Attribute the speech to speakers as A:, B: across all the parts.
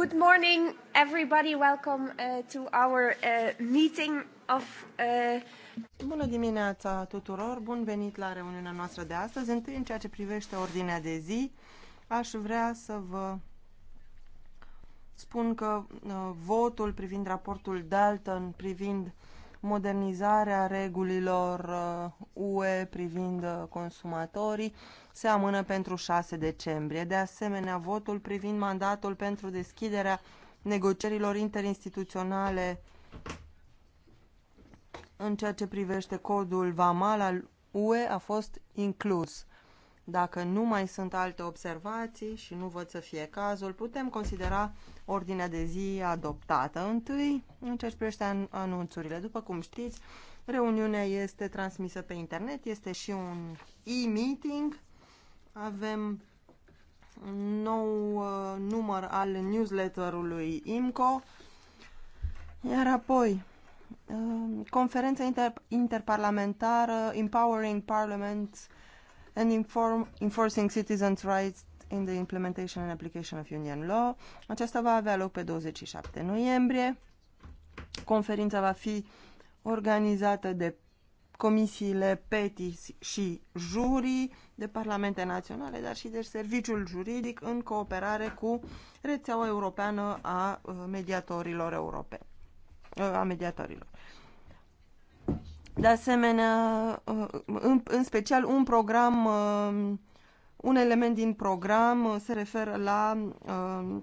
A: Good morning, everybody. Welcome uh, to our uh, meeting of. Uh...
B: Bună dimineața tuturor. Bun venit la reuniunea noastră de astăzi. Întâi, în ceea ce privește ordinea de zi, aș vrea să vă spun că uh, votul privind raportul Dalton privind uh, modernizarea regulilor UE uh, privind uh, consumatorii se amână pentru 6 decembrie. De asemenea, votul privind mandatul pentru deschiderea negocierilor interinstituționale în ceea ce privește codul VAMAL al UE a fost inclus. Dacă nu mai sunt alte observații și nu văd să fie cazul, putem considera ordinea de zi adoptată. Întâi, în ce privește anunțurile. După cum știți, reuniunea este transmisă pe internet, este și un e-meeting. Avem nou uh, număr al newsletterului IMCO. Iar apoi, uh, conferința inter interparlamentară Empowering Parliament and inform, enforcing citizens' rights in the implementation and application of Union law. Aceasta va avea loc pe 27 noiembrie. Conferința va fi organizată de comisiile PETI și jurii de parlamente naționale, dar și de serviciul juridic în cooperare cu rețeaua europeană a uh, mediatorilor europeni uh, a mediatorilor. De asemenea, uh, în, în special un program, uh, un element din program uh, se referă la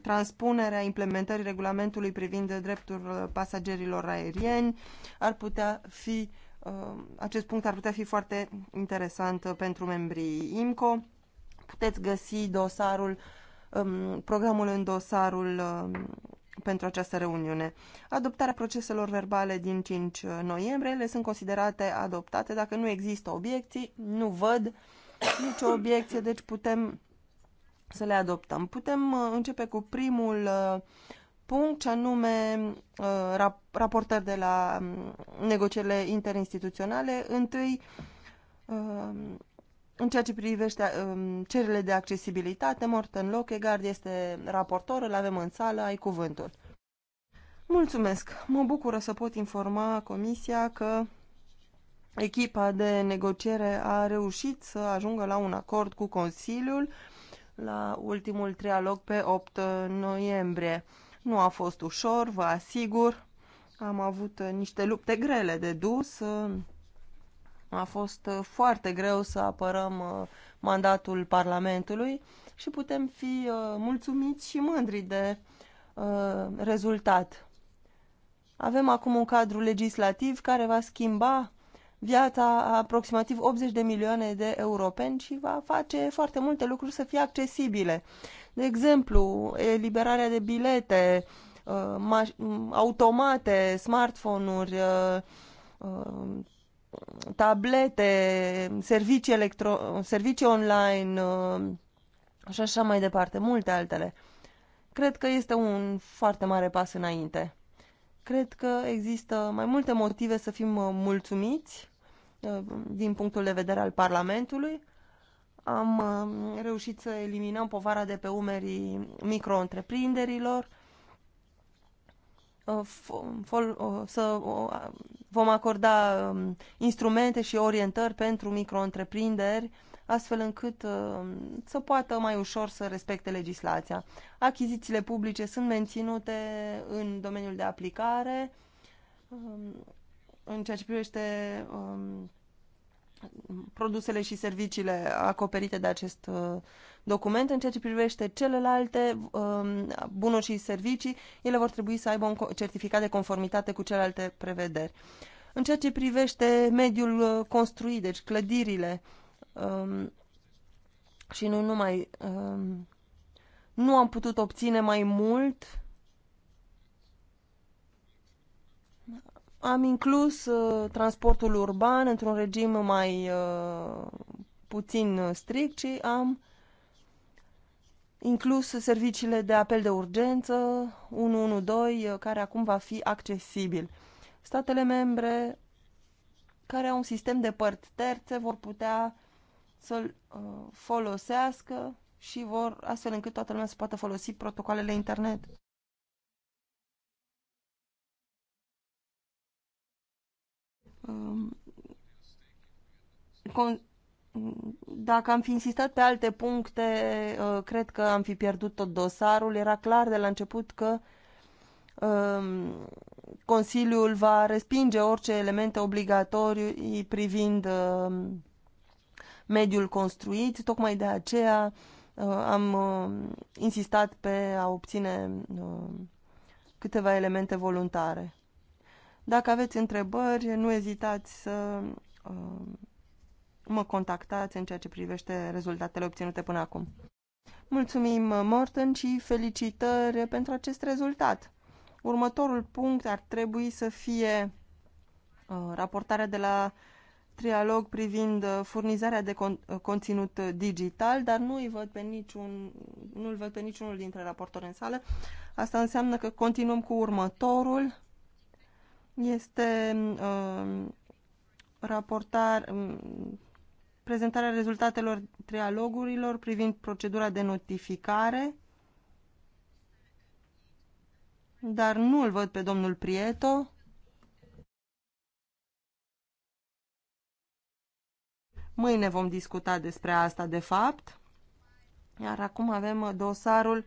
B: transpunerea implementării regulamentului privind drepturile pasagerilor aerieni. Ar putea fi, acest punct ar putea fi foarte interesant pentru membrii IMCO. Puteți găsi dosarul, um, programul în dosarul um, pentru această reuniune. Adoptarea proceselor verbale din 5 uh, noiembrie, le sunt considerate adoptate dacă nu există obiecții, nu văd nicio obiecție, deci putem să le adoptăm. Putem uh, începe cu primul uh, punct, ce anume raportări de la mm, negocierile interinstituționale. Întâi, în ceea ce privește um, cererile de accesibilitate, Morten Lockegaard este raportor, îl avem în sală, ai cuvântul. Mulțumesc! Mă bucură să pot informa Comisia că echipa de negociere a reușit să ajungă la un acord cu Consiliul la ultimul trialog pe 8 noiembrie. Nu a fost ușor, vă asigur. Am avut niște lupte grele de dus. Uh, a fost uh, foarte greu să apărăm uh, mandatul Parlamentului și putem fi uh, mulțumiți și mândri de rezultat. Avem acum un cadru legislativ care va schimba viața a aproximativ 80 de milioane de europeni și va face foarte multe lucruri să fie accesibile. De exemplu, eliberarea de bilete, automate, smartphone-uri, tablete, servicii, electro, servicii online uh, și așa mai departe, multe altele. Cred că este un foarte mare pas înainte. Cred că există mai multe motive să fim uh, mulțumiți uh, din punctul de vedere al Parlamentului. Am reușit să eliminăm povara de pe umerii micro-întreprinderilor, Uh, uh, să uh, vom acorda um, instrumente și orientări pentru micro-întreprinderi, astfel încât să poată mai ușor să respecte legislația. Achizițiile publice sunt menținute în domeniul de aplicare, um, în ceea ce privește um, produsele și serviciile acoperite de acest document. În ceea ce privește celelalte um, bunuri și servicii, ele vor trebui să aibă un certificat de conformitate cu celelalte prevederi. În ceea ce privește mediul uh, construit, deci clădirile um, și nu numai, um, nu am putut obține mai mult. Am inclus uh, transportul urban într-un regim mai uh, puțin strict și am inclus serviciile de apel de urgență 112, care acum va fi accesibil. Statele membre care au un sistem de părți terțe vor putea să-l uh, folosească și vor, astfel încât toată lumea să poată folosi protocoalele internet. Um, con dacă am fi insistat pe alte puncte, uh, cred că am fi pierdut tot dosarul. Era clar de la început că um, Consiliul va respinge orice elemente obligatorii privind um, mediul construit. Tocmai de aceea uh, am uh, insistat pe a obține câteva elemente voluntare. Dacă aveți întrebări, nu ezitați să mă contactați în ceea ce privește rezultatele obținute până acum. Mulțumim, Morten, și felicitări pentru acest rezultat. Următorul punct ar trebui să fie uh, raportarea de la trialog privind uh, furnizarea de con uh, conținut digital, dar nu îl văd pe niciun, nu văd pe niciunul dintre raportori în sală. Asta înseamnă că continuăm cu următorul. Este uh, raportar, um, prezentarea rezultatelor trialogurilor privind procedura de notificare, dar nu îl văd pe domnul Prieto. Mâine vom discuta despre asta, de fapt. Iar acum avem uh, dosarul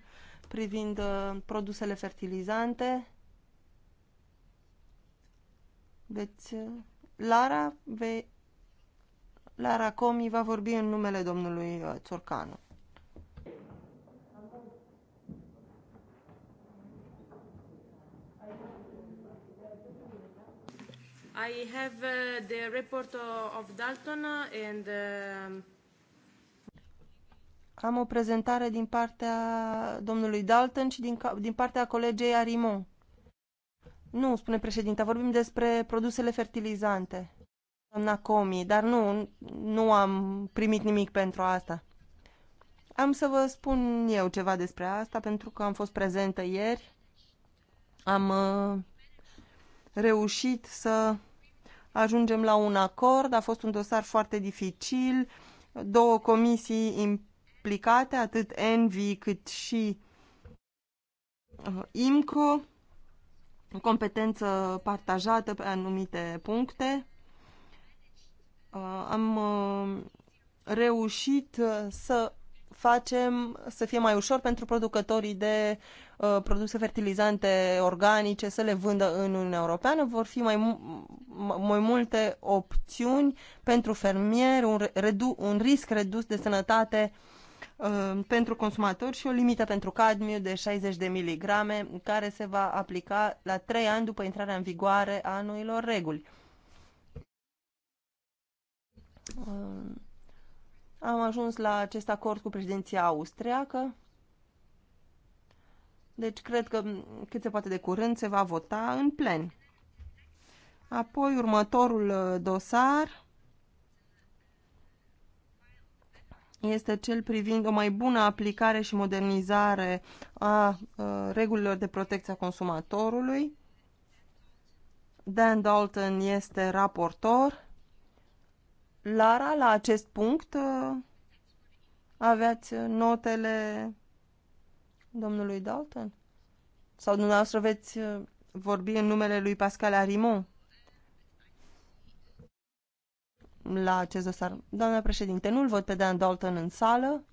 B: privind uh, produsele fertilizante. Deci, Lara, vei Lara Comi va vorbi în numele domnului uh, Țorcanu. I have uh, the report of Dalton and uh... Am o prezentare din partea domnului Dalton și din, din partea colegei Arimon. Nu, spune președinta, vorbim despre produsele fertilizante doamna Comi, dar nu, nu am primit nimic pentru asta. Am să vă spun eu ceva despre asta, pentru că am fost prezentă ieri. Am uh, reușit să ajungem la un acord. A fost un dosar foarte dificil. Două comisii implicate, atât Envi cât și uh, IMCO, competență partajată pe anumite puncte Uh, am uh, reușit uh, să facem să fie mai ușor pentru producătorii de uh, produse fertilizante organice să le vândă în Uniunea Europeană. Vor fi mai, mai multe opțiuni pentru fermieri, un, redu- un risc redus de sănătate pentru consumatori și o limită pentru cadmiu de 60 de miligrame care se va aplica la 3 ani după intrarea în vigoare a noilor reguli Um, am ajuns la acest acord cu președinția austriacă. Deci cred că cât se poate de curând se va vota în plen. Apoi următorul uh, dosar este cel privind o mai bună aplicare și modernizare a, a uh, regulilor de protecție a consumatorului. Dan Dalton este raportor. Lara, la acest punct uh, aveați notele domnului Dalton? Sau dumneavoastră veți uh, vorbi în numele lui Pascal Arimon? La acest dosar. Doamna președinte, nu-l văd pe Dan Dalton în sală.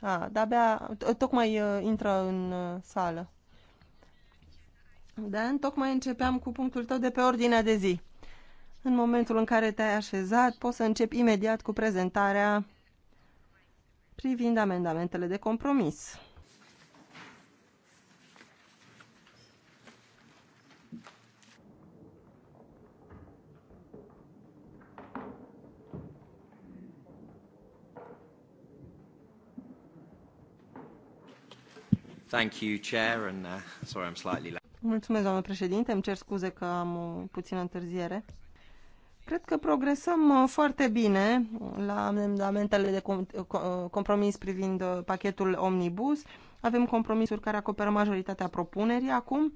B: A, de-abia, tocmai uh, intră în uh, sală. Dan, tocmai începeam cu punctul tău de pe ordinea de zi. În momentul în care te-ai așezat, poți să începi imediat cu prezentarea privind amendamentele de compromis.
C: Thank you, Chair, and uh, sorry I'm slightly late.
B: Mulțumesc, doamnă președinte. Îmi cer scuze că am o puțină întârziere. Cred că progresăm uh, foarte bine la amendamentele de uh, uh, compromis privind pachetul Omnibus. Avem compromisuri care acoperă majoritatea propunerii acum,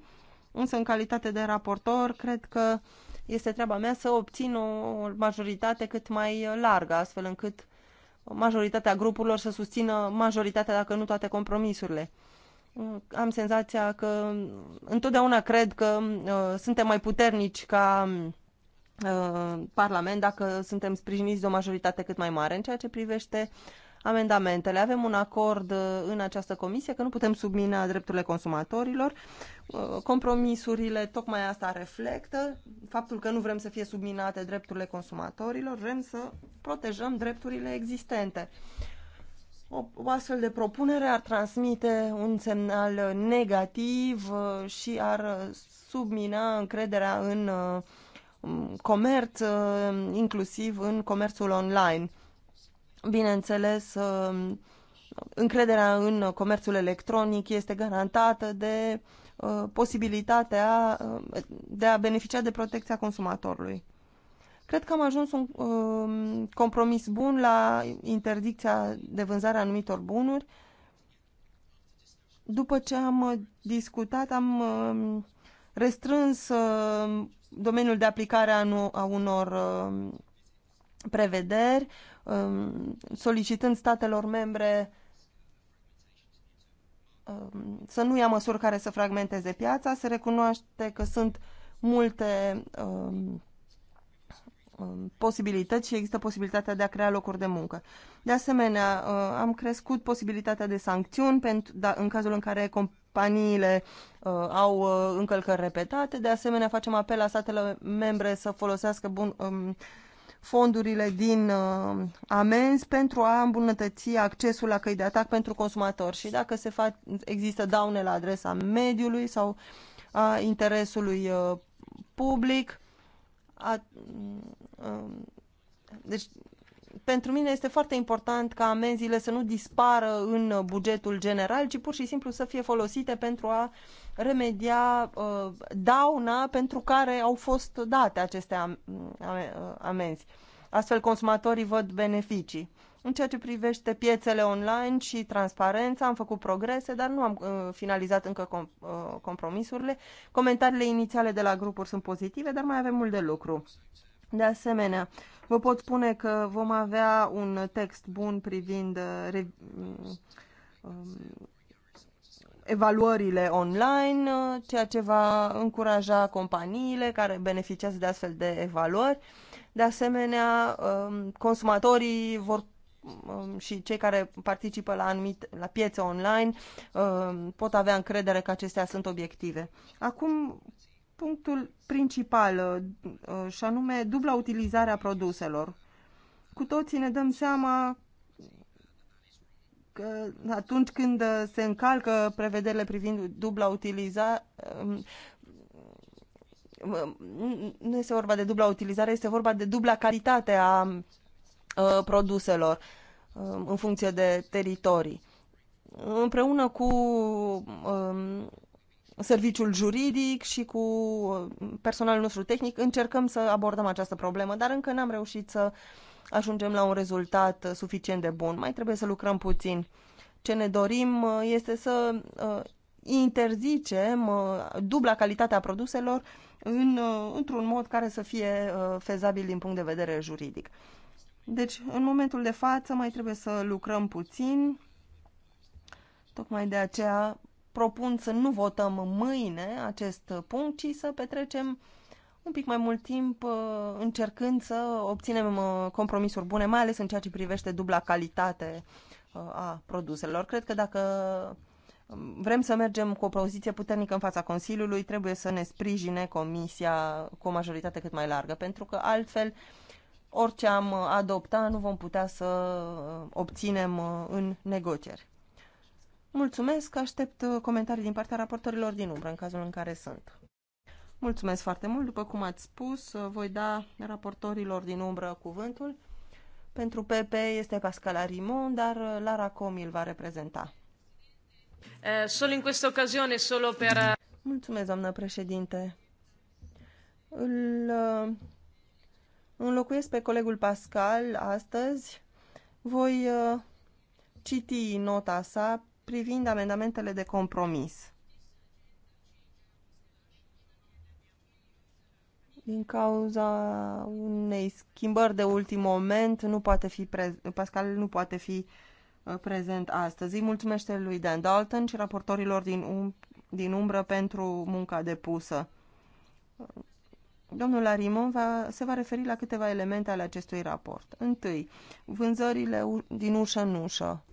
B: însă în calitate de raportor cred că este treaba mea să obțin o majoritate cât mai largă, astfel încât majoritatea grupurilor să susțină majoritatea, dacă nu toate compromisurile. Mm, am senzația că mm, întotdeauna cred că mm, uh, suntem mai puternici ca Uh, Parlament dacă suntem sprijiniți de o majoritate cât mai mare. În ceea ce privește amendamentele, avem un acord uh, în această comisie că nu putem submina drepturile consumatorilor. Uh, compromisurile tocmai asta reflectă faptul că nu vrem să fie subminate drepturile consumatorilor, vrem să protejăm drepturile existente. O, o astfel de propunere ar transmite un semnal negativ și ar submina încrederea în uh, comerț, uh, inclusiv în comerțul online. Bineînțeles, uh, încrederea în comerțul electronic este garantată de uh, posibilitatea de a beneficia de protecția consumatorului. Cred că am ajuns un compromis bun la interdicția de vânzare a anumitor bunuri. După ce am discutat, am restrâns domeniul de aplicare a unor um, prevederi, um, solicitând statelor membre um, să nu ia măsuri care să fragmenteze piața, se recunoaște că sunt multe um, posibilități și există posibilitatea de a crea locuri de muncă. De asemenea, uh, am crescut posibilitatea de sancțiuni pentru, da, în cazul în care companiile uh, au uh, încălcări repetate. De asemenea, facem apel la statele membre să folosească bun, um, fondurile din uh, amenzi pentru a îmbunătăți accesul la căi de atac pentru consumatori și dacă se fac, există daune la adresa mediului sau a interesului uh, public. A, uh, deci pentru mine este foarte important ca amenziile să nu dispară în bugetul general, ci pur și simplu să fie folosite pentru a remedia uh, dauna pentru care au fost date aceste am, am, uh, amenzi. Astfel, consumatorii văd beneficii. În ceea ce privește piețele online și transparența, am făcut progrese, dar nu am uh, finalizat încă com, uh, compromisurile. Comentariile inițiale de la grupuri sunt pozitive, dar mai avem mult de lucru. De asemenea, uh, Vă pot spune că vom avea un text bun privind uh, re, um, evaluările online, uh, ceea ce va încuraja companiile care beneficiază de astfel de evaluări. De asemenea, um, consumatorii vor um, și cei care participă la, anumit, la piețe online pot avea încredere că acestea sunt obiective. Acum punctul principal, uh, și anume dubla utilizare a produselor. Cu toții ne dăm seama că atunci când se încalcă prevederile privind dubla utilizare, um, um, nu este vorba de dubla utilizare, este vorba de dubla calitate a uh, produselor um, în funcție de teritorii. Împreună cu serviciul juridic și cu uh, personalul nostru tehnic încercăm să abordăm această problemă, dar încă n-am reușit să ajungem la un rezultat uh, suficient de bun. Mai trebuie să lucrăm puțin. Ce ne dorim uh, este să interzicem dubla calitatea produselor în, într-un mod care să fie fezabil din punct de vedere juridic. Deci, în momentul de față, mai trebuie să lucrăm puțin. Tocmai de aceea propun să nu votăm mâine acest punct, ci să petrecem un pic mai mult timp uh, încercând să obținem uh, compromisuri bune, mai ales în ceea ce privește dubla calitate uh, a produselor. Cred că dacă um, vrem să mergem cu o poziție puternică în fața Consiliului, trebuie să ne sprijine Comisia cu o majoritate cât mai largă, pentru că altfel orice am adopta nu vom putea să obținem în negocieri. Mulțumesc, aștept uh, comentarii din partea raportorilor din umbră în cazul în care sunt. Mulțumesc foarte mult, după cum ați spus, uh, voi da raportorilor din umbră cuvântul. Pentru PP este Pascal Arimon, dar uh, Lara Com îl va reprezenta.
A: Eh, solo in questa occasione, solo per... Eh,
B: Mulțumesc, doamnă președinte. Îl înlocuiesc pe colegul Pascal astăzi. Voi citi nota sa privind amendamentele de compromis. Din cauza unei schimbări de ultim moment, nu poate fi Pascal nu poate fi uh, prezent astăzi. Îi mulțumește lui Dan Dalton și raportorilor din, um din umbră pentru munca depusă. Domnul Arimon va, se va referi la câteva elemente ale acestui raport. Întâi, vânzările din ușă în ușă.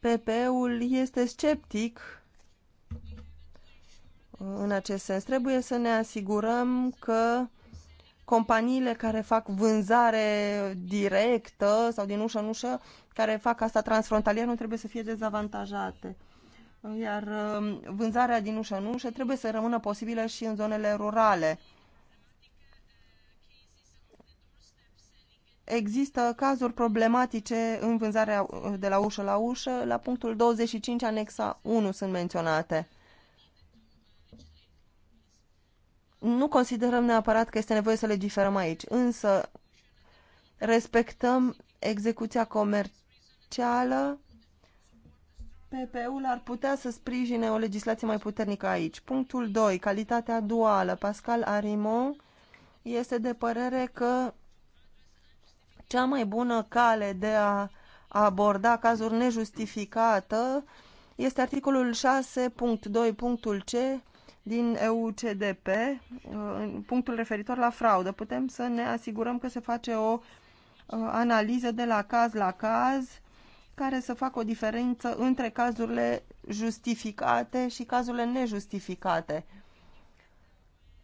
B: PP-ul este sceptic în acest sens. Trebuie să ne asigurăm că companiile care fac vânzare directă sau din ușă în ușă, care fac asta transfrontalier, nu trebuie să fie dezavantajate. Iar um, vânzarea din ușă în ușă trebuie să rămână posibilă și în zonele rurale. Există cazuri problematice în vânzarea de la ușă la ușă. La punctul 25, anexa 1, sunt menționate. Nu considerăm neapărat că este nevoie să legiferăm aici, însă respectăm execuția comercială. PPU-ul ar putea să sprijine o legislație mai puternică aici. Punctul 2, calitatea duală. Pascal Arimon este de părere că cea mai bună cale de a aborda cazuri nejustificată este articolul 6.2.c din EUCDP, uh, punctul referitor la fraudă. Putem să ne asigurăm că se face o uh, analiză de la caz la caz care să facă o diferență între cazurile justificate și cazurile nejustificate.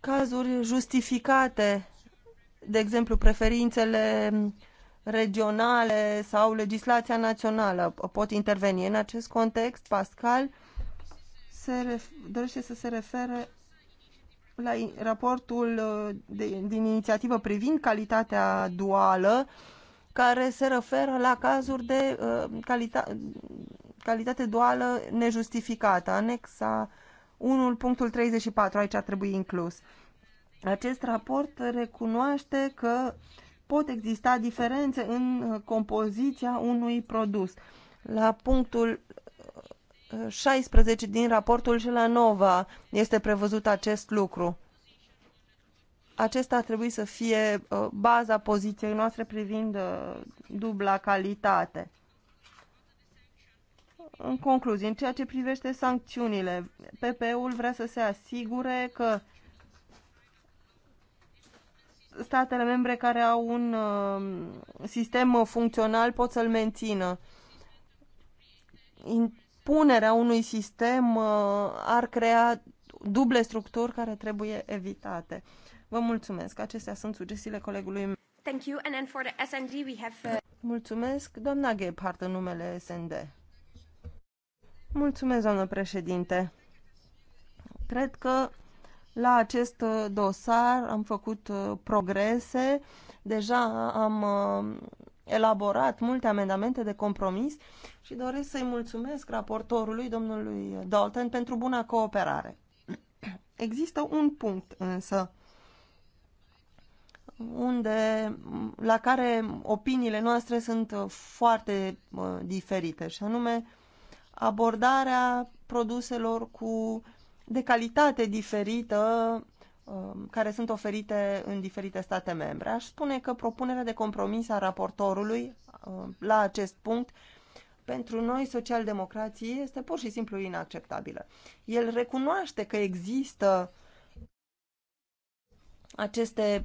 B: Cazuri justificate, de exemplu, preferințele uh, regionale sau legislația națională pot interveni. În acest context, Pascal se ref- dorește să se refere la raportul uh, de, din inițiativă privind calitatea duală, care se referă la cazuri de uh, calita- calitate duală nejustificată, anexa 1.34, aici ar trebui inclus. Acest raport recunoaște că uh, pot exista diferențe în uh, compoziția unui produs. La punctul 16 uh, din raportul și la Nova este prevăzut acest lucru. Acesta ar trebui să fie uh, baza poziției noastre privind dubla calitate. În concluzie, în ceea ce privește sancțiunile, PPE-ul vrea să se asigure că statele membre care au un uh, sistem funcțional pot să-l mențină. Impunerea unui sistem uh, ar crea duble structuri care trebuie evitate. Vă mulțumesc. Acestea sunt sugestiile colegului meu.
D: Thank you. And then for the SND we have... Uh,
B: mulțumesc, doamna Gebhardt, în numele SND. Mulțumesc, doamnă președinte. Cred că la acest uh, dosar am făcut uh, progrese, deja am uh, elaborat multe amendamente de compromis și doresc să-i mulțumesc raportorului, domnului Dalton, pentru buna cooperare. Există un punct însă unde, la care opiniile noastre sunt foarte diferite, și anume abordarea produselor cu de calitate diferită um, care sunt oferite în diferite state membre. Aș spune că propunerea de compromis a raportorului um, la acest punct pentru noi socialdemocrații este pur și simplu inacceptabilă. El recunoaște că există aceste,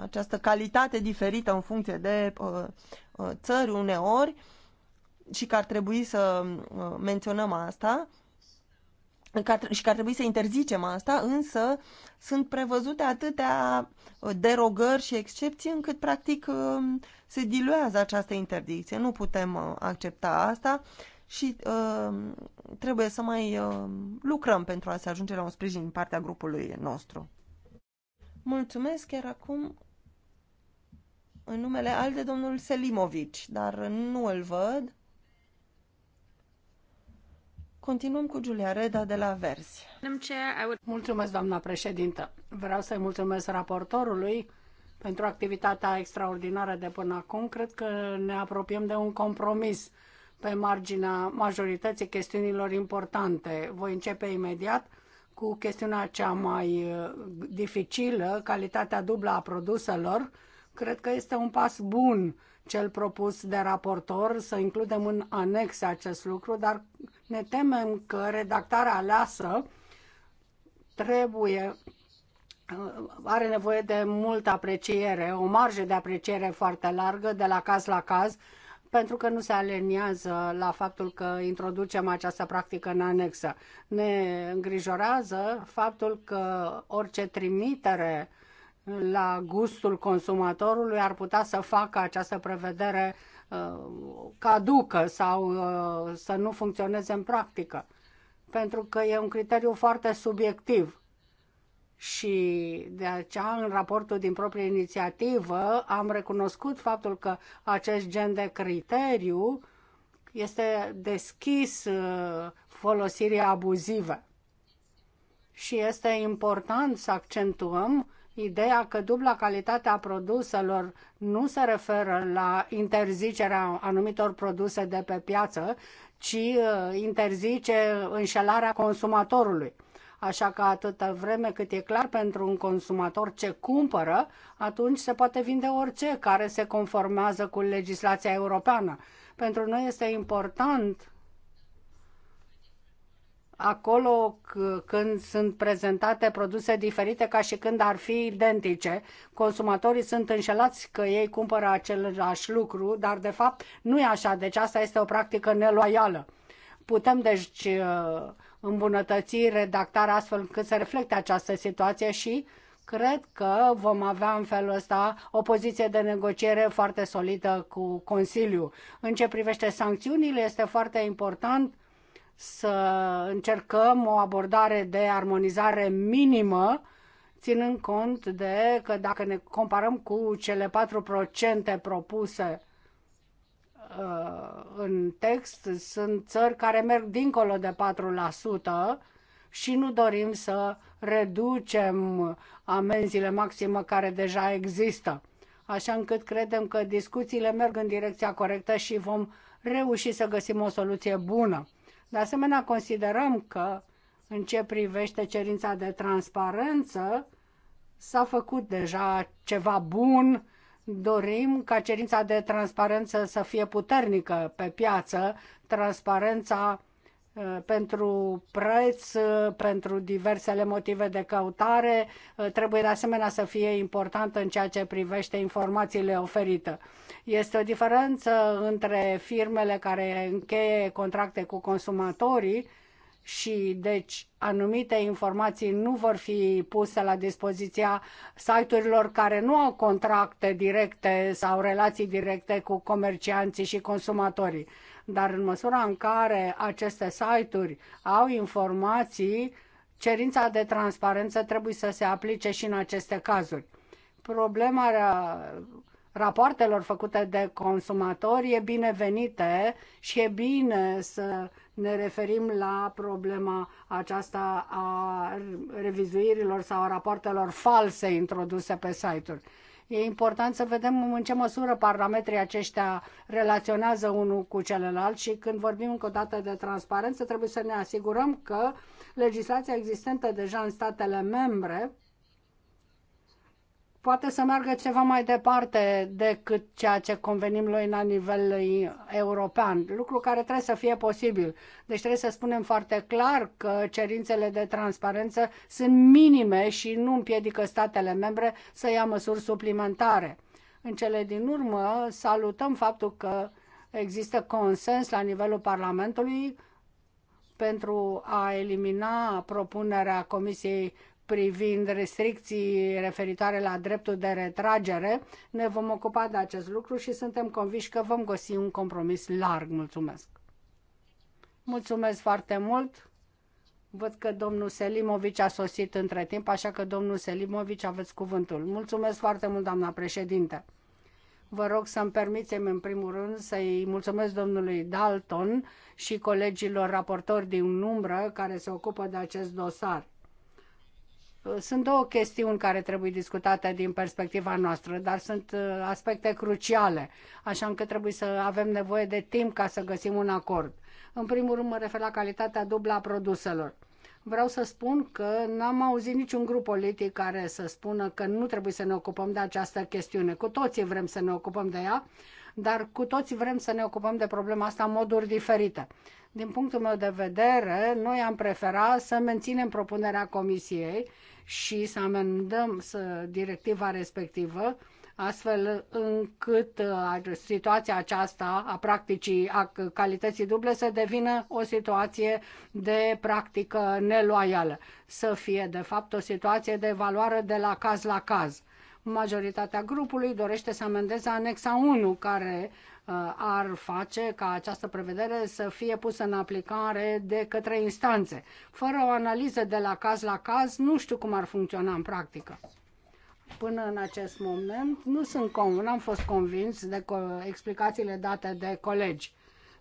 B: această calitate diferită în funcție de uh, uh, țări uneori și că ar trebui să uh, menționăm asta, și că ar trebui să interzicem asta, însă sunt prevăzute atâtea uh, derogări și excepții încât practic uh, se diluează această interdicție. Nu putem uh, accepta asta și uh, trebuie să mai uh, lucrăm pentru a se ajunge la un sprijin din partea grupului nostru. Mulțumesc, chiar acum în numele al de domnul Selimovici, dar nu îl văd. Continuăm cu Giulia Reda de la Versi.
E: Mulțumesc, doamna președintă. Vreau să-i mulțumesc raportorului pentru activitatea extraordinară de până acum. Cred că ne apropiem de un compromis pe marginea majorității chestiunilor importante. Voi începe imediat cu chestiunea cea mai eh, dificilă, calitatea dublă a produselor. Cred că este un pas bun cel propus de raportor, să includem în anexe acest lucru, dar ne temem că redactarea aleasă trebuie uh, are nevoie de multă apreciere, o marjă de apreciere foarte largă de la caz la caz, pentru că nu se aleniază la faptul că introducem această practică în anexă. Ne îngrijorează faptul că orice trimitere la gustul consumatorului ar putea să facă această prevedere uh, caducă sau uh, să nu funcționeze în practică. Pentru că e un criteriu foarte subiectiv. Și de aceea, în raportul din proprie inițiativă, am recunoscut faptul că acest gen de criteriu este deschis uh, folosirii abuzive. Și este important să accentuăm ideea că dubla calitate a produselor nu se referă la interzicerea anumitor produse de pe piață, ci uh, interzice înșelarea consumatorului. Așa că atâta vreme cât e clar pentru un consumator ce cumpără, atunci se poate vinde orice care se conformează cu legislația europeană. Pentru noi este important acolo când sunt prezentate produse diferite ca și când ar fi identice. Consumatorii sunt înșelați că ei cumpără același lucru, dar de fapt nu e așa, deci asta este o practică neloială. Putem deci uh, îmbunătăți redactarea astfel încât să reflecte această situație și cred că vom avea în felul ăsta o poziție de negociere foarte solidă cu Consiliu. În ce privește sancțiunile, este foarte important să încercăm o abordare de armonizare minimă, ținând cont de că dacă ne comparăm cu cele 4% propuse uh, în text, sunt țări care merg dincolo de 4% și nu dorim să reducem amenziile maximă care deja există. Așa încât credem că discuțiile merg în direcția corectă și vom reuși să găsim o soluție bună. De asemenea, considerăm că în ce privește cerința de transparență, s-a făcut deja ceva bun. Dorim ca cerința de transparență să fie puternică pe piață, transparența uh, pentru preț, uh, pentru diversele motive de căutare, uh, trebuie de asemenea să fie importantă în ceea ce privește informațiile oferite. Este o diferență între firmele care încheie contracte cu consumatorii și deci anumite informații nu vor fi puse la dispoziția site-urilor care nu au contracte directe sau relații directe cu comercianții și consumatorii. Dar în măsura în care aceste site-uri au informații, cerința de transparență trebuie să se aplice și în aceste cazuri. Problema rapoartelor făcute de consumatori e binevenite și e bine să ne referim la problema aceasta a revizuirilor sau a rapoartelor false introduse pe site-uri. E important să vedem în ce măsură parametrii aceștia relaționează unul cu celălalt și când vorbim încă o dată de transparență, trebuie să ne asigurăm că legislația existentă deja în statele membre poate să meargă ceva mai departe decât ceea ce convenim noi la nivel european, lucru care trebuie să fie posibil. Deci trebuie să spunem foarte clar că cerințele de transparență sunt minime și nu împiedică statele membre să ia măsuri suplimentare. În cele din urmă, salutăm faptul că există consens la nivelul Parlamentului pentru a elimina propunerea Comisiei privind restricții referitoare la dreptul de retragere. Ne vom ocupa de acest lucru și suntem conviși că vom găsi un compromis larg. Mulțumesc! Mulțumesc foarte mult! Văd că domnul Selimovici a sosit între timp, așa că domnul Selimovici aveți cuvântul. Mulțumesc foarte mult, doamna președinte! Vă rog să-mi permitem în primul rând să-i mulțumesc domnului Dalton și colegilor raportori din umbră care se ocupă de acest dosar sunt două chestiuni care trebuie discutate din perspectiva noastră, dar sunt uh, aspecte cruciale, așa încât trebuie să avem nevoie de timp ca să găsim un acord. În primul rând mă refer la calitatea dublă a produselor. Vreau să spun că n-am auzit niciun grup politic care să spună că nu trebuie să ne ocupăm de această chestiune. Cu toții vrem să ne ocupăm de ea, dar cu toții vrem să ne ocupăm de problema asta în moduri diferite. Din punctul meu de vedere, noi am preferat să menținem propunerea Comisiei și să amendăm să, directiva respectivă astfel încât uh, situația aceasta a practicii a calității duble să devină o situație de practică neloială, să fie de fapt o situație de evaluare de la caz la caz. Majoritatea grupului dorește să amendeze anexa 1 care Uh, ar face ca această prevedere să fie pusă în aplicare de către instanțe. Fără o analiză de la caz la caz, nu știu cum ar funcționa în practică. Până în acest moment, nu sunt convins, n-am fost convins de explicațiile date de colegi.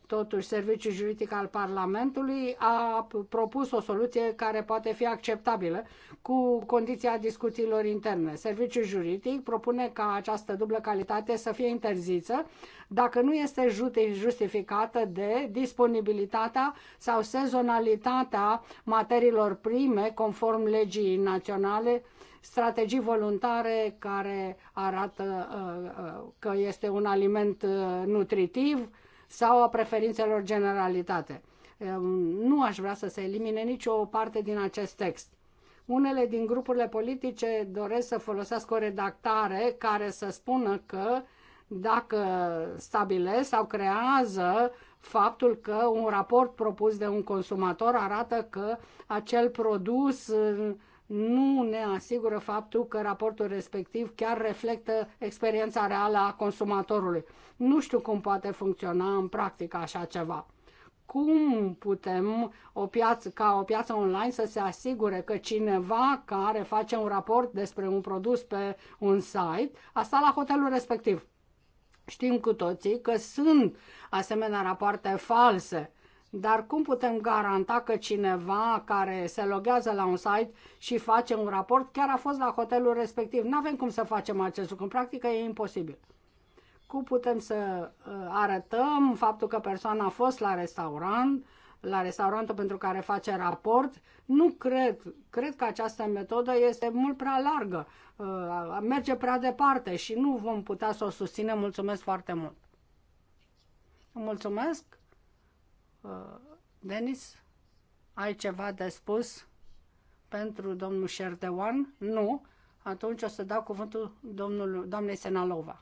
E: Totuși, Serviciul Juridic al Parlamentului a propus o soluție care poate fi acceptabilă cu condiția discuțiilor interne. Serviciul Juridic propune ca această dublă calitate să fie interzisă dacă nu este justificată de disponibilitatea sau sezonalitatea materiilor prime conform legii naționale strategii voluntare care arată uh, uh, că este un aliment uh, nutritiv, sau a preferințelor generalitate. Nu aș vrea să se elimine nicio parte din acest text. Unele din grupurile politice doresc să folosească o redactare care să spună că dacă stabilesc sau creează faptul că un raport propus de un consumator arată că acel produs nu ne asigură faptul că raportul respectiv chiar reflectă experiența reală a consumatorului. Nu știu cum poate funcționa în practică așa ceva. Cum putem o piață, ca o piață online să se asigure că cineva care face un raport despre un produs pe un site a stat la hotelul respectiv? Știm cu toții că sunt asemenea rapoarte false dar cum putem garanta că cineva care se loghează la un site și face un raport chiar a fost la hotelul respectiv? Nu avem cum să facem acest lucru. În practică e imposibil. Cum putem să uh, arătăm faptul că persoana a fost la restaurant, la restaurantul pentru care face raport? Nu cred. Cred că această metodă este mult prea largă, uh, merge prea departe și nu vom putea să o susținem. Mulțumesc foarte mult! Mulțumesc! Uh, Denis, ai ceva de spus pentru domnul Șerdeoan? Nu. Atunci o să dau cuvântul domnului, doamnei Senalova.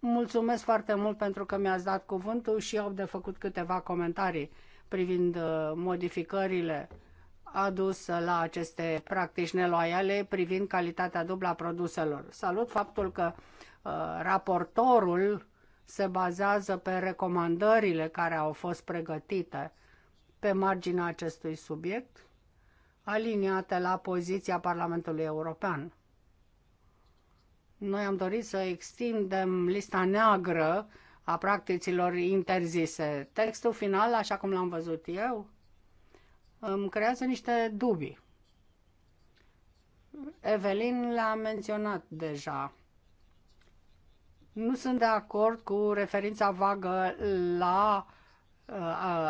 E: Mulțumesc foarte mult pentru că mi-ați dat cuvântul și eu am de făcut câteva comentarii privind uh, modificările aduse la aceste practici neloiale privind calitatea dublă a produselor. Salut faptul că uh, raportorul se bazează pe recomandările care au fost pregătite pe marginea acestui subiect, aliniate la poziția Parlamentului European. Noi am dorit să extindem lista neagră a practicilor interzise. Textul final, așa cum l-am văzut eu, îmi creează niște dubii. Evelin l-a menționat deja. Nu sunt de acord cu referința vagă la uh,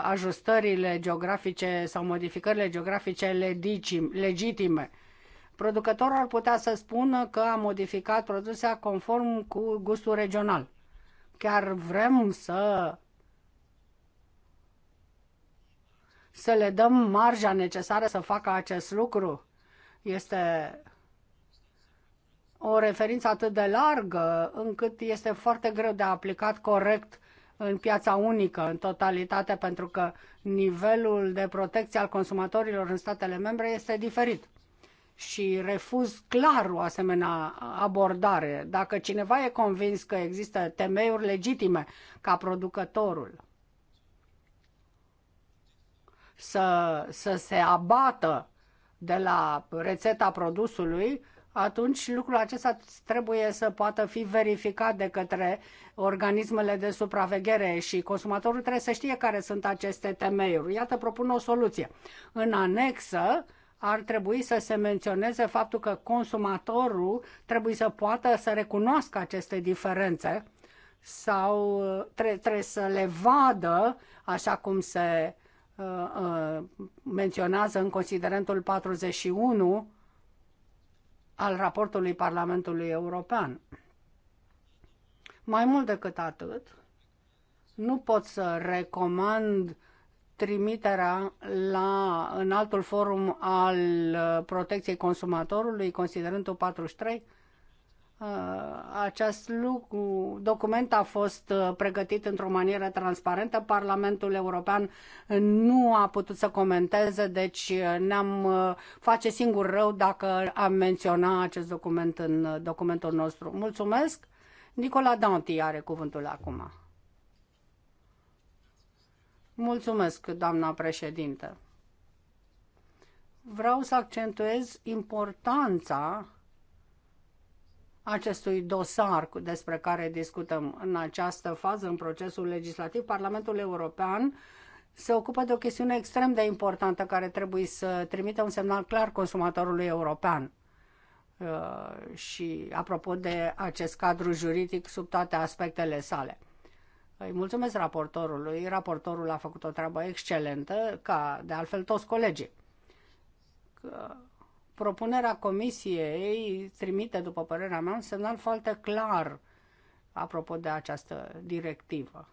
E: ajustările geografice sau modificările geografice legitime. Producătorul ar putea să spună că a modificat produsea conform cu gustul regional. Chiar vrem să să le dăm marja necesară să facă acest lucru. Este o referință atât de largă încât este foarte greu de aplicat corect în piața unică în totalitate pentru că nivelul de protecție al consumatorilor în statele membre este diferit. Și refuz clar o asemenea abordare. Dacă cineva e convins că există temeiuri legitime ca producătorul să, să se abată de la rețeta produsului, atunci lucrul acesta trebuie să poată fi verificat de către organismele de supraveghere și consumatorul trebuie să știe care sunt aceste temeiuri. Iată, propun o soluție. În anexă ar trebui să se menționeze faptul că consumatorul trebuie să poată să recunoască aceste diferențe sau uh, tre- trebuie să le vadă așa cum se uh, uh, menționează în considerentul 41 al raportului Parlamentului European. Mai mult decât atât, nu pot să recomand trimiterea la altul forum al uh, protecției consumatorului, considerentul 43, Uh, acest lucru, document a fost uh, pregătit într-o manieră transparentă. Parlamentul European nu a putut să comenteze, deci uh, ne-am face singur rău dacă am menționa acest document în documentul nostru. Mulțumesc! Nicola Danti are cuvântul acum. Mulțumesc, doamna președintă. Vreau să accentuez importanța acestui dosar despre care discutăm în această fază, în procesul legislativ, Parlamentul European se ocupă de o chestiune extrem de importantă care trebuie să trimită un semnal clar consumatorului european. Uh, și apropo de acest cadru juridic sub toate aspectele sale. Îi mulțumesc raportorului. Raportorul a făcut o treabă excelentă, ca de altfel toți colegii. Că propunerea comisiei trimite, după părerea mea, un semnal foarte clar apropo de această directivă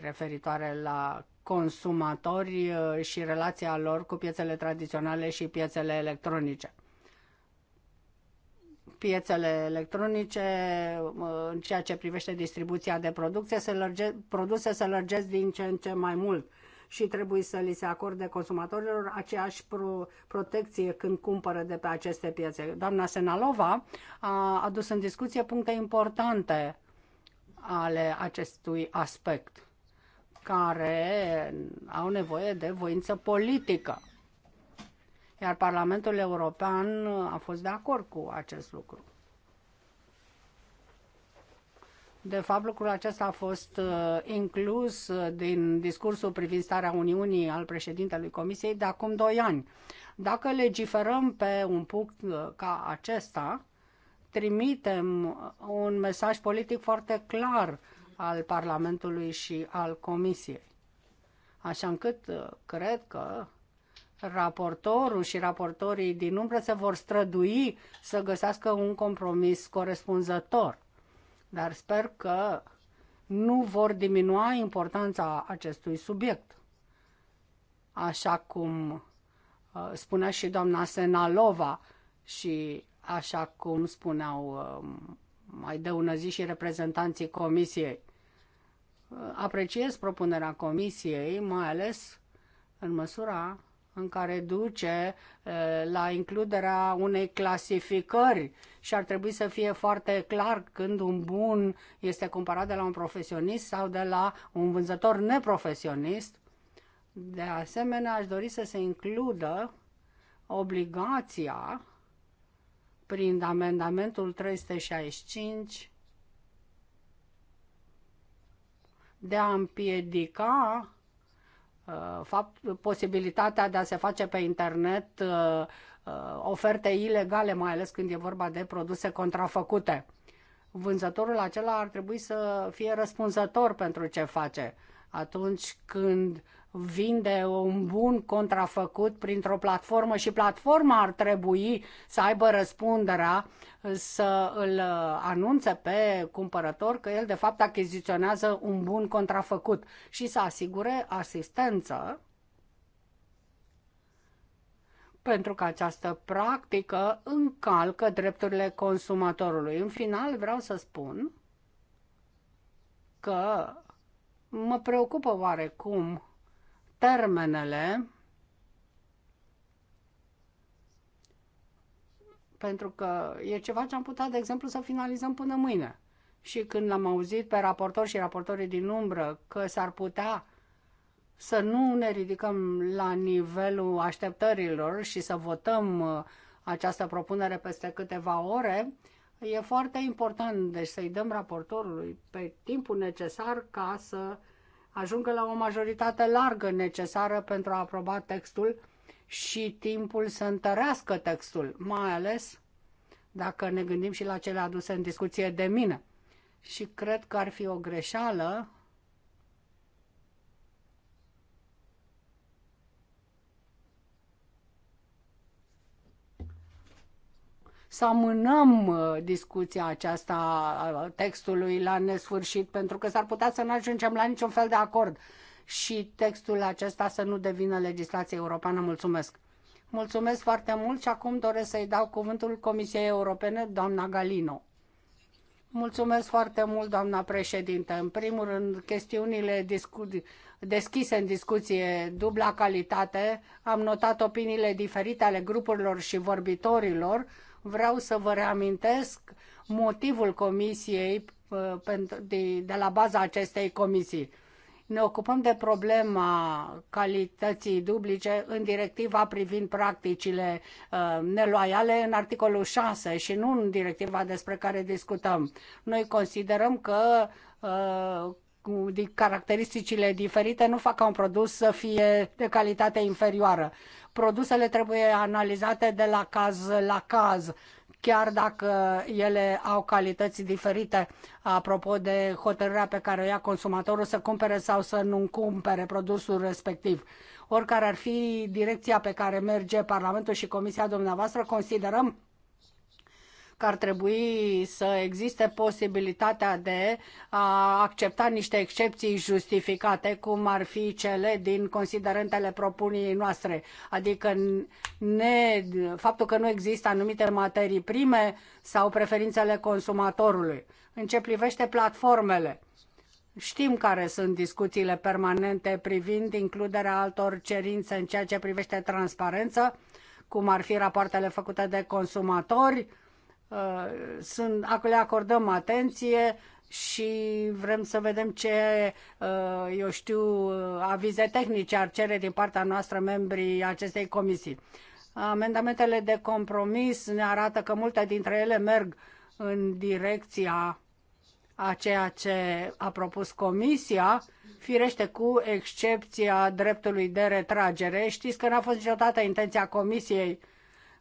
E: referitoare la consumatori uh, și relația lor cu piețele tradiționale și piețele electronice. Piețele electronice, uh, în ceea ce privește distribuția de producție, se lărge, produse se lărgesc din ce în ce mai mult și trebuie să li se acorde consumatorilor aceeași pro- protecție când cumpără de pe aceste piețe. Doamna Senalova a adus în discuție puncte importante ale acestui aspect care au nevoie de voință politică. Iar Parlamentul European a fost de acord cu acest lucru. De fapt, lucrul acesta a fost uh, inclus uh, din discursul privind starea Uniunii al președintelui Comisiei de acum 2 ani. Dacă legiferăm pe un punct uh, ca acesta, trimitem un mesaj politic foarte clar al Parlamentului și al Comisiei. Așa încât cred că raportorul și raportorii din umbră se vor strădui să găsească un compromis corespunzător dar sper că nu vor diminua importanța acestui subiect. Așa cum uh, spunea și doamna Senalova și așa cum spuneau um, mai de ună zi și reprezentanții comisiei. Uh, apreciez propunerea comisiei, mai ales în măsura în care duce la includerea unei clasificări și ar trebui să fie foarte clar când un bun este cumpărat de la un profesionist sau de la un vânzător neprofesionist. De asemenea, aș dori să se includă obligația prin amendamentul 365 de a împiedica Uh, fapt, posibilitatea de a se face pe internet uh, uh, oferte ilegale, mai ales când e vorba de produse contrafăcute. Vânzătorul acela ar trebui să fie răspunzător pentru ce face atunci când vinde un bun contrafăcut printr-o platformă și platforma ar trebui să aibă răspunderea să îl uh, anunțe pe cumpărător că el de fapt achiziționează un bun contrafăcut și să asigure asistență pentru că această practică încalcă drepturile consumatorului. În final vreau să spun că mă preocupă oarecum termenele pentru că e ceva ce am putea, de exemplu, să finalizăm până mâine. Și când l-am auzit pe raportor și raportorii din umbră că s-ar putea să nu ne ridicăm la nivelul așteptărilor și să votăm uh, această propunere peste câteva ore, e foarte important, deci să-i dăm raportorului pe timpul necesar ca să ajungă la o majoritate largă necesară pentru a aproba textul și timpul să întărească textul, mai ales dacă ne gândim și la cele aduse în discuție de mine. Și cred că ar fi o greșeală să amânăm uh, discuția aceasta textului la nesfârșit, pentru că s-ar putea să nu ajungem la niciun fel de acord și textul acesta să nu devină legislație europeană. Mulțumesc! Mulțumesc foarte mult și acum doresc să-i dau cuvântul Comisiei Europene, doamna Galino. Mulțumesc foarte mult, doamna președintă. În primul rând, chestiunile deschise în discuție, dubla calitate, am notat opiniile diferite ale grupurilor și vorbitorilor, Vreau să vă reamintesc motivul comisiei uh, de la baza acestei comisii. Ne ocupăm de problema calității dublice în directiva privind practicile uh, neloiale în articolul 6 și nu în directiva despre care discutăm. Noi considerăm că uh, caracteristicile diferite nu fac ca un produs să fie de calitate inferioară produsele trebuie analizate de la caz la caz, chiar dacă ele au calități diferite apropo de hotărârea pe care o ia consumatorul să cumpere sau să nu cumpere produsul respectiv. Oricare ar fi direcția pe care merge Parlamentul și Comisia dumneavoastră, considerăm că ar trebui să existe posibilitatea de a accepta niște excepții justificate, cum ar fi cele din considerentele propunii noastre. Adică ne, faptul că nu există anumite materii prime sau preferințele consumatorului. În ce privește platformele, Știm care sunt discuțiile permanente privind includerea altor cerințe în ceea ce privește transparență, cum ar fi rapoartele făcute de consumatori, Uh, sunt, le acordăm atenție și vrem să vedem ce, uh, eu știu, uh, avize tehnice ar cere din partea noastră membrii acestei comisii. Amendamentele de compromis ne arată că multe dintre ele merg în direcția a ceea ce a propus Comisia, firește cu excepția dreptului de retragere. Știți că n-a fost niciodată intenția Comisiei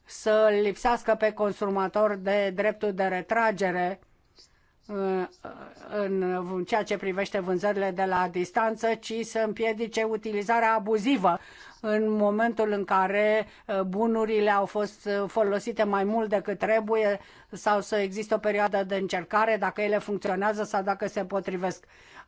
E: să lipsească pe consumator de dreptul de retragere uh, uh, în ceea ce privește vânzările de la distanță, ci să împiedice utilizarea abuzivă în momentul în care uh, bunurile au fost folosite mai mult decât trebuie sau să existe o perioadă de încercare, dacă ele funcționează sau dacă se potrivesc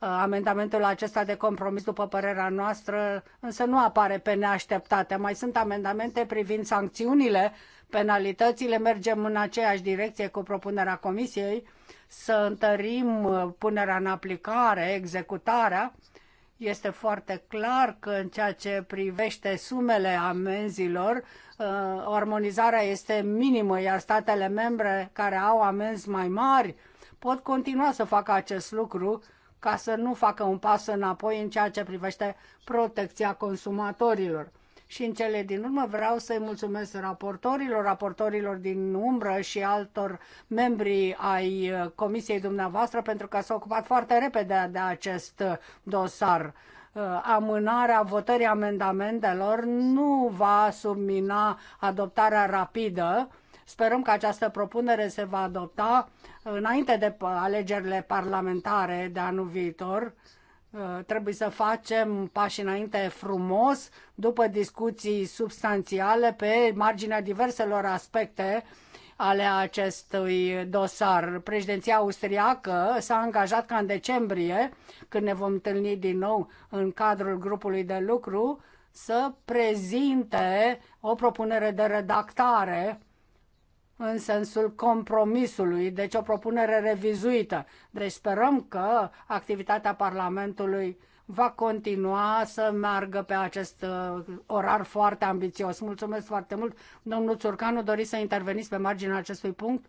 E: amendamentul acesta de compromis, după părerea noastră, însă nu apare pe neașteptate. Mai sunt amendamente privind sancțiunile, penalitățile, mergem în aceeași direcție cu propunerea Comisiei să întărim punerea în aplicare, executarea. Este foarte clar că în ceea ce privește sumele amenzilor, uh, armonizarea este minimă, iar statele membre care au amenzi mai mari pot continua să facă acest lucru ca să nu facă un pas înapoi în ceea ce privește protecția consumatorilor. Și în cele din urmă vreau să-i mulțumesc raportorilor, raportorilor din umbră și altor membri ai uh, comisiei dumneavoastră pentru că s-au ocupat foarte repede de acest uh, dosar uh, amânarea votării amendamentelor nu va submina adoptarea rapidă Sperăm că această propunere se va adopta înainte de alegerile parlamentare de anul viitor. Uh, trebuie să facem pași înainte frumos, după discuții substanțiale pe marginea diverselor aspecte ale acestui dosar. Președinția austriacă s-a angajat ca în decembrie, când ne vom întâlni din nou în cadrul grupului de lucru, să prezinte o propunere de redactare în sensul compromisului, deci o propunere revizuită. Deci sperăm că activitatea Parlamentului va continua să meargă pe acest uh, orar foarte ambițios. Mulțumesc foarte mult. Domnul Țurcanu, doriți să interveniți pe marginea acestui punct?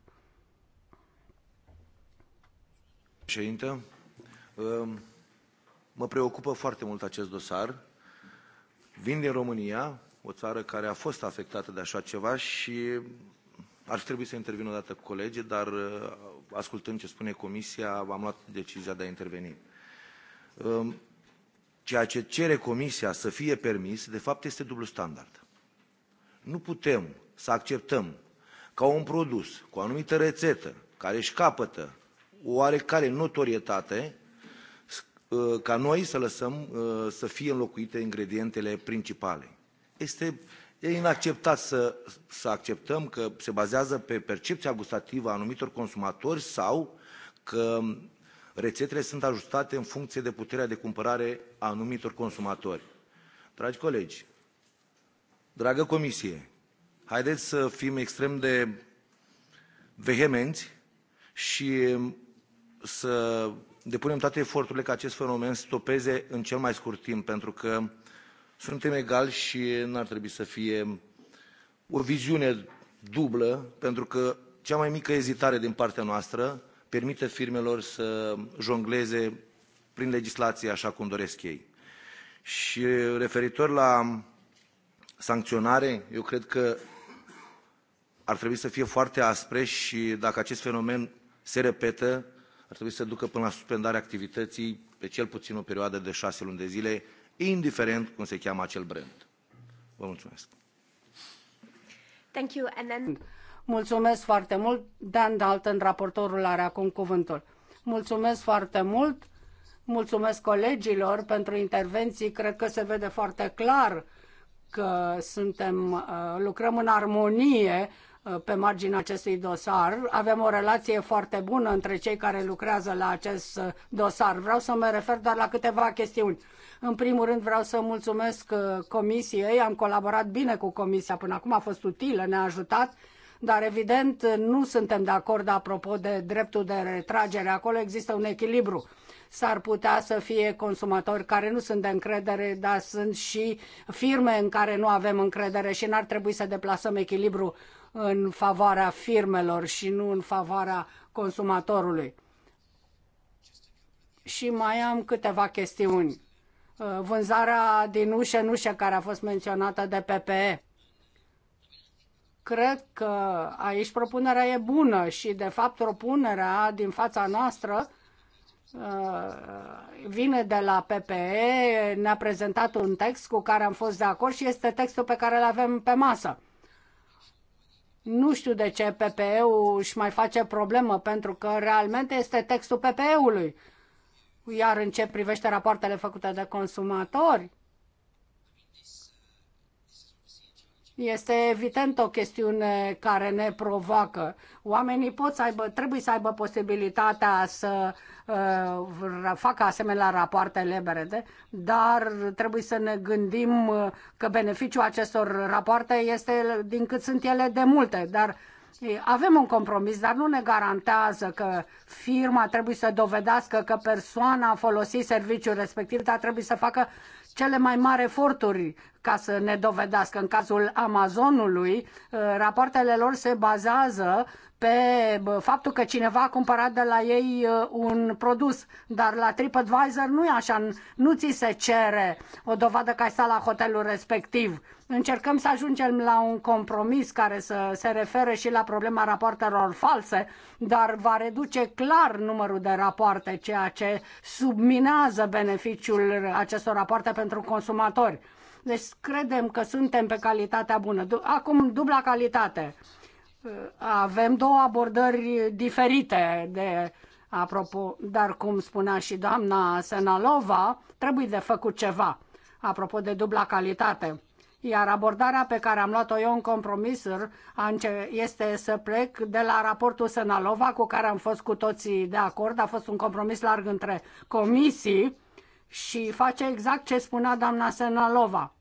D: Președinte, um, mă preocupă foarte mult acest dosar. Vin din România, o țară care a fost afectată de așa ceva și ar trebui să intervină odată colegii, dar uh, ascultând ce spune Comisia, am luat decizia de a interveni. Um, ceea ce cere Comisia să fie permis, de fapt, este dublu standard. Nu putem să acceptăm ca un produs cu o anumită rețetă, care își capătă oarecare notorietate, uh, ca noi să lăsăm uh, să fie înlocuite ingredientele principale. Este E inacceptat să, să acceptăm că se bazează pe percepția gustativă a anumitor consumatori sau că rețetele sunt ajustate în funcție de puterea de cumpărare a anumitor consumatori. Dragi colegi, dragă comisie, haideți să fim extrem de vehemenți și să depunem toate eforturile ca acest fenomen să stopeze în cel mai scurt timp, pentru că suntem egali și nu ar trebui să fie o viziune dublă, pentru că cea mai mică ezitare din partea noastră permite firmelor să jongleze prin legislație așa cum doresc ei. Și referitor la sancționare, eu cred că ar trebui să fie foarte aspre și dacă acest fenomen se repetă, ar trebui să ducă până la suspendarea activității pe cel puțin o perioadă de șase luni de zile, indiferent cum se cheamă acel brand. Vă mulțumesc!
E: Thank you. And then... Mulțumesc foarte mult. Dan Dalton, raportorul, are acum cuvântul. Mulțumesc foarte mult. Mulțumesc colegilor pentru intervenții. Cred că se vede foarte clar că suntem, uh, lucrăm în armonie Uh, pe marginea acestui dosar. Avem o relație foarte bună între cei care lucrează la acest uh, dosar. Vreau să mă refer doar la câteva chestiuni. În primul rând vreau să mulțumesc uh, comisiei. Am colaborat bine cu comisia până acum, a fost utilă, ne-a ajutat dar evident nu suntem de acord apropo de dreptul de retragere. Acolo există un echilibru. S-ar putea să fie consumatori care nu sunt de încredere, dar sunt și firme în care nu avem încredere și n-ar trebui să deplasăm echilibru în favoarea firmelor și nu în favoarea consumatorului. Și mai am câteva chestiuni. Uh, vânzarea din ușă în ușă care a fost menționată de PPE. Cred că aici propunerea e bună și, de fapt, propunerea din fața noastră uh, vine de la PPE, ne-a prezentat un text cu care am fost de acord și este textul pe care îl avem pe masă. Nu știu de ce PPE-ul își mai face problemă, pentru că realmente este textul PPE-ului. Iar în ce privește rapoartele făcute de consumatori, Este evident o chestiune care ne provoacă. Oamenii pot să aibă, trebuie să aibă posibilitatea să uh, facă asemenea rapoarte lebede, dar trebuie să ne gândim uh, că beneficiul acestor rapoarte este din cât sunt ele de multe, dar avem un compromis, dar nu ne garantează că firma trebuie să dovedească că persoana a folosit serviciul respectiv, dar trebuie să facă cele mai mari eforturi ca să ne dovedească. În cazul Amazonului, eh, rapoartele lor se bazează pe faptul că cineva a cumpărat de la ei uh, un produs, dar la TripAdvisor nu e așa, nu ți se cere o dovadă că ai stat la hotelul respectiv. Încercăm să ajungem la un compromis care să se refere și la problema rapoartelor false, dar va reduce clar numărul de rapoarte, ceea ce subminează beneficiul acestor rapoarte pentru consumatori. Deci credem că suntem pe calitatea bună. Acum, dubla calitate avem două abordări diferite de apropo, dar cum spunea și doamna Senalova, trebuie de făcut ceva apropo de dubla calitate. Iar abordarea pe care am luat-o eu în compromis este să plec de la raportul Senalova, cu care am fost cu toții de acord. A fost un compromis larg între comisii și face exact ce spunea doamna Senalova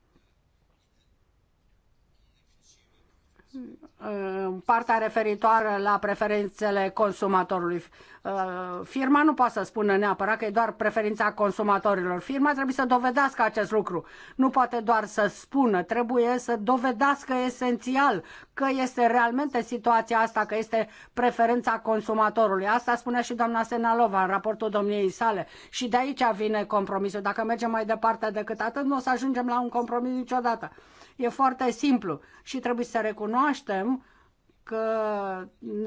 E: partea referitoare la preferințele consumatorului. Uh, firma nu poate să spună neapărat că e doar preferința consumatorilor. Firma trebuie să dovedească acest lucru. Nu poate doar să spună, trebuie să dovedească esențial că este realmente situația asta, că este preferința consumatorului. Asta spunea și doamna Senalova în raportul domniei sale. Și de aici vine compromisul. Dacă mergem mai departe decât atât, nu o să ajungem la un compromis niciodată. E foarte simplu și trebuie să recunoaștem că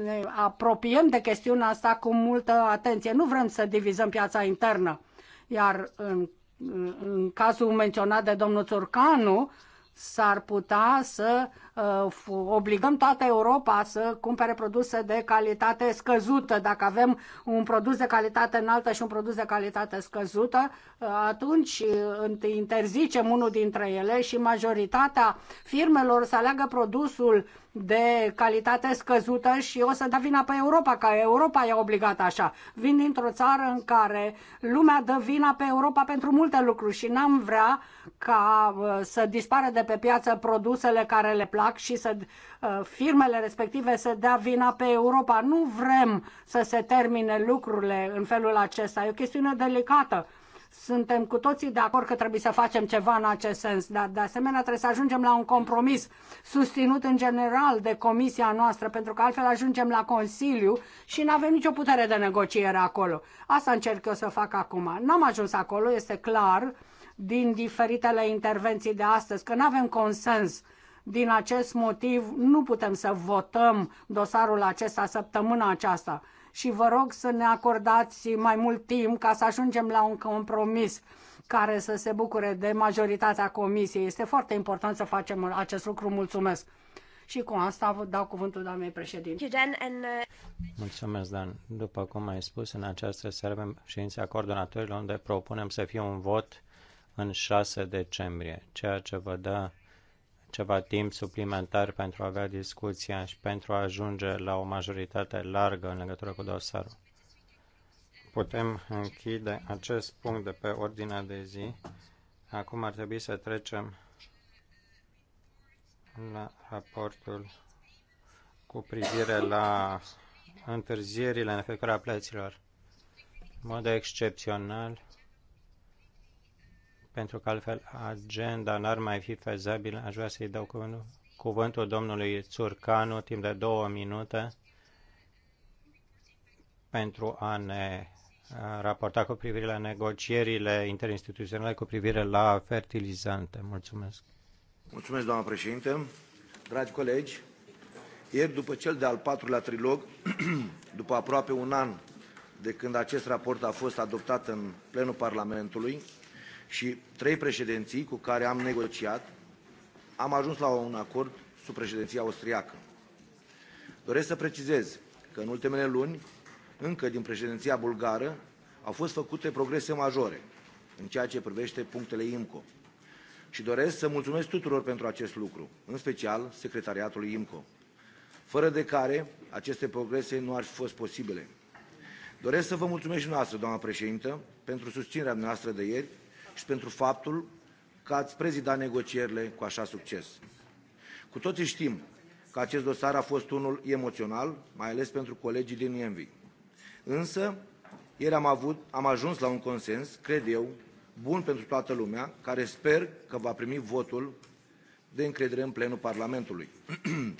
E: ne apropiem de chestiunea asta cu multă atenție. Nu vrem să divizăm piața internă. Iar în, în cazul menționat de domnul Țurcanu, s-ar putea să Uh, obligăm toată Europa să cumpere produse de calitate scăzută. Dacă avem un produs de calitate înaltă și un produs de calitate scăzută, uh, atunci uh, interzicem unul dintre ele și majoritatea firmelor să aleagă produsul de calitate scăzută și o să dă vina pe Europa, că Europa e obligată așa. Vin dintr-o țară în care lumea dă vina pe Europa pentru multe lucruri și n-am vrea ca să dispară de pe piață produsele care le plac atac și să uh, firmele respective să dea vina pe Europa. Nu vrem să se termine lucrurile în felul acesta. E o chestiune delicată. Suntem cu toții de acord că trebuie să facem ceva în acest sens, dar de asemenea trebuie să ajungem la un compromis susținut în general de comisia noastră, pentru că altfel ajungem la Consiliu și nu avem nicio putere de negociere acolo. Asta încerc eu să fac acum. N-am ajuns acolo, este clar, din diferitele intervenții de astăzi, că nu avem consens din acest motiv nu putem să votăm dosarul acesta săptămâna aceasta și vă rog să ne acordați mai mult timp ca să ajungem la un compromis care să se bucure de majoritatea comisiei. Este foarte important să facem acest lucru. Mulțumesc! Și cu asta vă dau cuvântul doamnei președinte.
D: Uh,
C: Mulțumesc, Dan. După cum ai spus, în această seară avem ședința coordonatorilor unde propunem să fie un vot în 6 decembrie, ceea ce vă dă ceva timp suplimentar pentru a avea discuția și pentru a ajunge la o majoritate largă în legătură cu dosarul. Putem închide acest punct de pe ordinea de zi. Acum ar trebui să trecem la raportul cu privire la întârzierile în efectuarea plăților. În mod excepțional, pentru că altfel agenda n-ar mai fi fezabilă. Aș vrea să-i dau cuvântul, cuvântul domnului Țurcanu timp de două minute pentru a ne raporta cu privire la negocierile interinstituționale cu privire la fertilizante. Mulțumesc.
D: Mulțumesc, doamna președinte. Dragi colegi, ieri, după cel de-al patrulea trilog, după aproape un an de când acest raport a fost adoptat în plenul Parlamentului, și trei președinții cu care am negociat, am ajuns la un acord sub președinția austriacă. Doresc să precizez că în ultimele luni, încă din președinția bulgară, au fost făcute progrese majore în ceea ce privește punctele IMCO. Și doresc să mulțumesc tuturor pentru acest lucru, în special secretariatului IMCO, fără de care aceste progrese nu ar fi fost posibile. Doresc să vă mulțumesc și noastră, doamna președintă, pentru susținerea noastră de ieri și pentru faptul că ați prezidat negocierile cu așa succes. Cu toții știm că acest dosar a fost unul emoțional, mai ales pentru colegii din ENVI. Însă, ieri am, avut, am ajuns la un consens, cred eu, bun pentru toată lumea, care sper că va primi votul de încredere în plenul Parlamentului.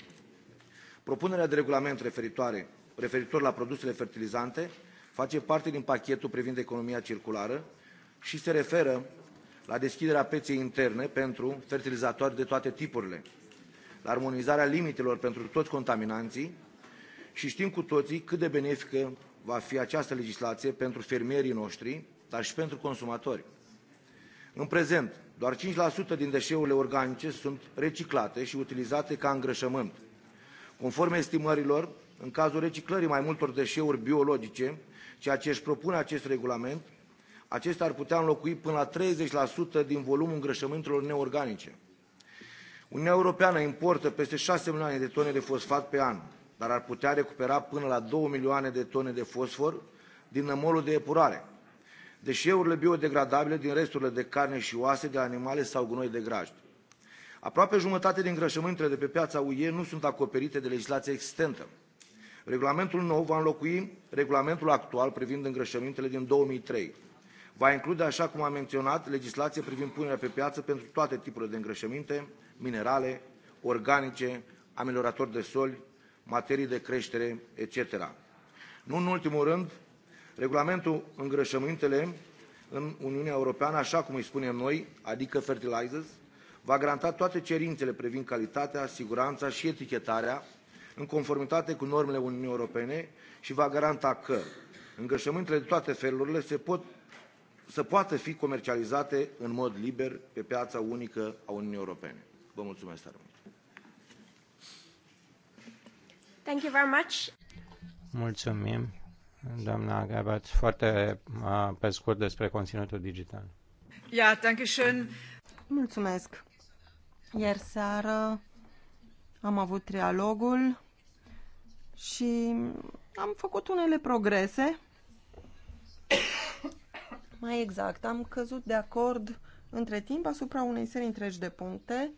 D: Propunerea de regulament referitoare, referitor la produsele fertilizante face parte din pachetul privind economia circulară, și se referă la deschiderea pieței interne pentru fertilizatori de toate tipurile, la armonizarea limitelor pentru toți contaminanții și știm cu toții cât de benefică va fi această legislație pentru fermierii noștri, dar și pentru consumatori. În prezent, doar 5% din deșeurile organice sunt reciclate și utilizate ca îngrășământ. Conform estimărilor, în cazul reciclării mai multor deșeuri biologice, ceea ce își propune acest regulament, Acestea ar putea înlocui până la 30% din volumul îngrășămintelor neorganice. Uniunea Europeană importă peste 6 milioane de tone de fosfat pe an, dar ar putea recupera până la 2 milioane de tone de fosfor din nămolul de epurare, deșeurile biodegradabile din resturile de carne și oase de animale sau gunoi de grajd. Aproape jumătate din grășământele de pe piața UE nu sunt acoperite de legislație existentă. Regulamentul nou va înlocui regulamentul actual privind îngrășămintele din 2003, va include, așa cum am menționat, legislație privind punerea pe piață pentru toate tipurile de îngrășăminte, minerale, organice, amelioratori de soli, materii de creștere, etc. Nu în ultimul rând, regulamentul îngrășămintele în Uniunea Europeană, așa cum îi spunem noi, adică fertilizers, va garanta toate cerințele privind calitatea, siguranța și etichetarea în conformitate cu normele Uniunii Europene și va garanta că îngrășămintele de toate felurile se pot să poată fi comercializate în mod liber pe piața unică a Uniunii Europene. Vă mulțumesc tare mult!
A: Thank you very much.
C: Mulțumim, doamna Gabat. Foarte pe scurt despre conținutul digital.
A: Yeah, thank you. Mulțumesc.
B: Ieri seară am avut trialogul și am făcut unele progrese mai exact. Am căzut de acord între timp asupra unei serii întregi de puncte.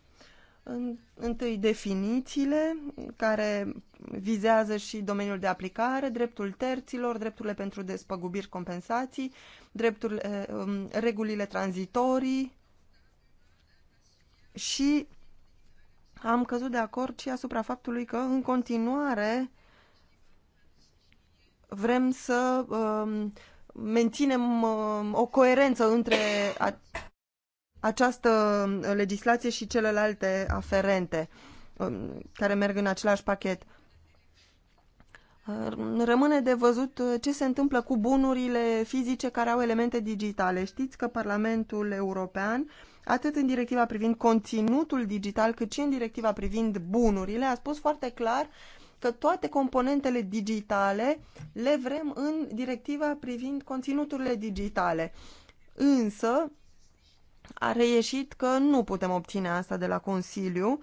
B: În, întâi definițiile care vizează și domeniul de aplicare, dreptul terților, drepturile pentru despăgubiri compensații, drepturile, eh, um, regulile tranzitorii și am căzut de acord și asupra faptului că în continuare vrem să um, menținem um, o coerență între această legislație și celelalte aferente um, care merg în același pachet. Rămâne de văzut uh, ce se întâmplă cu bunurile fizice care au elemente digitale. Știți că Parlamentul European, atât în directiva privind conținutul digital, cât și în directiva privind bunurile, a spus foarte clar uh, că toate componentele digitale le vrem în directiva privind conținuturile digitale. Însă a reieșit că nu putem obține asta de la Consiliu.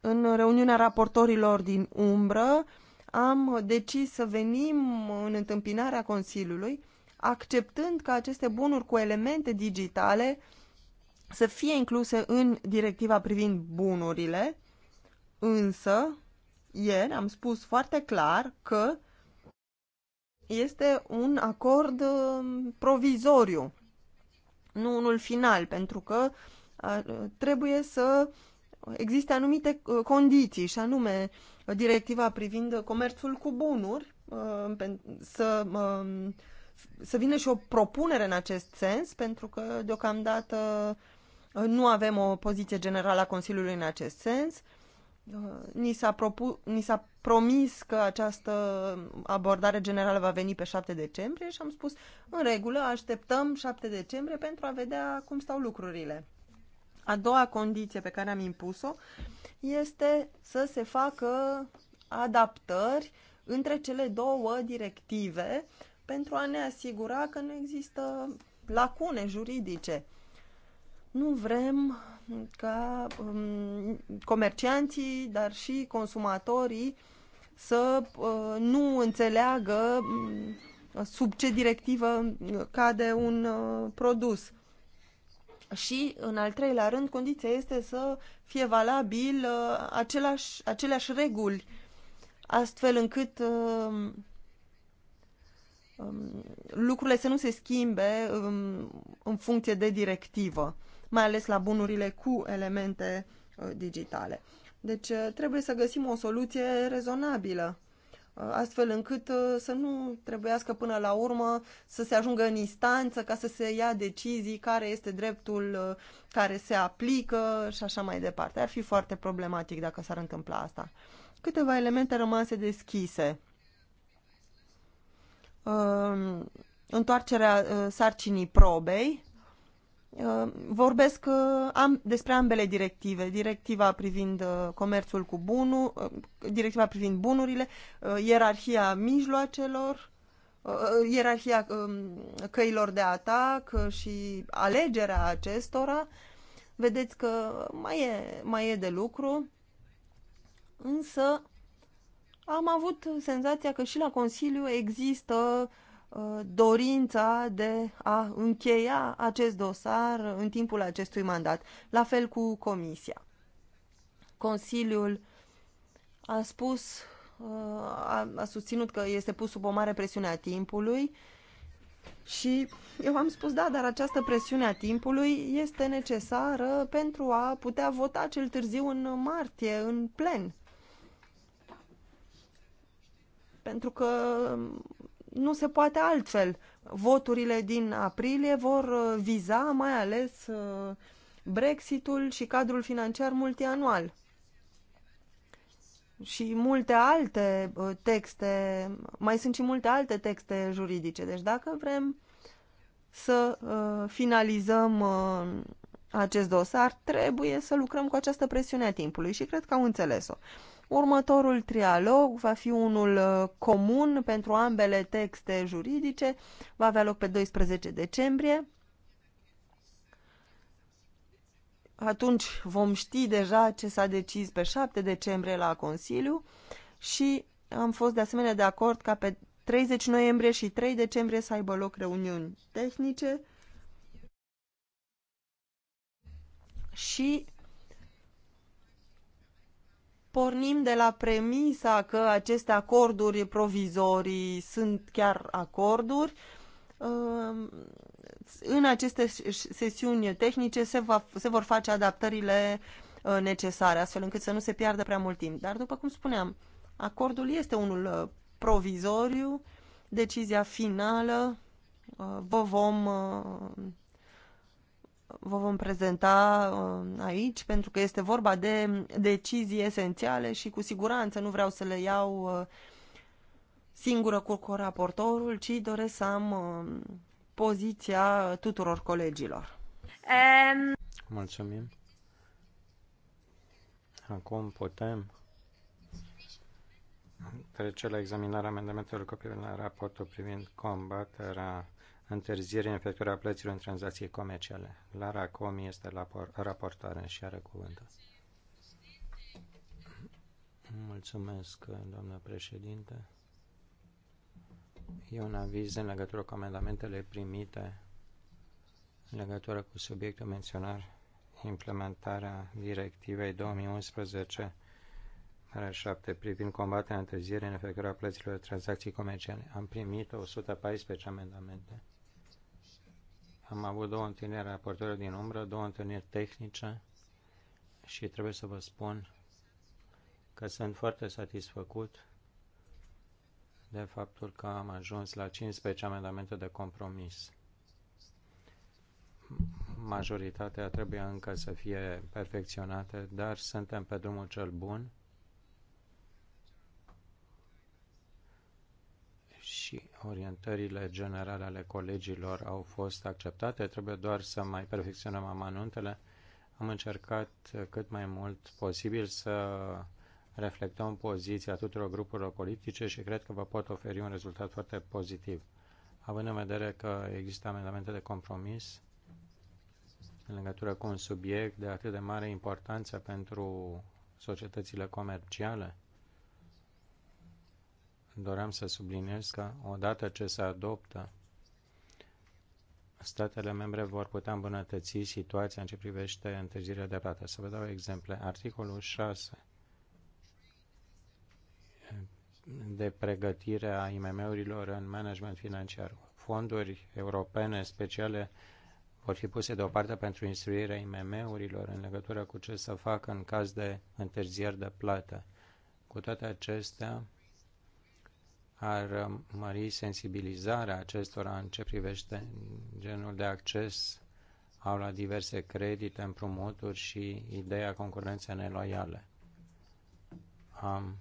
B: În reuniunea raportorilor din umbră am decis să venim în întâmpinarea Consiliului acceptând că aceste bunuri cu elemente digitale uh, să fie incluse în directiva privind bunurile, însă ieri am spus foarte clar că este un acord um, provizoriu, nu unul final, pentru că trebuie să existe anumite uh, condiții, și anume directiva privind comerțul cu bunuri, um, să, um, să vină și o propunere în acest sens, pentru că deocamdată nu avem o poziție generală a Consiliului în acest sens. Uh, ni s-a, propu- ni s-a promis că această abordare generală va veni pe 7 decembrie și am spus, în regulă, așteptăm 7 decembrie pentru a vedea cum stau lucrurile. A doua condiție pe care am impus-o este să se facă adaptări între cele două directive pentru a ne asigura că nu există lacune juridice. Nu vrem ca um, comercianții, dar și consumatorii să uh, nu înțeleagă um, sub ce directivă cade un uh, produs. Și, în al treilea rând, condiția este să fie valabil uh, același, aceleași reguli, astfel încât uh, um, lucrurile să nu se schimbe um, în funcție de directivă mai ales la bunurile cu elemente uh, digitale. Deci uh, trebuie să găsim o soluție rezonabilă, uh, astfel încât să nu trebuiască până la urmă să se ajungă în instanță ca să se ia decizii care este dreptul care se aplică și așa mai departe. Ar fi foarte problematic dacă s-ar întâmpla asta. Câteva elemente rămase deschise. Um, întoarcerea sarcinii probei Uh, vorbesc uh, am, despre ambele directive, directiva privind uh, comerțul cu bunul, directiva privind bunurile, ierarhia mijloacelor, ierarhia um, căilor de atac și alegerea acestora. Vedeți că mai e, mai e de lucru, însă am avut senzația că și la Consiliu există uh, Uh, dorința de a încheia acest dosar în timpul acestui mandat, la fel cu Comisia. Consiliul a spus, uh, a, a susținut că este pus sub o mare presiune a timpului și eu am spus, da, dar această presiune a timpului este necesară pentru a putea vota cel târziu în martie, în plen. Pentru că um, nu se poate altfel. Voturile din aprilie vor uh, viza mai ales uh, Brexitul și cadrul financiar multianual și multe alte uh, texte, mai sunt și multe alte texte juridice. Deci dacă vrem să finalizăm acest dosar, trebuie să lucrăm cu această presiune a timpului și cred că au înțeles-o. Următorul trialog va fi unul uh, comun pentru ambele texte juridice, va avea loc pe 12 decembrie. Atunci vom ști deja ce s-a decis pe 7 decembrie la Consiliu și am fost de asemenea de acord ca pe 30 noiembrie și 3 decembrie să aibă loc reuniuni tehnice și pornim de la premisa că aceste acorduri provizorii sunt chiar acorduri, ehm, în aceste sesiuni tehnice se, va, se vor face adaptările ă, necesare, astfel încât să nu se piardă prea mult timp. Dar, după cum spuneam, acordul este unul ă, provizoriu, decizia finală ă, vă vom vă vom prezenta uh, aici, pentru că este vorba de decizii esențiale și cu siguranță nu vreau să le iau uh, singură cu raportorul, ci doresc să am uh, poziția tuturor colegilor.
D: Um...
C: Mulțumim. Acum putem trece la examinarea amendamentelor cu privire la raportul privind combaterea întârziere în efectuarea plăților în tranzacții comerciale. Lara Comi este la raportare și are cuvântul. Mulțumesc, doamnă președinte. E un aviz în legătură cu amendamentele primite în legătură cu subiectul menționat, implementarea directivei 2011 7 privind combaterea întârzierii în efectuarea plăților de tranzacții comerciale. Am primit 114 amendamente. Am avut două întâlniri raportori din umbră, două întâlniri tehnice și trebuie să vă spun că sunt foarte satisfăcut de faptul că am ajuns la 15 amendamente de compromis. Majoritatea trebuie încă să fie perfecționate, dar suntem pe drumul cel bun și orientările generale ale colegilor au fost acceptate. Trebuie doar să mai perfecționăm amanuntele. Am încercat cât mai mult posibil să reflectăm poziția tuturor grupurilor politice și cred că vă pot oferi un rezultat foarte pozitiv. Având în vedere că există amendamente de compromis în legătură cu un subiect de atât de mare importanță pentru societățile comerciale, doream să subliniez că odată ce se adoptă, statele membre vor putea îmbunătăți situația în ce privește întârzirea de plată. Să vă dau exemple. Articolul 6 de pregătire a IMM-urilor în management financiar. Fonduri europene speciale vor fi puse deoparte pentru instruirea IMM-urilor în legătură cu ce să facă în caz de întârzieri de plată. Cu toate acestea, ar mări sensibilizarea acestora în ce privește genul de acces au la diverse credite, împrumuturi și ideea concurenței neloiale. Am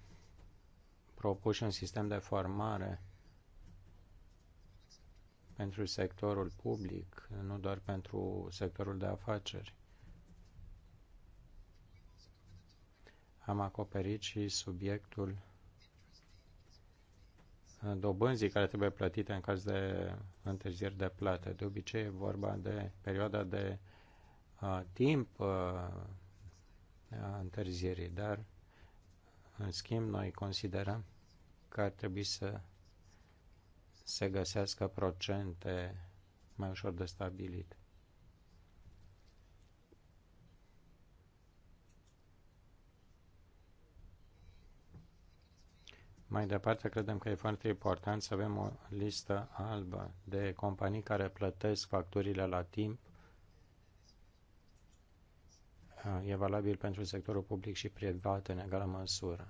C: propus un sistem de formare pentru sectorul public, nu doar pentru sectorul de afaceri. Am acoperit și subiectul dobânzii care trebuie plătite în caz de întârzieri de plată. De obicei e vorba de perioada de uh, timp uh, a întârzierii, dar în schimb noi considerăm că ar trebui să se găsească procente mai ușor de stabilit. Mai departe, credem că e foarte important să avem o listă albă de companii care plătesc facturile la timp. E valabil pentru sectorul public și privat în egală măsură.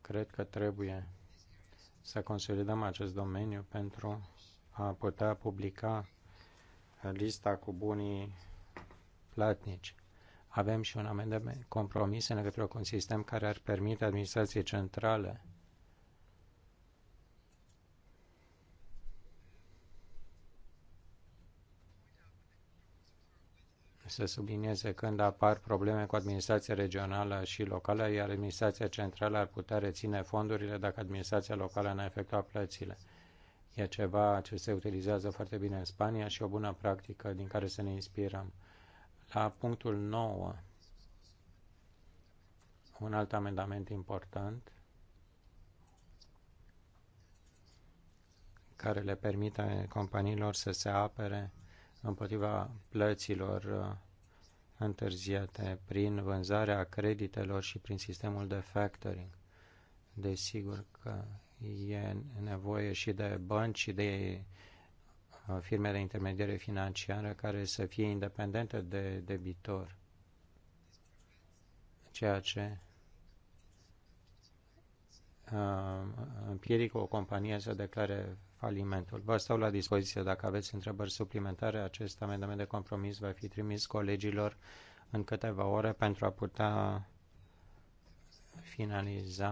C: Cred că trebuie să consolidăm acest domeniu pentru a putea publica lista cu bunii platnici. Avem și un amendament compromis în legătură cu un sistem care ar permite administrației centrale să sublinieze când apar probleme cu administrația regională și locală, iar administrația centrală ar putea reține fondurile dacă administrația locală n-a efectuat plățile. E ceva ce se utilizează foarte bine în Spania și o bună practică din care să ne inspirăm. La punctul 9, un alt amendament important care le permite companiilor să se apere împotriva plăților uh, întârziate prin vânzarea creditelor și prin sistemul de factoring. Desigur că e nevoie și de bănci și de firme de intermediere financiară care să fie independente de debitor, ceea ce uh, împiedică o companie să declare falimentul. Vă stau la dispoziție dacă aveți întrebări suplimentare. Acest amendament de compromis va fi trimis colegilor în câteva ore pentru a putea finaliza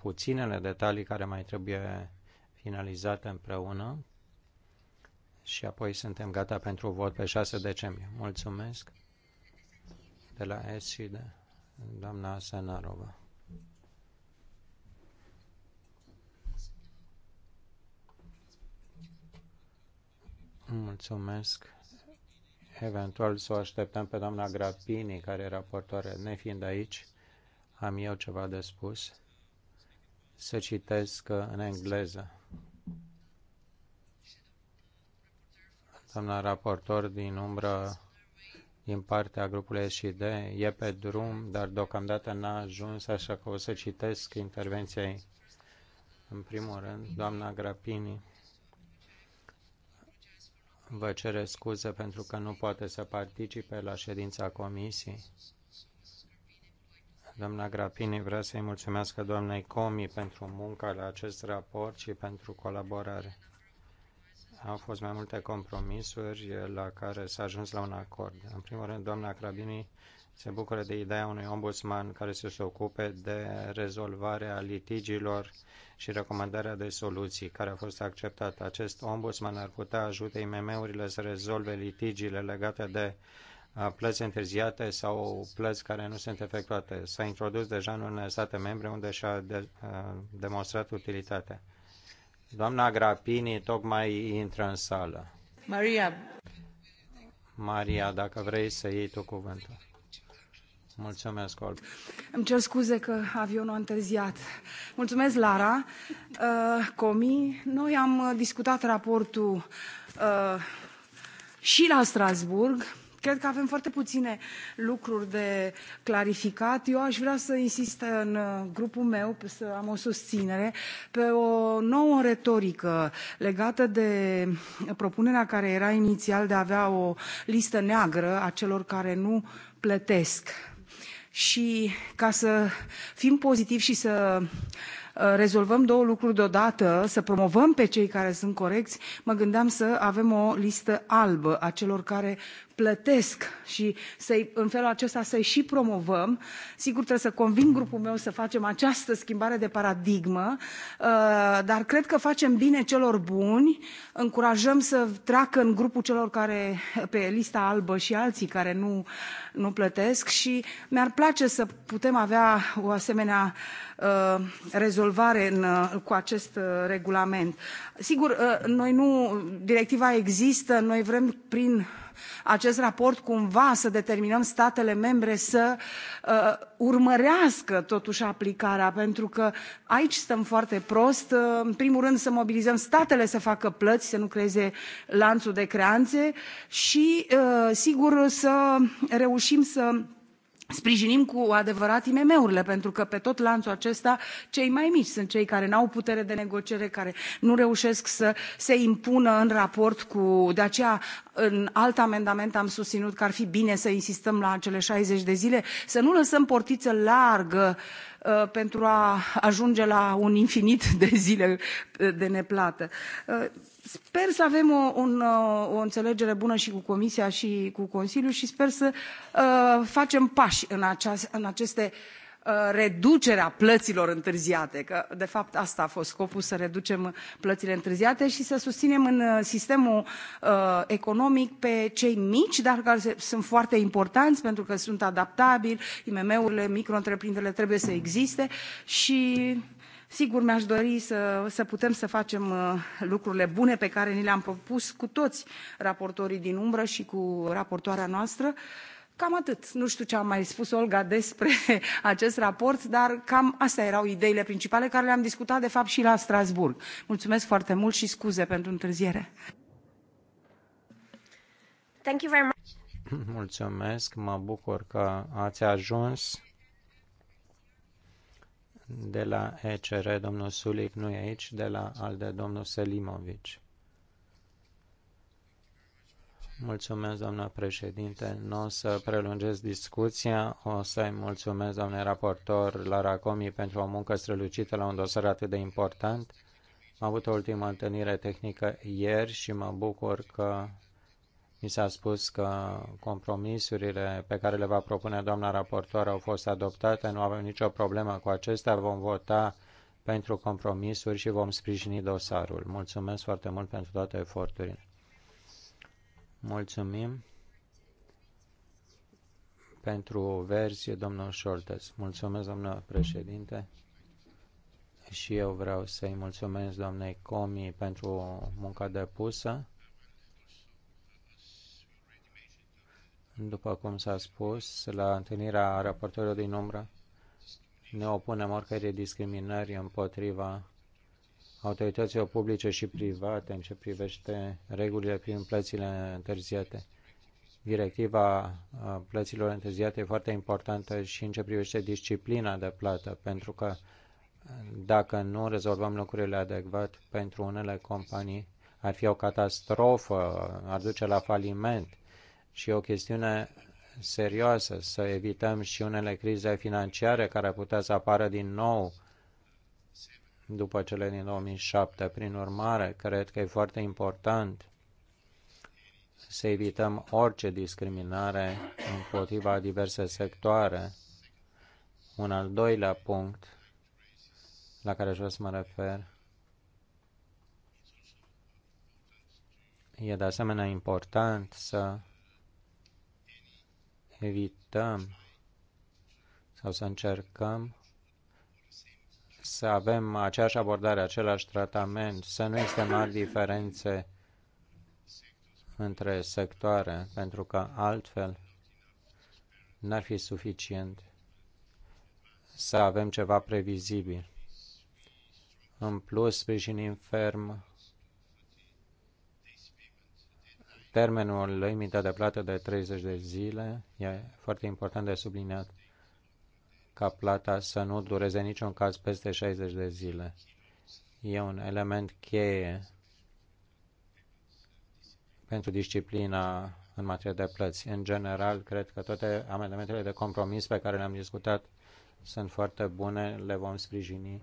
C: puținele detalii care mai trebuie finalizate împreună și apoi suntem gata pentru vot pe 6 decembrie. Mulțumesc de la ESID, doamna Sanarova. Mulțumesc. Eventual să o așteptăm pe doamna Grapini, care e raportoare. Nefiind aici, am eu ceva de spus. Să citesc în engleză. doamna raportor din umbră din partea grupului SID, e pe drum, dar deocamdată n-a ajuns, așa că o să citesc intervenția ei. În primul rând, doamna Grapini vă cere scuze pentru că nu poate să participe la ședința comisiei. Doamna Grapini vrea să-i mulțumesc doamnei Comi pentru munca la acest raport și pentru colaborare. Au fost mai multe compromisuri la care s-a ajuns la un acord. În primul rând, doamna Crabini se bucură de ideea unui ombudsman care să se ocupe de rezolvarea litigiilor și recomandarea de soluții care a fost acceptată. Acest ombudsman ar putea ajuta IMM-urile să rezolve litigiile legate de plăți întârziate sau plăți care nu sunt efectuate. S-a introdus deja în unele state membre unde și-a de, demonstrat utilitatea. Doamna Grapini tocmai intră în sală. Maria. Maria, dacă vrei să iei tu cuvântul. Mulțumesc, Olga.
A: Îmi cer scuze că avionul a întârziat. Mulțumesc, Lara. Uh, Comi, noi am discutat raportul uh, și la Strasburg cred că avem foarte puține lucruri de clarificat. Eu aș vrea să insist în uh, grupul meu, să am o susținere, pe o nouă retorică legată de propunerea care era inițial de a avea o listă neagră a celor care nu plătesc. Și ca să fim pozitivi și să uh, rezolvăm două lucruri deodată, să promovăm pe cei care sunt corecți, mă gândeam să avem o listă albă a celor care plătesc și să în felul acesta să-i și promovăm. Sigur, trebuie să conving grupul meu să facem această schimbare de paradigmă, uh, dar cred că facem bine celor buni, încurajăm să treacă în grupul celor care pe lista albă și alții care nu, nu plătesc și mi-ar place să putem avea o asemenea uh, rezolvare în, uh, cu acest regulament. Sigur, noi nu, directiva există, noi vrem prin acest raport cumva să determinăm statele membre să uh, urmărească totuși aplicarea pentru că aici stăm foarte prost. Uh, în primul rând să mobilizăm statele să facă plăți, să nu creeze lanțul de creanțe și uh, sigur să reușim să sprijinim cu adevărat imm urile pentru că pe tot lanțul acesta cei mai mici sunt cei care nu au putere de negociere care nu reușesc să se impună în raport cu de aceea în alt amendament am susținut că ar fi bine să insistăm la acele șaizeci de zile să nu lăsăm portiță largă uh, pentru a ajunge la un infinit de zile uh, de neplată. Uh, sper să avem o, un, o înțelegere bună și cu comisia și cu consiliul și sper să uh, facem pași în, aceas, în aceste uh, a plăților întârziate că de fapt asta a fost scopul să reducem plățile întârziate și să susținem în uh, sistemul uh, economic pe cei mici dar care sunt foarte importanți pentru că sunt adaptabili imm urile micro întreprinderile trebuie să existe și Sigur, mi-aș dori să, să putem să facem uh, lucrurile bune pe care ni le-am propus cu toți raportorii din umbră și cu raportoarea noastră. Cam atât. Nu știu ce a mai spus Olga despre acest raport, dar cam astea erau ideile principale care le-am discutat, de fapt, și la Strasbourg. Mulțumesc foarte mult și scuze pentru întârziere.
C: Mulțumesc, mă bucur că ați ajuns de la ECR domnul Sulic nu e aici, de la al de domnul Selimovic. Mulțumesc, doamna președinte. Nu o să prelungesc discuția. O să-i mulțumesc, doamne raportor, la Racomi pentru o muncă strălucită la un dosar atât de important. Am avut o ultimă întâlnire tehnică ieri și mă bucur că mi s-a spus că compromisurile pe care le va propune doamna raportoare au fost adoptate, nu avem nicio problemă cu acestea, vom vota pentru compromisuri și vom sprijini dosarul. Mulțumesc foarte mult pentru toate eforturile. Mulțumim pentru versie, domnul Șoltes. Mulțumesc, domnul președinte. Și eu vreau să-i mulțumesc doamnei Comi pentru munca depusă. După cum s-a spus, la întâlnirea raportorilor din umbră, ne opunem oricărei discriminări împotriva autorităților publice și private în ce privește regulile prin plățile întârziate. Directiva uh, plăților întârziate e foarte importantă și în ce privește disciplina de plată, pentru că dacă nu rezolvăm lucrurile adecvat pentru unele companii, ar fi o catastrofă, ar duce la faliment și o chestiune serioasă, să evităm și unele crize financiare care ar putea să apară din nou după cele din 2007. Prin urmare, cred că e foarte important să evităm orice discriminare împotriva diverse sectoare. Un al doilea punct la care aș vrea să mă refer e de asemenea important să evităm sau să încercăm să avem aceeași abordare, același tratament, să nu există mari diferențe între sectoare, pentru că altfel n-ar fi suficient să avem ceva previzibil. În plus, sprijinim ferm termenul limită de plată de 30 de zile e foarte important de subliniat ca plata să nu dureze niciun caz peste 60 de zile. E un element cheie pentru disciplina în materie de plăți. În general, cred că toate amendamentele de compromis pe care le-am discutat sunt foarte bune, le vom sprijini.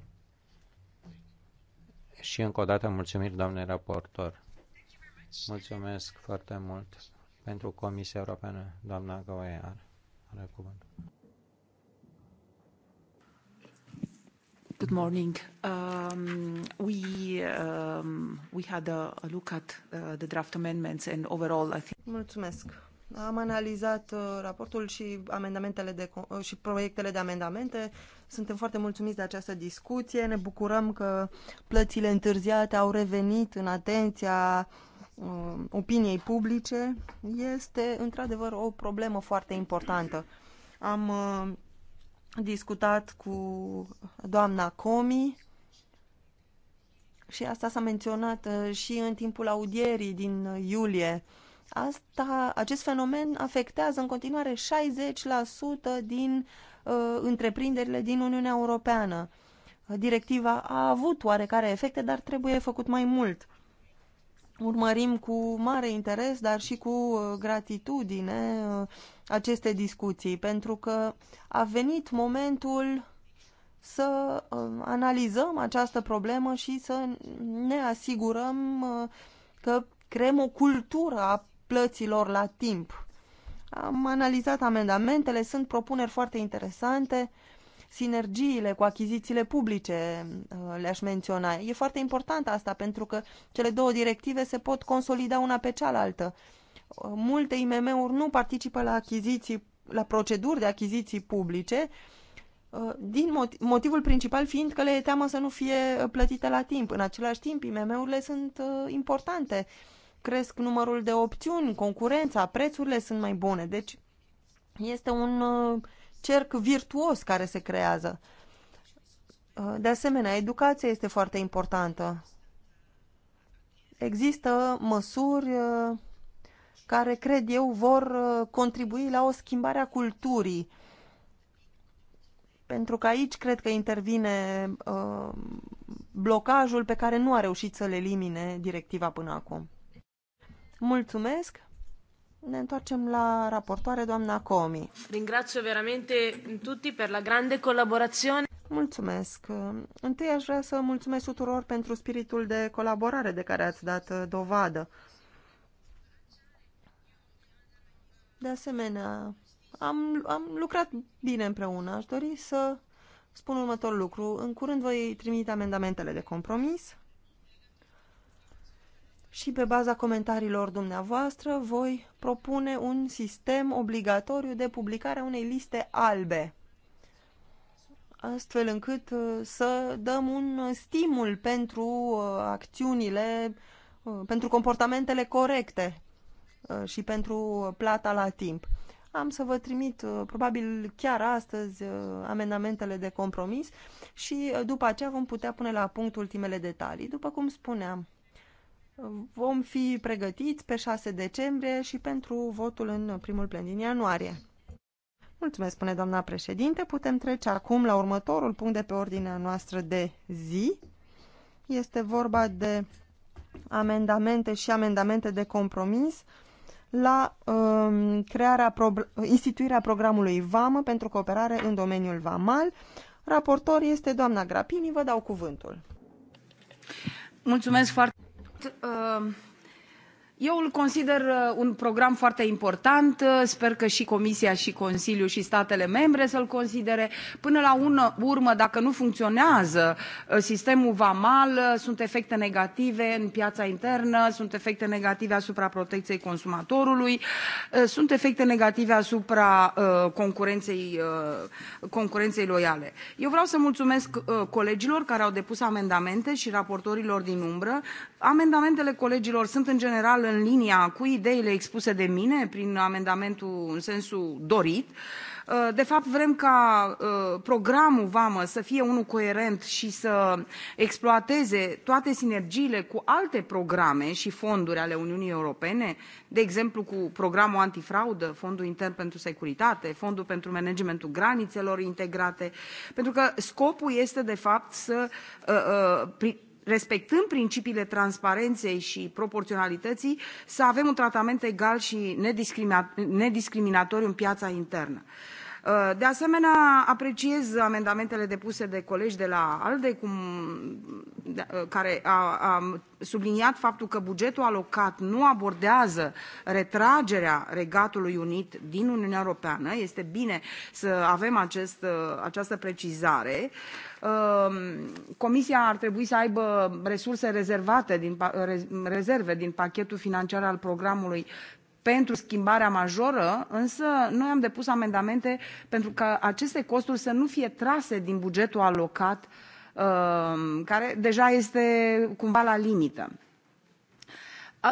C: Și încă o dată mulțumiri, doamne raportor. Mulțumesc foarte mult pentru Comisia Europeană, doamna Gauear. Are cuvânt.
A: Good morning. Um, we um, we had a, a look at uh, the draft amendments and overall I think
B: Mulțumesc. Am analizat uh, raportul și amendamentele de, uh, și proiectele de amendamente. Suntem foarte mulțumiți de această discuție. Ne bucurăm că plățile întârziate au revenit în atenția uh, Um, opiniei publice este într-adevăr o problemă foarte importantă. Am um, discutat cu doamna Comi și asta s-a menționat uh, și în timpul audierii din iulie. Asta, acest fenomen afectează în continuare 60% din uh, întreprinderile din Uniunea Europeană. Directiva a avut oarecare efecte, dar trebuie făcut mai mult urmărim cu mare interes, dar și cu uh, gratitudine uh, aceste discuții, pentru că a venit momentul să uh, analizăm această problemă și să ne asigurăm că creăm o cultură a plăților la timp. Am analizat amendamentele, sunt propuneri foarte interesante sinergiile cu achizițiile publice uh, le-aș menționa. E foarte important asta pentru că cele două directive se pot consolida una pe cealaltă. Uh, multe IMM-uri nu participă la achiziții, la proceduri de achiziții publice, uh, din motiv, motivul principal fiind că le e teamă să nu fie plătite la timp. În același timp, IMM-urile sunt importante. Cresc numărul de opțiuni, concurența, prețurile sunt mai bune. Deci este un cerc virtuos care se creează. Uh, de asemenea, educația este foarte importantă. Există măsuri uh, care, cred eu, vor uh, contribui la o schimbare a culturii. Pentru că aici cred că intervine uh, blocajul pe care nu a reușit să-l elimine directiva până acum. Mulțumesc! ne întoarcem la raportoare, doamna Comi.
A: Ringrazio veramente tutti per la grande collaborazione.
B: Mulțumesc. Întâi aș vrea să mulțumesc tuturor pentru spiritul de colaborare de care ați dat uh, dovadă. De asemenea, am, am lucrat bine împreună. Aș dori să spun următorul lucru. În curând voi trimite amendamentele de compromis și pe baza comentariilor dumneavoastră voi propune un sistem obligatoriu de publicare a unei liste albe, astfel încât uh, să dăm un stimul pentru uh, acțiunile, uh, pentru comportamentele corecte și pentru plata la timp. Am să vă trimit probabil chiar astăzi amendamentele de compromis și după aceea vom putea pune la punct ultimele detalii. După cum spuneam, Vom fi pregătiți pe 6 decembrie și pentru votul în primul plen din ianuarie. Mulțumesc, spune doamna președinte. Putem trece acum la următorul punct de pe ordinea noastră de zi. Este vorba de amendamente și amendamente de compromis la um, crearea pro instituirea programului VAMă pentru cooperare în domeniul VAMAL. Raportor este doamna Grapini, vă dau cuvântul.
A: Mulțumesc foarte Uh, eu îl consider uh, un program foarte important uh, sper că și comisia și consiliul și statele membre să l considere. până la urmă dacă nu funcționează sistemul vamal sunt efecte negative în piața internă sunt efecte negative asupra protecției consumatorului sunt efecte negative asupra concurenței, concurenței loiale. eu vreau să mulțumesc colegilor care au depus amendamente și raportorilor din umbră amendamentele colegilor sunt în general în linia cu ideile expuse de mine prin amendamentul în sensul dorit uh, de fapt vrem ca uh, programul vamă să fie unul coerent și să exploateze toate sinergiile cu alte programe și fonduri ale uniunii europene de exemplu cu programul antifraudă fondul intern pentru securitate fondul pentru managementul granițelor integrate pentru că scopul este de fapt să uh, respectând principiile transparenței și proporționalității să avem un tratament egal și nediscriminatoriu în piața internă. Uh, de asemenea, apreciez amendamentele depuse de colegi de la ALDE, cum, uh, care a, a subliniat faptul că bugetul alocat nu abordează retragerea Regatului Unit din Uniunea Europeană. Este bine să avem acest, uh, această precizare. Um, comisia ar trebui să aibă resurse rezervate din, rezerve din pachetul financiar al programului pentru schimbarea majoră, însă noi am depus amendamente pentru ca aceste costuri să nu fie trase din bugetul alocat, uh, care deja este cumva la limită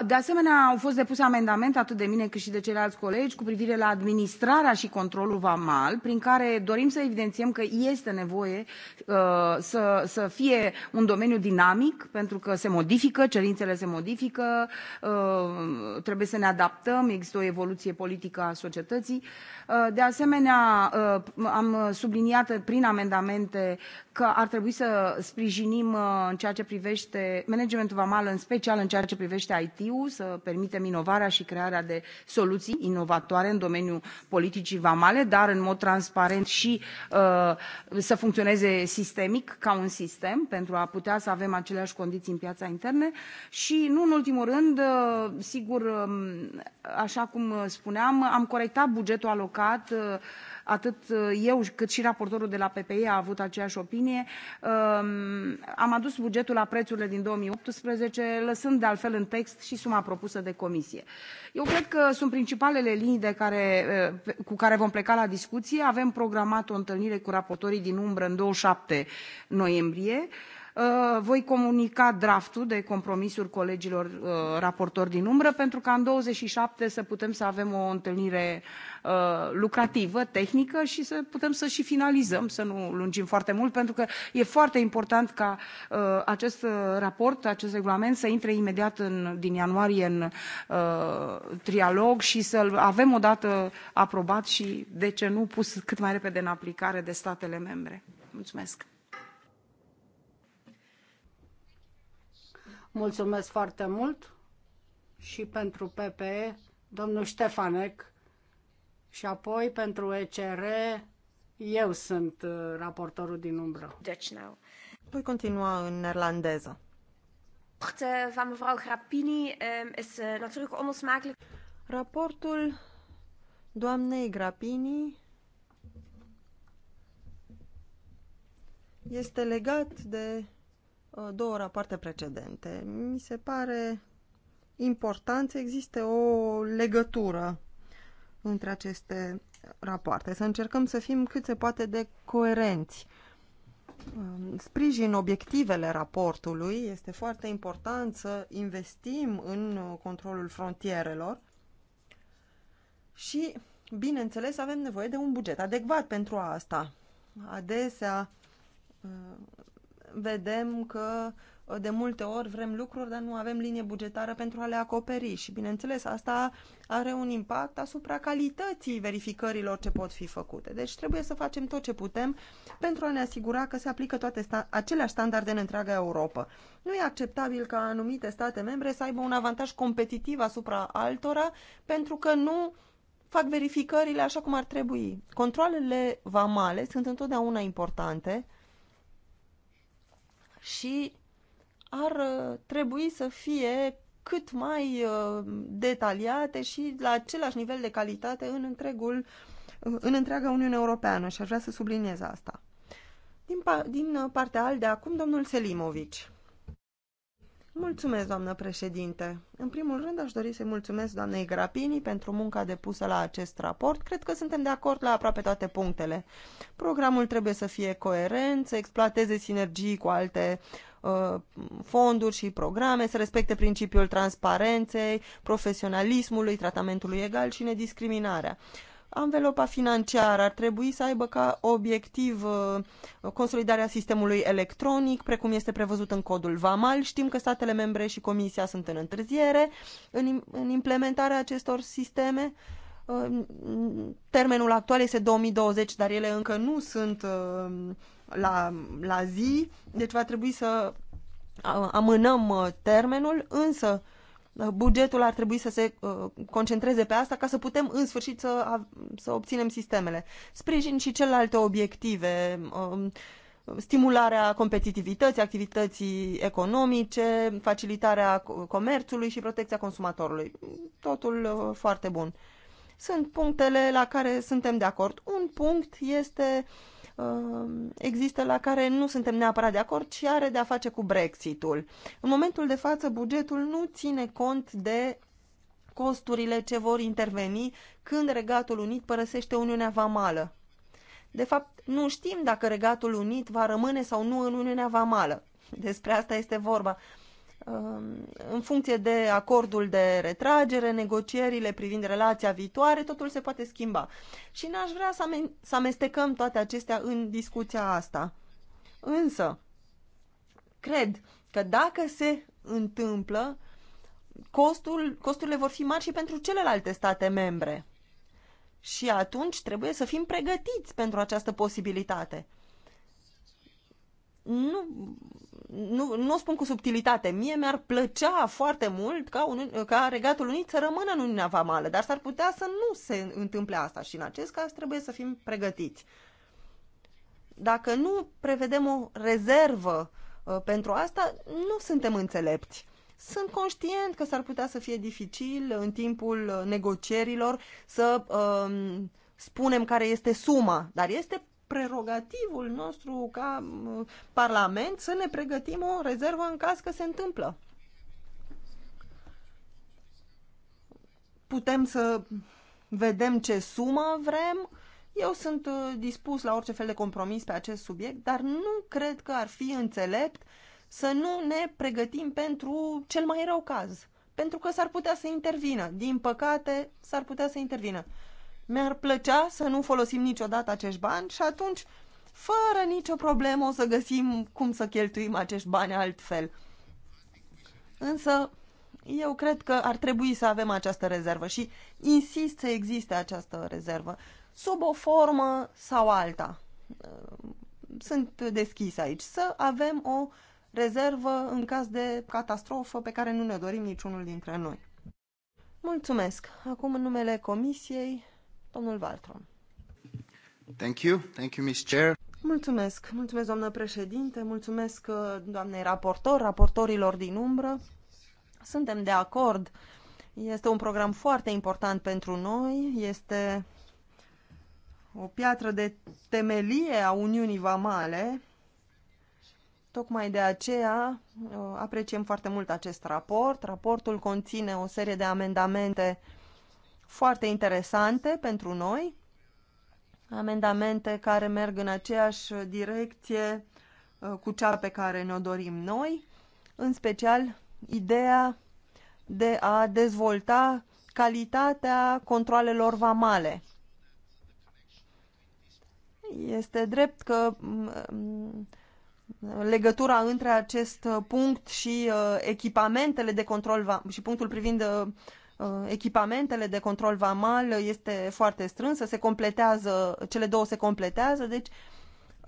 A: de asemenea, au fost depuse amendamente atât de mine cât și de ceilalți colegi cu privire la administrarea și controlul vamal, prin care dorim să evidențiem că este nevoie uh, să, să fie un domeniu dinamic, pentru că se modifică, cerințele se modifică, uh, trebuie să ne adaptăm, există o evoluție politică a societății. Uh, de asemenea, uh, am subliniat prin amendamente că ar trebui să sprijinim uh, în ceea ce privește managementul vamal, în special în ceea ce privește IT-ul, să permitem inovarea și crearea de soluții inovatoare în domeniul politicii vamale, dar în mod transparent și să funcționeze sistemic, ca un sistem, pentru a putea să avem aceleași condiții în piața interne. Și, nu în ultimul rând, sigur, um, așa cum spuneam, am corectat bugetul alocat păcat, uh, atât uh, eu cât și raportorul de la PPE a avut aceeași opinie. Um, am adus bugetul la prețurile din 2018, lăsând de altfel în text și suma propusă de comisie. Eu cred că sunt principalele linii de care, uh, cu care vom pleca la discuție. Avem programat o întâlnire cu raportorii din umbră în 27 noiembrie. Uh, voi comunica draftul de compromisuri colegilor uh, raportori din umbră pentru ca în douăzeci și șapte să putem să avem o întâlnire uh, lucrativă tehnică și să putem să și finalizăm să nu lungim foarte mult pentru că e foarte important ca acest raport acest regulament să intre imediat în, din ianuarie în trialog și să l avem odată aprobat și de ce nu pus cât mai repede în aplicare de statele membre. Mulțumesc.
E: Mulțumesc foarte mult și pentru PPE, domnul Ștefanec, și apoi pentru ECR, eu sunt uh, raportorul din umbră. Deci, now. Voi continua în neerlandeză.
A: Um, uh,
B: Raportul doamnei Grapini este legat de Uh, două rapoarte precedente. Mi se pare important să existe o legătură între aceste rapoarte, să încercăm să fim cât se poate de coerenți. Uh, sprijin obiectivele raportului, este foarte important să investim în uh, controlul frontierelor și, bineînțeles, avem nevoie de un buget adecvat pentru asta. Adesea vedem că uh, de multe ori vrem lucruri, dar nu avem linie bugetară pentru a le acoperi și, bineînțeles, asta are un impact asupra calității verificărilor ce pot fi făcute. Deci trebuie să facem tot ce putem pentru a ne asigura că se aplică toate sta- aceleași standarde în întreaga Europa. Nu e acceptabil ca anumite state membre să aibă un avantaj competitiv asupra altora pentru că nu fac verificările așa cum ar trebui. Controlele vamale sunt întotdeauna importante, și ar uh, trebui să fie cât mai uh, detaliate și la același nivel de calitate în, întregul, uh, în întreaga Uniune Europeană și aș vrea să subliniez asta. Din, din partea al de acum, domnul Selimovici. Mulțumesc, doamnă președinte. În primul rând, aș dori să-i mulțumesc doamnei Grapini pentru munca depusă la acest raport. Cred că suntem de acord la aproape toate punctele. Programul trebuie să fie coerent, să exploateze sinergii cu alte uh, fonduri și programe, să respecte principiul transparenței, profesionalismului, tratamentului egal și nediscriminarea. Anvelopa financiară ar trebui să aibă ca obiectiv uh, consolidarea sistemului electronic, precum este prevăzut în codul VAMAL. Știm că statele membre și Comisia sunt în întârziere în, în implementarea acestor sisteme. Uh, termenul actual este 2020, dar ele încă nu sunt uh, la, la zi, deci va trebui să amânăm termenul, însă Uh, bugetul ar trebui să se uh, concentreze pe asta ca să putem în sfârșit să, să obținem sistemele. Sprijin și celelalte obiective, um, stimularea competitivității, activității economice, facilitarea comerțului și protecția consumatorului. Totul uh, foarte bun. Sunt punctele la care suntem de acord. Un punct este uh, Um, există la care nu suntem neapărat de acord ci are de a face cu Brexitul. În momentul de față, bugetul nu ține cont de costurile ce vor interveni când Regatul Unit părăsește Uniunea Vamală. De fapt, nu știm dacă Regatul Unit va rămâne sau nu în Uniunea Vamală. Despre asta este vorba. Um, în funcție de acordul de retragere, negocierile privind relația viitoare, totul se poate schimba. Și n-aș vrea să, să amestecăm toate acestea în discuția asta. Însă, cred că dacă se întâmplă, costul, costurile vor fi mari și pentru celelalte state membre. Și atunci trebuie să fim pregătiți pentru această posibilitate nu, nu, nu o spun cu subtilitate, mie mi-ar plăcea foarte mult ca, un, ca Regatul Unit să rămână în Uniunea Vamală, dar s-ar putea să nu se întâmple asta și în acest caz trebuie să fim pregătiți. Dacă nu prevedem o rezervă uh, pentru asta, nu suntem înțelepți. Sunt conștient că s-ar putea să fie dificil în timpul uh, negocierilor să uh, spunem care este suma, dar este prerogativul nostru ca Parlament să ne pregătim o rezervă în caz că se întâmplă. Putem să vedem ce sumă vrem. Eu sunt uh, dispus la orice fel de compromis pe acest subiect, dar nu cred că ar fi înțelept să nu ne pregătim pentru cel mai rău caz. Pentru că s-ar putea să intervină. Din păcate, s-ar putea să intervină mi-ar plăcea să nu folosim niciodată acești bani și atunci, fără nicio problemă, o să găsim cum să cheltuim acești bani altfel. Însă, eu cred că ar trebui să avem această rezervă și insist să existe această rezervă, sub o formă sau alta. Sunt deschis aici. Să avem o rezervă în caz de catastrofă pe care nu ne dorim niciunul dintre noi. Mulțumesc. Acum în numele Comisiei Domnul Wallström.
C: Thank you. Thank you, Ms. Chair.
B: Mulțumesc. Mulțumesc, doamnă președinte, mulțumesc uh, doamnei raportor, raportorilor din umbră. Suntem de acord. Este un program foarte important pentru noi, este o piatră de temelie a Uniunii Vamale. Tocmai de aceea uh, apreciem foarte mult acest raport. Raportul conține o serie de amendamente uh, foarte interesante pentru noi, amendamente care merg în aceeași direcție uh, cu cea pe care ne-o dorim noi, în special ideea de a dezvolta calitatea controlelor vamale. Este drept că mm, mm, legătura între acest punct și uh, echipamentele de control și punctul privind uh, Uh, echipamentele de control vamal este foarte strânsă, se completează, cele două se completează, deci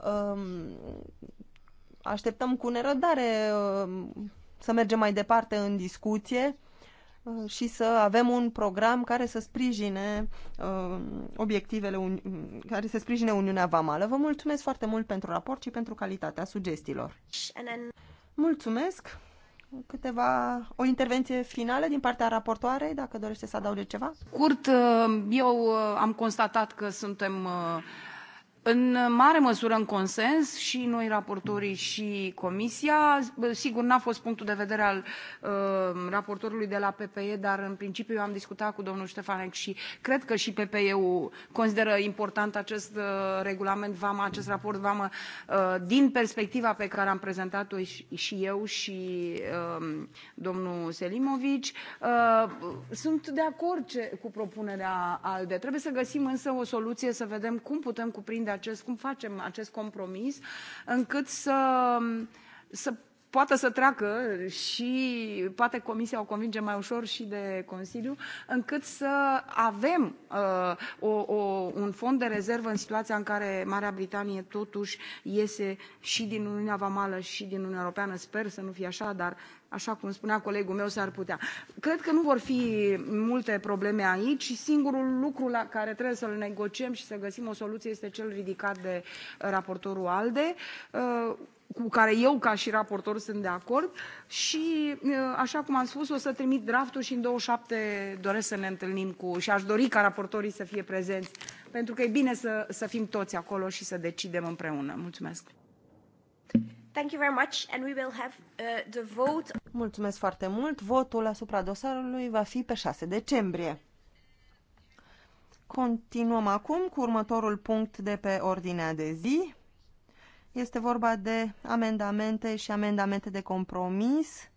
B: um, așteptăm cu nerăbdare um, să mergem mai departe în discuție uh, și să avem un program care să sprijine um, obiectivele, care să sprijine Uniunea Vamală. Vă mulțumesc foarte mult pentru raport și pentru calitatea sugestiilor. Mulțumesc! câteva, o intervenție finală din partea raportoarei, dacă dorește să adauge ceva?
A: Scurt, eu am constatat că suntem în mare măsură în consens și noi raportorii și comisia sigur n a fost punctul de vedere al uh, raportorului de la ppe dar în principiu eu am discutat cu domnul tefanec și cred că și ppe ul consideră important acest uh, regulament vamă acest raport vamă uh, din perspectiva pe care am prezentat o și, eu și um, domnul selimovic. Uh, sunt de acord ce, cu propunerea alde trebuie să găsim însă o soluție să vedem cum putem cuprinde acest, cum facem acest compromis încât să, să poată să treacă și poate comisia o convinge mai ușor și de Consiliu, încât să avem uh, o, o, un fond de rezervă în situația în care Marea Britanie totuși iese și din Uniunea Vamală și din Uniunea Europeană. Sper să nu fie așa, dar așa cum spunea colegul meu, s-ar putea. Cred că nu vor fi multe probleme aici singurul lucru la care trebuie să-l negociem și să găsim o soluție este cel ridicat de raportorul ALDE uh, cu care eu ca și raportor sunt de acord și uh, așa cum am spus o să trimit draftul și în 27 doresc să ne întâlnim cu și aș dori ca raportorii să fie prezenți pentru că e bine să, să fim toți acolo și să decidem împreună. Mulțumesc!
B: Thank you very much and we will have uh, the vote. Mulțumesc foarte mult. Votul asupra dosarului va fi pe 6 decembrie. Continuăm acum cu următorul punct de pe ordinea de zi. Este vorba de amendamente și amendamente de compromis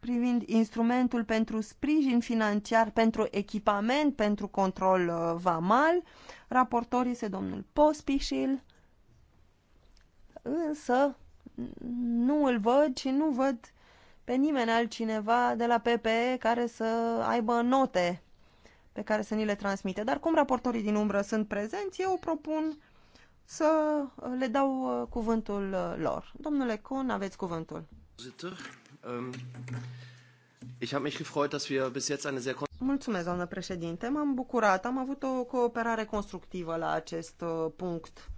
B: privind instrumentul pentru sprijin financiar, pentru echipament, pentru control uh, vamal. Raportor este domnul Pospișil însă nu îl văd și nu văd pe nimeni altcineva de la PPE care să aibă note pe care să ni le transmite. Dar cum raportorii din umbră sunt prezenți, eu propun să le dau uh, cuvântul uh, lor. Domnule Con, aveți cuvântul.
D: Ähm,
B: Mulțumesc, doamnă președinte. M-am bucurat. Am avut o cooperare constructivă la acest uh, punct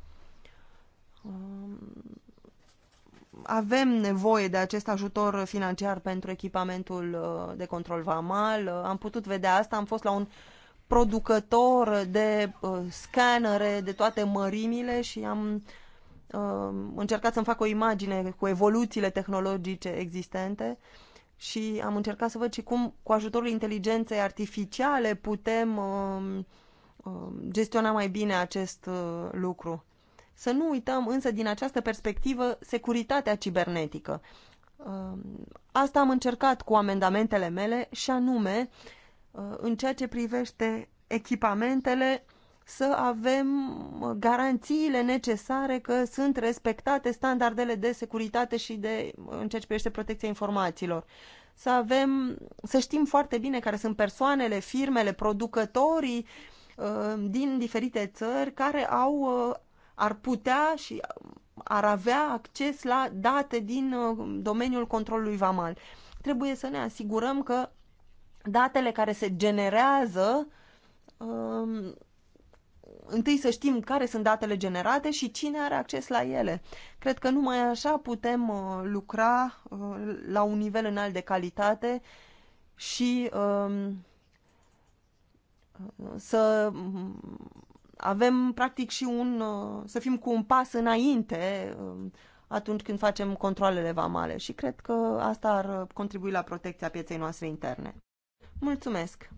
B: avem nevoie de acest ajutor financiar pentru echipamentul uh, de control vamal. Uh, am putut vedea asta, am fost la un producător de uh, scanere de toate mărimile și am încercat să-mi fac o imagine cu evoluțiile tehnologice existente și am încercat să văd și cum cu ajutorul inteligenței artificiale putem gestiona mai bine acest lucru să nu uităm însă din această perspectivă securitatea cibernetică. Um, asta am încercat cu amendamentele mele și anume uh, în ceea ce privește echipamentele să avem uh, garanțiile necesare că sunt respectate standardele de securitate și de uh, în ceea ce privește protecția informațiilor. Să avem, să știm foarte bine care sunt persoanele, firmele, producătorii din diferite țări care au ar putea și um, ar avea acces la date din uh, domeniul controlului vamal. Trebuie să ne asigurăm că datele care se generează um, întâi să știm care sunt datele generate și cine are acces la ele. Cred că numai așa putem uh, lucra uh, la un nivel înalt de calitate și um, să avem practic și un, uh, să fim cu un pas înainte um, atunci când facem controlele vamale și cred că asta ar uh, contribui la protecția pieței noastre interne. Mulțumesc!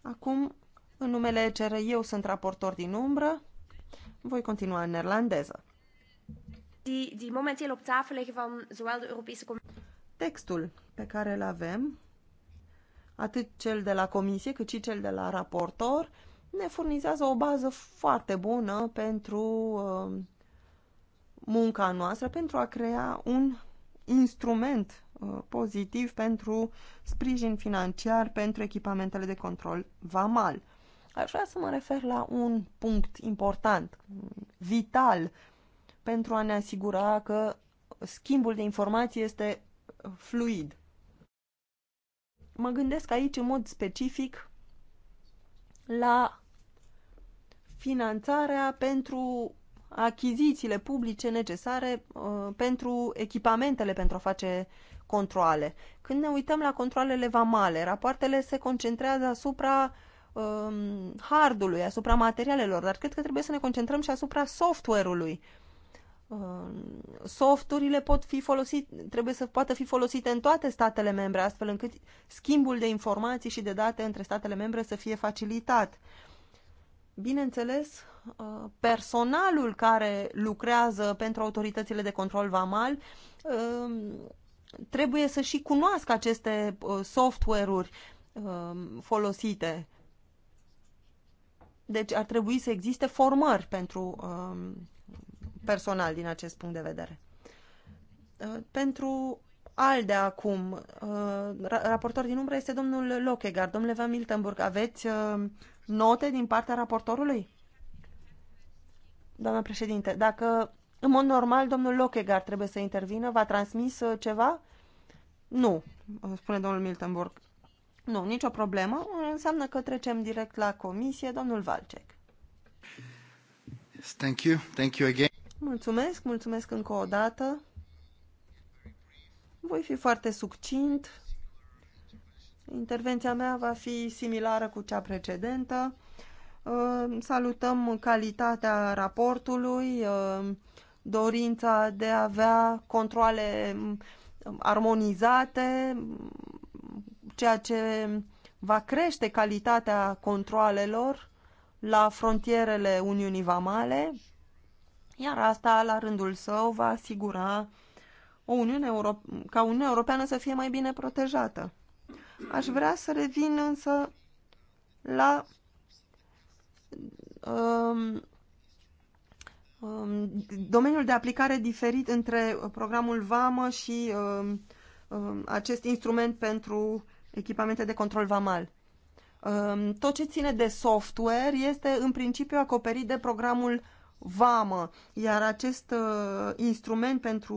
B: Acum, în numele ECR, eu sunt raportor din umbră, voi continua în neerlandeză.
D: van de
B: Textul pe care îl avem, atât cel de la Comisie cât și cel de la raportor, ne furnizează o bază foarte bună pentru uh, munca noastră, pentru a crea un instrument uh, pozitiv pentru sprijin financiar pentru echipamentele de control VAMAL. Aș vrea să mă refer la un punct important, vital, pentru a ne asigura că schimbul de informații este uh, fluid. Mă gândesc aici în mod specific la finanțarea pentru achizițiile publice necesare uh, pentru echipamentele pentru a face controle. Când ne uităm la controlele vamale, rapoartele se concentrează asupra um, hardului, asupra materialelor, dar cred că trebuie să ne concentrăm și asupra software-ului. Um, softurile pot fi folosite, trebuie să poată fi folosite în toate statele membre, astfel încât schimbul de informații și de date între statele membre să fie facilitat. Uh, Bineînțeles, uh, personalul care lucrează pentru autoritățile de control vamal um, trebuie să și cunoască aceste uh, software-uri um, folosite. Deci ar trebui să existe formări pentru um, personal din acest punct de vedere. Uh, pentru al de acum, raportor din umbră este domnul Lochegar. Domnule Van Miltenburg, aveți note din partea raportorului? Doamna președinte, dacă în mod normal domnul Lochegar trebuie să intervină, v-a transmis uh, ceva? Nu, uh, spune domnul Miltenburg. Nu, nicio problemă. Înseamnă că trecem direct la comisie. Domnul Valcec.
E: Yes, thank you. Thank you again.
B: Mulțumesc, mulțumesc încă o dată. Voi fi foarte succint. Intervenția mea va fi similară cu cea precedentă. Uh, salutăm calitatea raportului, uh, dorința de a avea controle um, armonizate, ceea ce va crește calitatea controalelor la frontierele Uniunii Vamale, iar asta, la rândul său, va asigura o Uniune Europe ca Uniunea Europeană să fie mai bine protejată. Aș vrea să revin însă la um, um, domeniul de aplicare diferit între programul VAMA și um, um, acest instrument pentru echipamente de control VAMAL. Um, tot ce ține de software este în principiu acoperit de programul VAMA, iar acest uh, instrument pentru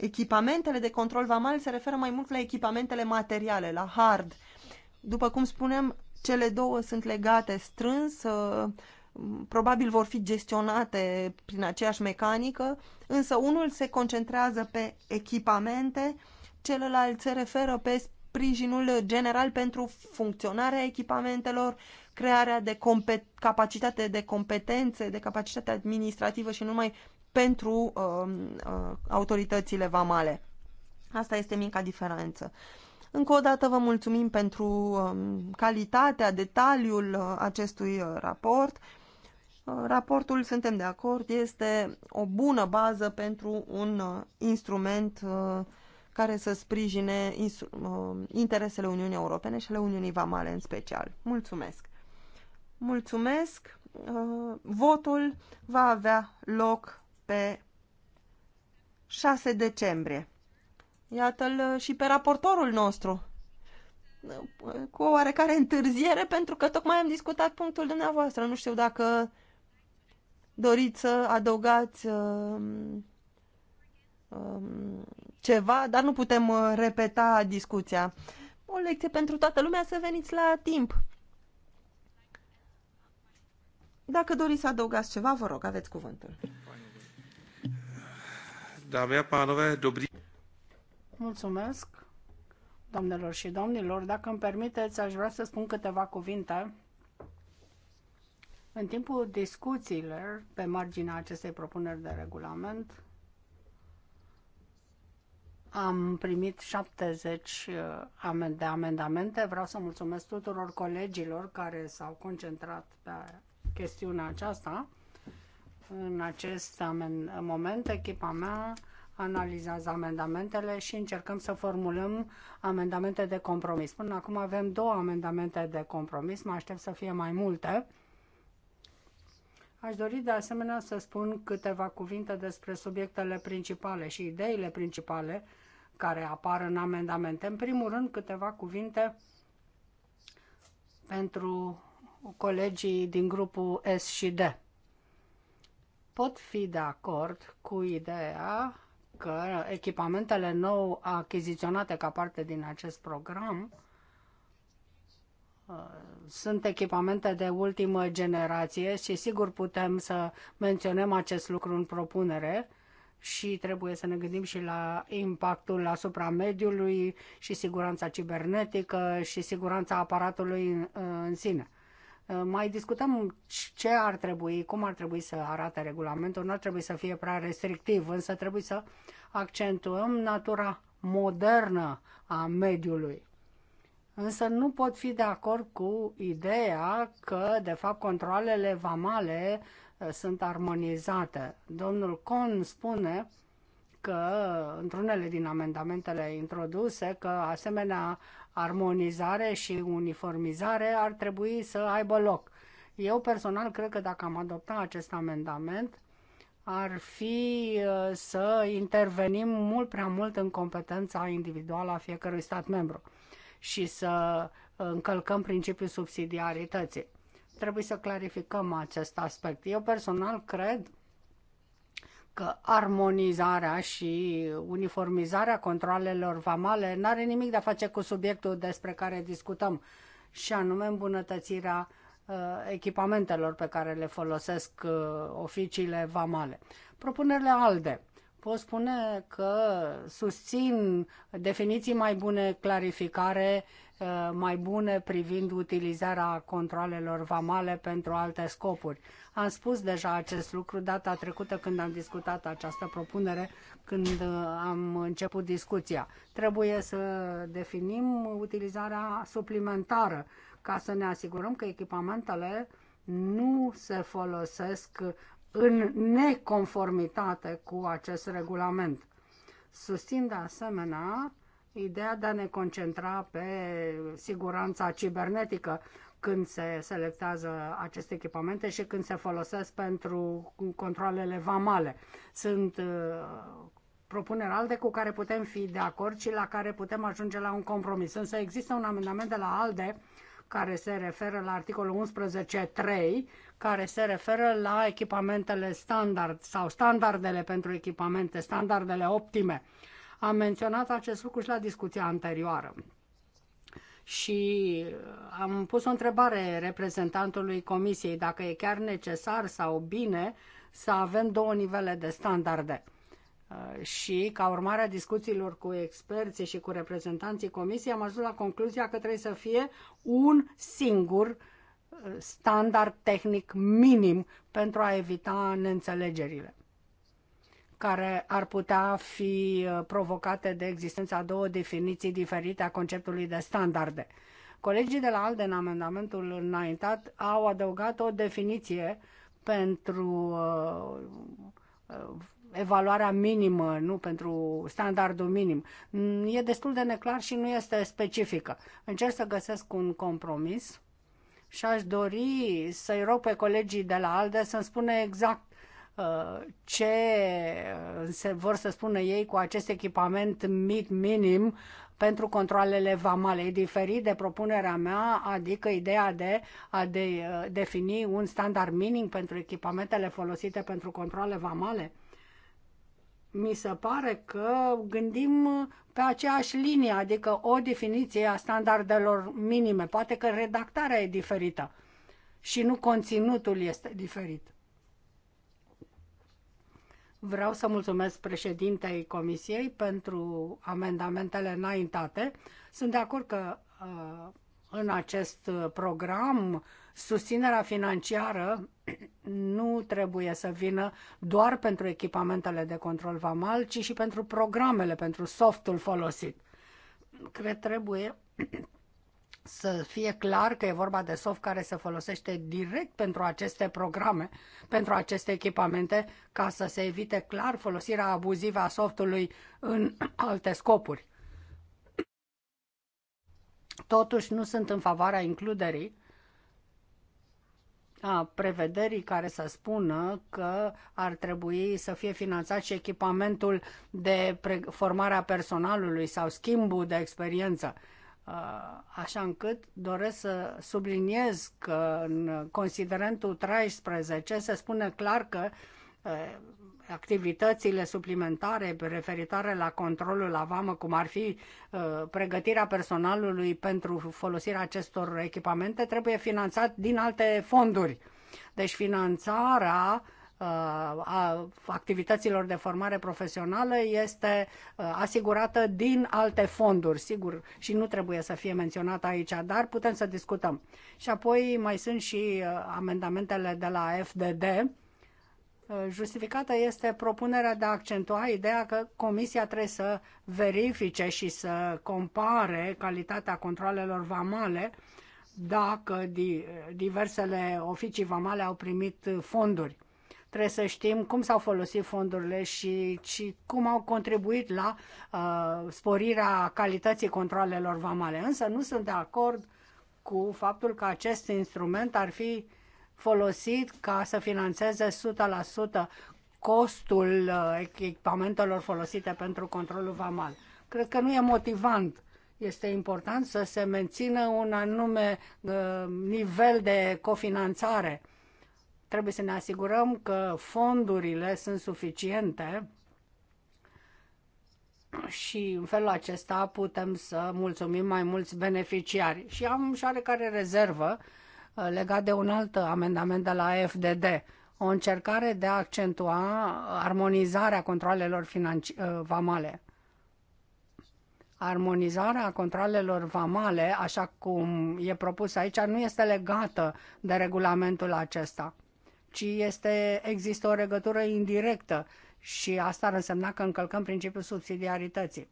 B: Echipamentele de control vamal se referă mai mult la echipamentele materiale, la hard. După cum spuneam, cele două sunt legate strâns, ă, probabil vor fi gestionate prin aceeași mecanică, însă unul se concentrează pe echipamente, celălalt se referă pe sprijinul general pentru funcționarea echipamentelor, crearea de capacitate de competențe, de capacitate administrativă și numai pentru um, uh, autoritățile vamale. Asta este mica diferență. Încă o dată vă mulțumim pentru um, calitatea, detaliul uh, acestui uh, raport. Raportul, suntem de acord, este o bună bază pentru un instrument care să sprijine um, interesele Uniunii Europene și ale Uniunii Vamale în special. Mulțumesc! Mulțumesc! Votul va avea loc pe 6 decembrie. Iată-l uh, și pe raportorul nostru. Cu o oarecare întârziere, pentru că tocmai am discutat punctul dumneavoastră. Nu știu dacă doriți să adăugați uh, um, ceva, dar nu putem uh, repeta discuția. O lecție pentru toată lumea să veniți la timp. Dacă doriți să adăugați ceva, vă rog, aveți cuvântul.
C: Dame a pánové, dobrý...
E: Mulțumesc, doamnelor și domnilor. Dacă îmi permiteți, aș vrea să spun câteva cuvinte. În timpul discuțiilor pe marginea acestei propuneri de regulament, am primit 70 uh, de amendamente. Vreau să mulțumesc tuturor colegilor care s-au concentrat pe chestiunea aceasta. În acest moment, echipa mea analizează amendamentele și încercăm să formulăm amendamente de compromis. Până acum avem două amendamente de compromis, mă aștept să fie mai multe. Aș dori de asemenea să spun câteva cuvinte despre subiectele principale și ideile principale care apar în amendamente. În primul rând, câteva cuvinte pentru colegii din grupul S și D pot fi de acord cu ideea că echipamentele nou achiziționate ca parte din acest program uh, sunt echipamente de ultimă generație și sigur putem să menționăm acest lucru în propunere și trebuie să ne gândim și la impactul asupra mediului și siguranța cibernetică și siguranța aparatului în, uh, în sine. Uh, mai discutăm ce ar trebui, cum ar trebui să arate regulamentul, nu ar trebui să fie prea restrictiv, însă trebuie să accentuăm natura modernă a mediului. Însă nu pot fi de acord cu ideea că, de fapt, controlele vamale uh, sunt armonizate. Domnul Con spune că, într-unele din amendamentele introduse, că asemenea armonizare și uniformizare ar trebui să aibă loc. Eu personal cred că dacă am adoptat acest amendament, ar fi uh, să intervenim mult prea mult în competența individuală a fiecărui stat membru și să uh, încălcăm principiul subsidiarității. Trebuie să clarificăm acest aspect. Eu personal cred că armonizarea și uniformizarea controlelor vamale n-are nimic de a face cu subiectul despre care discutăm, și anume îmbunătățirea uh, echipamentelor pe care le folosesc uh, oficiile vamale. Propunerile ALDE. Pot spune că susțin definiții mai bune, clarificare, uh, Uh, mai bune privind utilizarea controlelor vamale pentru alte scopuri. Am spus deja acest lucru data trecută când am discutat această propunere, când uh, am început discuția. Trebuie să definim utilizarea suplimentară ca să ne asigurăm că echipamentele nu se folosesc în neconformitate cu acest regulament. Susțin de asemenea ideea de a ne concentra pe siguranța cibernetică când se selectează aceste echipamente și când se folosesc pentru controlele vamale. Sunt uh, propuneri ALDE cu care putem fi de acord și la care putem ajunge la un compromis. Însă există un amendament de la ALDE care se referă la articolul 11.3, care se referă la echipamentele standard sau standardele pentru echipamente, standardele optime. Uh, am menționat acest lucru și la discuția anterioară. Și uh, am pus o întrebare reprezentantului Comisiei dacă e chiar necesar sau bine să avem două nivele de standarde. Uh, și ca urmare a discuțiilor cu experții și cu reprezentanții Comisiei am ajuns la concluzia că trebuie să fie un singur uh, standard tehnic minim pentru a evita neînțelegerile care ar putea fi uh, provocate de existența a două definiții diferite a conceptului de standarde. Colegii de la ALDE în amendamentul înaintat au adăugat o definiție pentru uh, uh, evaluarea minimă, nu pentru standardul minim. Mm, e destul de neclar și nu este specifică. Încerc să găsesc un compromis și aș dori să-i rog pe colegii de la ALDE să-mi spună exact Uh, ce uh, se vor să spună ei cu acest echipament mic minim pentru controlele vamale. E diferit de propunerea mea, adică ideea de a de, uh, defini un standard minim pentru echipamentele folosite pentru controle vamale. Mi se pare că gândim pe aceeași linie, adică o definiție a standardelor minime. Poate că redactarea e diferită și nu conținutul este diferit. Vreau să mulțumesc președintei Comisiei pentru amendamentele înaintate. Sunt de acord că uh, în acest program susținerea financiară nu trebuie să vină doar pentru echipamentele de control vamal, ci și pentru programele, pentru softul folosit. Cred trebuie să fie clar că e vorba de soft care se folosește direct pentru aceste programe, pentru aceste echipamente, ca să se evite clar folosirea abuzivă a softului în alte scopuri. Totuși, nu sunt în favoarea includerii a prevederii care să spună că ar trebui să fie finanțat și echipamentul de formare a personalului sau schimbul de experiență Uh, așa încât doresc să subliniez că în considerentul 13 se spune clar că uh, activitățile suplimentare referitoare la controlul la vamă, cum ar fi uh, pregătirea personalului pentru folosirea acestor echipamente, trebuie finanțat din alte fonduri. Deci finanțarea uh, Uh, a activităților de formare profesională este uh, asigurată din alte fonduri, sigur, și nu trebuie să fie menționată aici, dar putem să discutăm. Și apoi mai sunt și uh, amendamentele de la FDD. Justificată este propunerea de a accentua ideea că Comisia trebuie să verifice și să compare calitatea controlelor vamale dacă diversele oficii vamale au primit fonduri Trebuie să știm cum s-au folosit fondurile și, și cum au contribuit la uh, sporirea calității controlelor vamale. Însă nu sunt de acord cu faptul că acest instrument ar fi folosit ca să financeze 100% costul uh, echipamentelor folosite pentru controlul vamal. Cred că nu e motivant. Este important să se mențină un anume uh, nivel de cofinanțare Trebuie să ne asigurăm că fondurile sunt suficiente și în felul acesta putem să mulțumim mai mulți beneficiari. Și am și oarecare rezervă uh, legat de un alt amendament de la FDD, o încercare de a accentua armonizarea controlelor financi- uh, vamale. Armonizarea controlelor vamale, așa cum e propus aici, nu este legată de regulamentul acesta ci este, există o legătură indirectă și asta ar însemna că încălcăm principiul subsidiarității.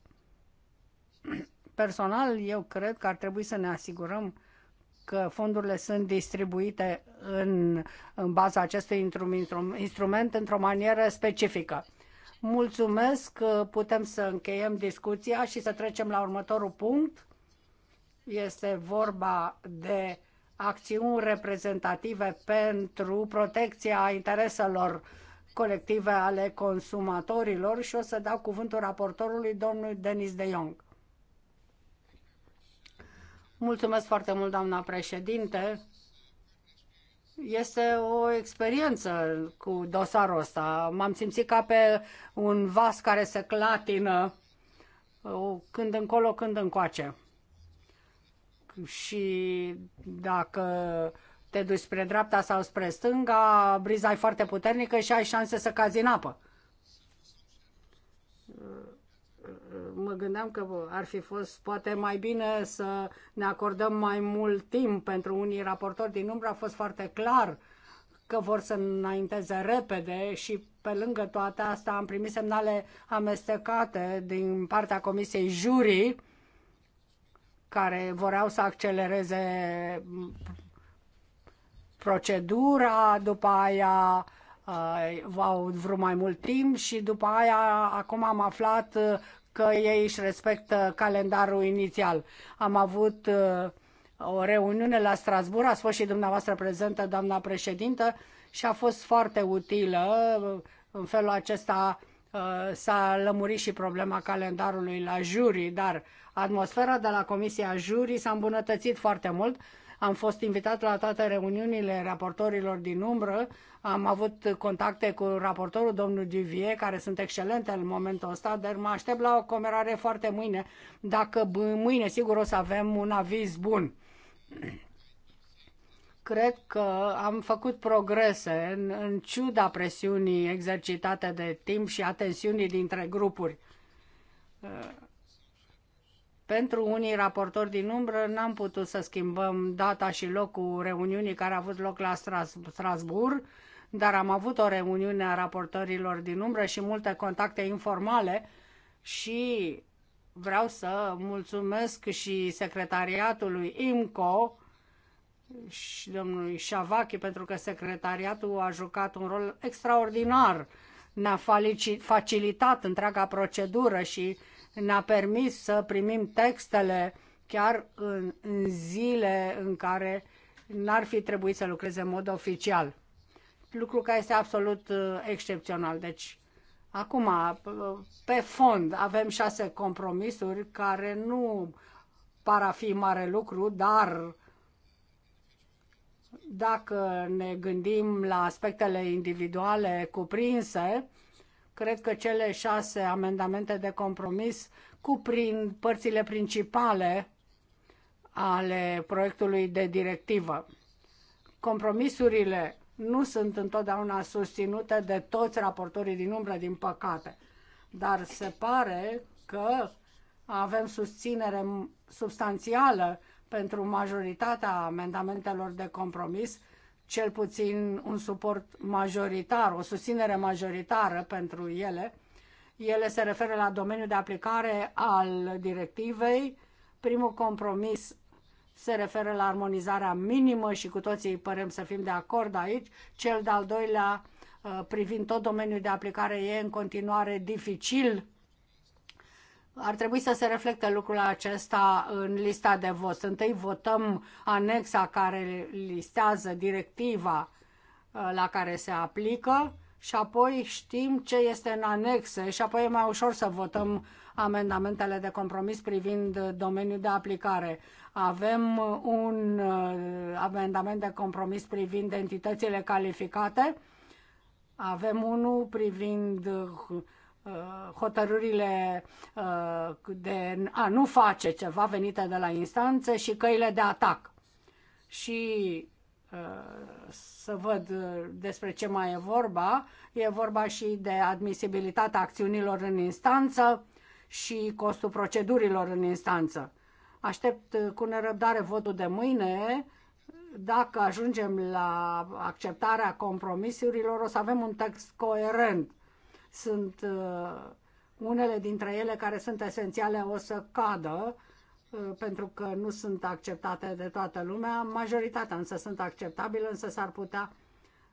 E: Personal, eu cred că ar trebui să ne asigurăm că fondurile sunt distribuite în, în baza acestui instrument într-o manieră specifică. Mulțumesc, putem să încheiem discuția și să trecem la următorul punct. Este vorba de acțiuni reprezentative pentru protecția intereselor colective ale consumatorilor și o să dau cuvântul raportorului domnului Denis de Jong. Mulțumesc foarte mult, doamna președinte. Este o experiență cu dosarul ăsta. M-am simțit ca pe un vas care se clatină când încolo, când încoace și dacă te duci spre dreapta sau spre stânga, briza e foarte puternică și ai șanse să cazi în apă. Mă gândeam că ar fi fost poate mai bine să ne acordăm mai mult timp pentru unii raportori din umbră. A fost foarte clar că vor să înainteze repede și pe lângă toate astea am primit semnale amestecate din partea Comisiei Jurii care voreau să accelereze procedura, după aia uh, au vrut mai mult timp și după aia acum am aflat uh, că ei își respectă calendarul inițial. Am avut uh, o reuniune la Strasbourg, a fost și dumneavoastră prezentă, doamna președintă, și a fost foarte utilă. În felul acesta uh, s-a lămurit și problema calendarului la juri, dar Atmosfera de la Comisia Jurii s-a îmbunătățit foarte mult. Am fost invitat la toate reuniunile raportorilor din umbră, am avut contacte cu raportorul domnul Divie, care sunt excelente în momentul ăsta, dar mă aștept la o comerare foarte mâine, dacă mâine sigur o să avem un aviz bun. Cred că am făcut progrese în, în ciuda presiunii exercitate de timp și atensiunii dintre grupuri pentru unii raportori din umbră n-am putut să schimbăm data și locul reuniunii care a avut loc la Strasbourg, dar am avut o reuniune a raportorilor din umbră și multe contacte informale și vreau să mulțumesc și secretariatului IMCO și domnului Șavachi pentru că secretariatul a jucat un rol extraordinar. Ne-a facilitat întreaga procedură și ne-a permis să primim textele chiar în, în zile în care n-ar fi trebuit să lucreze în mod oficial. Lucru care este absolut uh, excepțional. Deci, acum, uh, pe fond, avem șase compromisuri care nu par a fi mare lucru, dar dacă ne gândim la aspectele individuale cuprinse, Cred că cele șase amendamente de compromis cuprind părțile principale ale proiectului de directivă. Compromisurile nu sunt întotdeauna susținute de toți raportorii din umbră, din păcate, dar se pare că avem susținere substanțială pentru majoritatea amendamentelor de compromis cel puțin un suport majoritar, o susținere majoritară pentru ele. Ele se referă la domeniul de aplicare al directivei. Primul compromis se referă la armonizarea minimă și cu toții părem să fim de acord aici. Cel de-al doilea, uh, privind tot domeniul de aplicare, e în continuare dificil ar trebui să se reflecte lucrul acesta în lista de vot. Întâi votăm anexa care listează directiva uh, la care se aplică și apoi știm ce este în anexe și apoi e mai ușor să votăm amendamentele de compromis privind domeniul de aplicare. Avem un uh, amendament de compromis privind entitățile calificate, avem unul privind uh, Uh, hotărârile uh, de a nu face ceva venite de la instanțe și căile de atac. Și uh, să văd despre ce mai e vorba. E vorba și de admisibilitatea acțiunilor în instanță și costul procedurilor în instanță. Aștept cu nerăbdare votul de mâine. Dacă ajungem la acceptarea compromisurilor, o să avem un text coerent sunt uh, unele dintre ele care sunt esențiale o să cadă uh, pentru că nu sunt acceptate de toată lumea, majoritatea însă sunt acceptabile, însă s-ar putea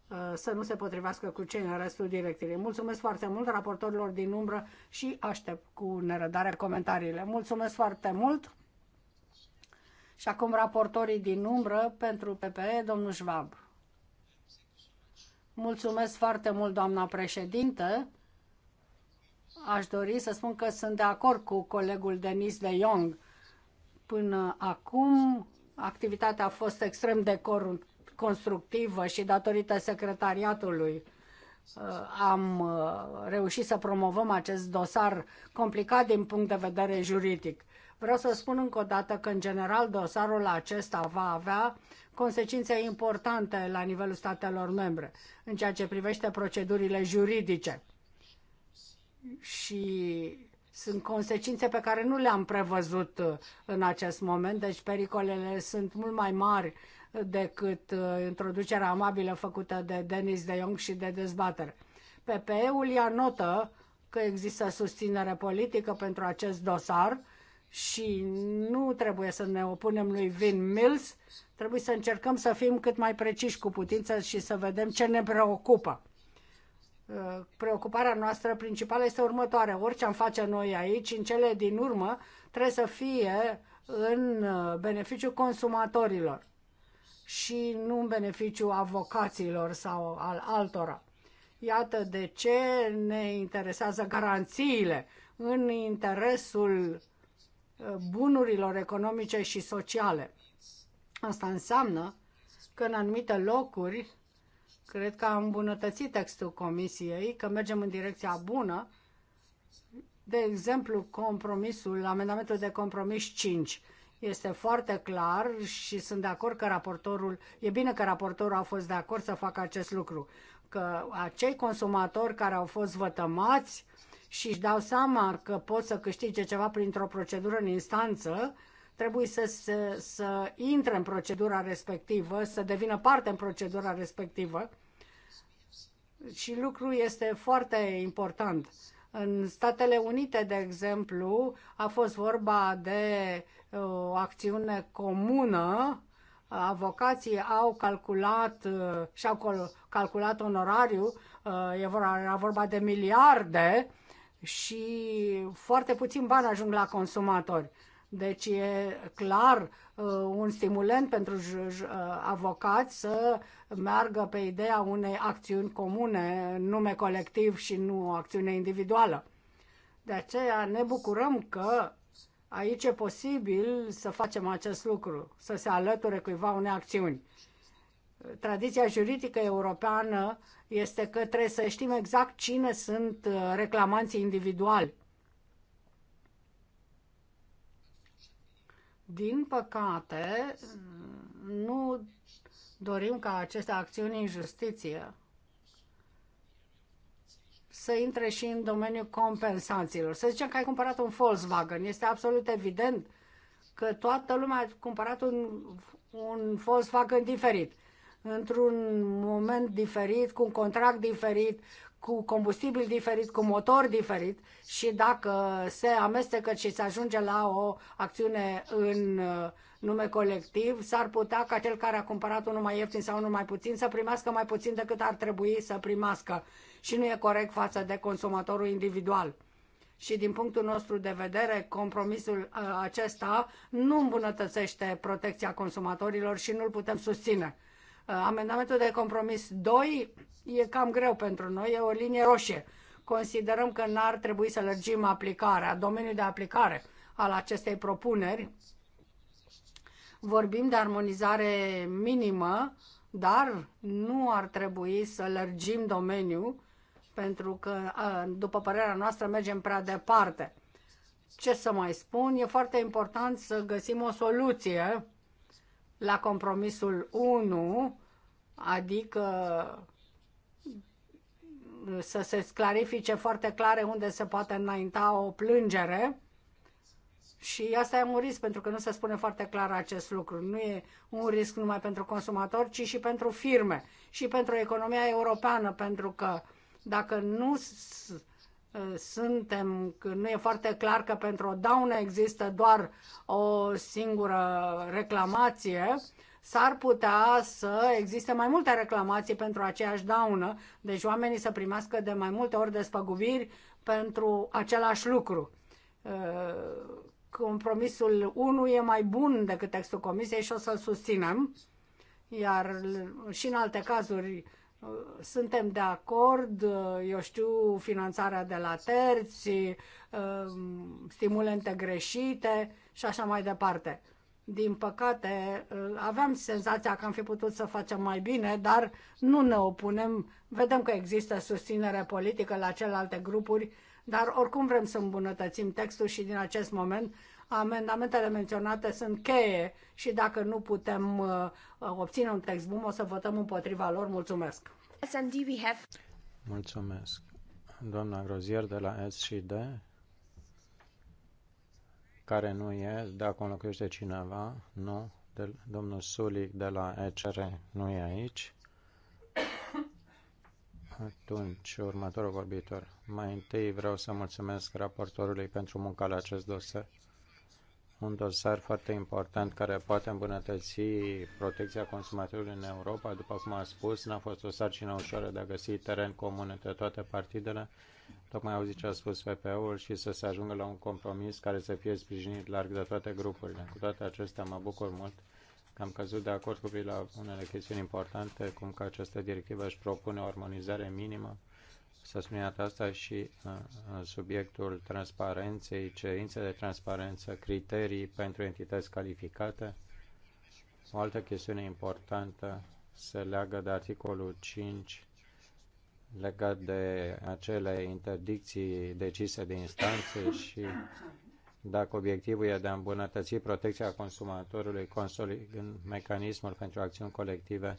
E: uh, să nu se potrivească cu cei în restul directivei. Mulțumesc foarte mult raportorilor din umbră și aștept cu nerăbdare comentariile. Mulțumesc foarte mult! Și acum raportorii din umbră pentru PPE, domnul Schwab. Mulțumesc foarte mult, doamna președintă. Aș dori să spun că sunt de acord cu colegul Denis de Jong. Până acum, activitatea a fost extrem de constructivă și datorită secretariatului uh, am uh, reușit să promovăm acest dosar complicat din punct de vedere juridic. Vreau să spun încă o dată că, în general, dosarul acesta va avea consecințe importante la nivelul statelor membre în ceea ce privește procedurile juridice și sunt consecințe pe care nu le-am prevăzut uh, în acest moment, deci pericolele sunt mult mai mari uh, decât uh, introducerea amabilă făcută de Denis de Jong și de dezbatere. PPE-ul ia notă că există susținere politică pentru acest dosar și nu trebuie să ne opunem lui Vin Mills, trebuie să încercăm să fim cât mai preciși cu putință și să vedem ce ne preocupă. Uh, preocuparea noastră principală este următoarea. Orice am face noi aici, în cele din urmă, trebuie să fie în uh, beneficiul consumatorilor și nu în beneficiu avocaților sau al altora. Iată de ce ne interesează garanțiile în interesul uh, bunurilor economice și sociale. Asta înseamnă că în anumite locuri cred că am îmbunătățit textul comisiei, că mergem în direcția bună. De exemplu, compromisul, amendamentul de compromis 5 este foarte clar și sunt de acord că raportorul, e bine că raportorul a fost de acord să facă acest lucru, că acei consumatori care au fost vătămați și își dau seama că pot să câștige ceva printr-o procedură în instanță, trebuie să, să, să intre în procedura respectivă, să devină parte în procedura respectivă și lucru este foarte important. În Statele Unite, de exemplu, a fost vorba de uh, o acțiune comună. Avocații au calculat uh, și-au calculat onorariu, uh, era vorba de miliarde și foarte puțin bani ajung la consumatori. Deci e clar uh, un stimulent pentru uh, avocați să meargă pe ideea unei acțiuni comune, nume colectiv și nu o acțiune individuală. De aceea ne bucurăm că aici e posibil să facem acest lucru, să se alăture cuiva unei acțiuni. Tradiția juridică europeană este că trebuie să știm exact cine sunt uh, reclamanții individuali Din păcate, nu dorim ca aceste acțiuni în justiție să intre și în domeniul compensațiilor. Să zicem că ai cumpărat un Volkswagen. Este absolut evident că toată lumea a cumpărat un, un Volkswagen diferit într-un moment diferit, cu un contract diferit, cu combustibil diferit, cu motor diferit și dacă se amestecă și se ajunge la o acțiune în uh, nume colectiv, s-ar putea ca cel care a cumpărat unul mai ieftin sau unul mai puțin să primească mai puțin decât ar trebui să primească și nu e corect față de consumatorul individual. Și din punctul nostru de vedere, compromisul uh, acesta nu îmbunătățește protecția consumatorilor și nu-l putem susține. Uh, amendamentul de compromis 2 e cam greu pentru noi, e o linie roșie. Considerăm că n-ar trebui să lărgim aplicarea, domeniul de aplicare al acestei propuneri. Vorbim de armonizare minimă, dar nu ar trebui să lărgim domeniul pentru că, uh, după părerea noastră, mergem prea departe. Ce să mai spun? E foarte important să găsim o soluție la compromisul 1, adică să se clarifice foarte clare unde se poate înainta o plângere. Și asta e un risc, pentru că nu se spune foarte clar acest lucru. Nu e un risc numai pentru consumatori, ci și pentru firme și pentru economia europeană, pentru că dacă nu suntem, nu e foarte clar că pentru o daună există doar o singură reclamație, s-ar putea să existe mai multe reclamații pentru aceeași daună, deci oamenii să primească de mai multe ori despăgubiri pentru același lucru. Compromisul 1 e mai bun decât textul comisiei și o să-l susținem, iar și în alte cazuri suntem de acord, eu știu, finanțarea de la terți, um, stimulente greșite și așa mai departe. Din păcate, aveam senzația că am fi putut să facem mai bine, dar nu ne opunem. Vedem că există susținere politică la celelalte grupuri, dar oricum vrem să îmbunătățim textul și din acest moment amendamentele menționate sunt cheie și dacă nu putem uh, obține un text bun, o să votăm împotriva lor. Mulțumesc! we have...
C: Mulțumesc. Doamna Grozier de la S și D, care nu e, dacă locuiește cineva, nu, de, domnul Sulic de la ECR nu e aici. Atunci, următorul vorbitor. Mai întâi vreau să mulțumesc raportorului pentru munca la acest dosar un dosar foarte important care poate îmbunătăți protecția consumatorilor în Europa. După cum a spus, n-a fost o sarcină ușoară de a găsi teren comun între toate partidele. Tocmai auzi ce a spus PPE-ul și să se ajungă la un compromis care să fie sprijinit larg de toate grupurile. Cu toate acestea, mă bucur mult că am căzut de acord cu la unele chestiuni importante, cum că această directivă își propune o armonizare minimă S-a subliniat asta și uh, în subiectul transparenței, cerințe de transparență, criterii pentru entități calificate. O altă chestiune importantă se leagă de articolul 5 legat de acele interdicții decise de instanțe și dacă obiectivul e de a îmbunătăți protecția consumatorului, consolidând mecanismul pentru acțiuni colective,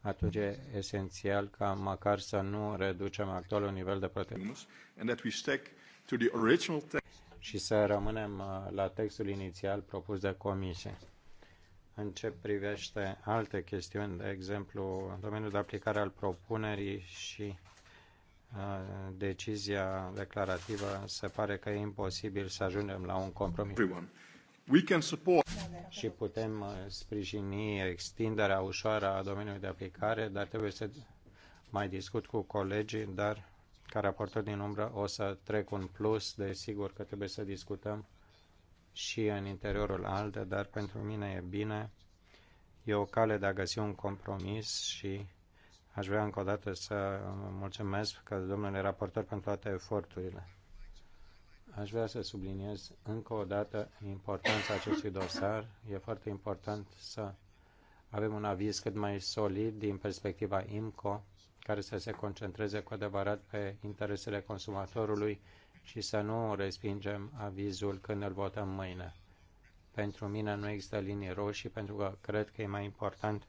C: atunci e esențial ca măcar să nu reducem actualul nivel de protecție și să rămânem uh, la textul inițial propus de comisie. În ce privește alte chestiuni, de exemplu, în domeniul de aplicare al propunerii și uh, decizia declarativă, se pare că e imposibil să ajungem la un compromis. Everyone. Și putem uh, sprijini extinderea ușoară a domeniului de aplicare, dar trebuie să mai discut cu colegii, dar ca raportor din umbră o să trec un plus, desigur că trebuie să discutăm și în interiorul ALDE, dar pentru mine e bine, e o cale de a găsi un compromis și aș vrea încă o dată să mulțumesc că domnule raportor pentru toate eforturile. Aș vrea să subliniez încă o dată importanța acestui dosar. E foarte important să avem un aviz cât mai solid din perspectiva IMCO, care să se concentreze cu adevărat pe interesele consumatorului și să nu respingem avizul când îl votăm mâine. Pentru mine nu există linii roșii, pentru că cred că e mai important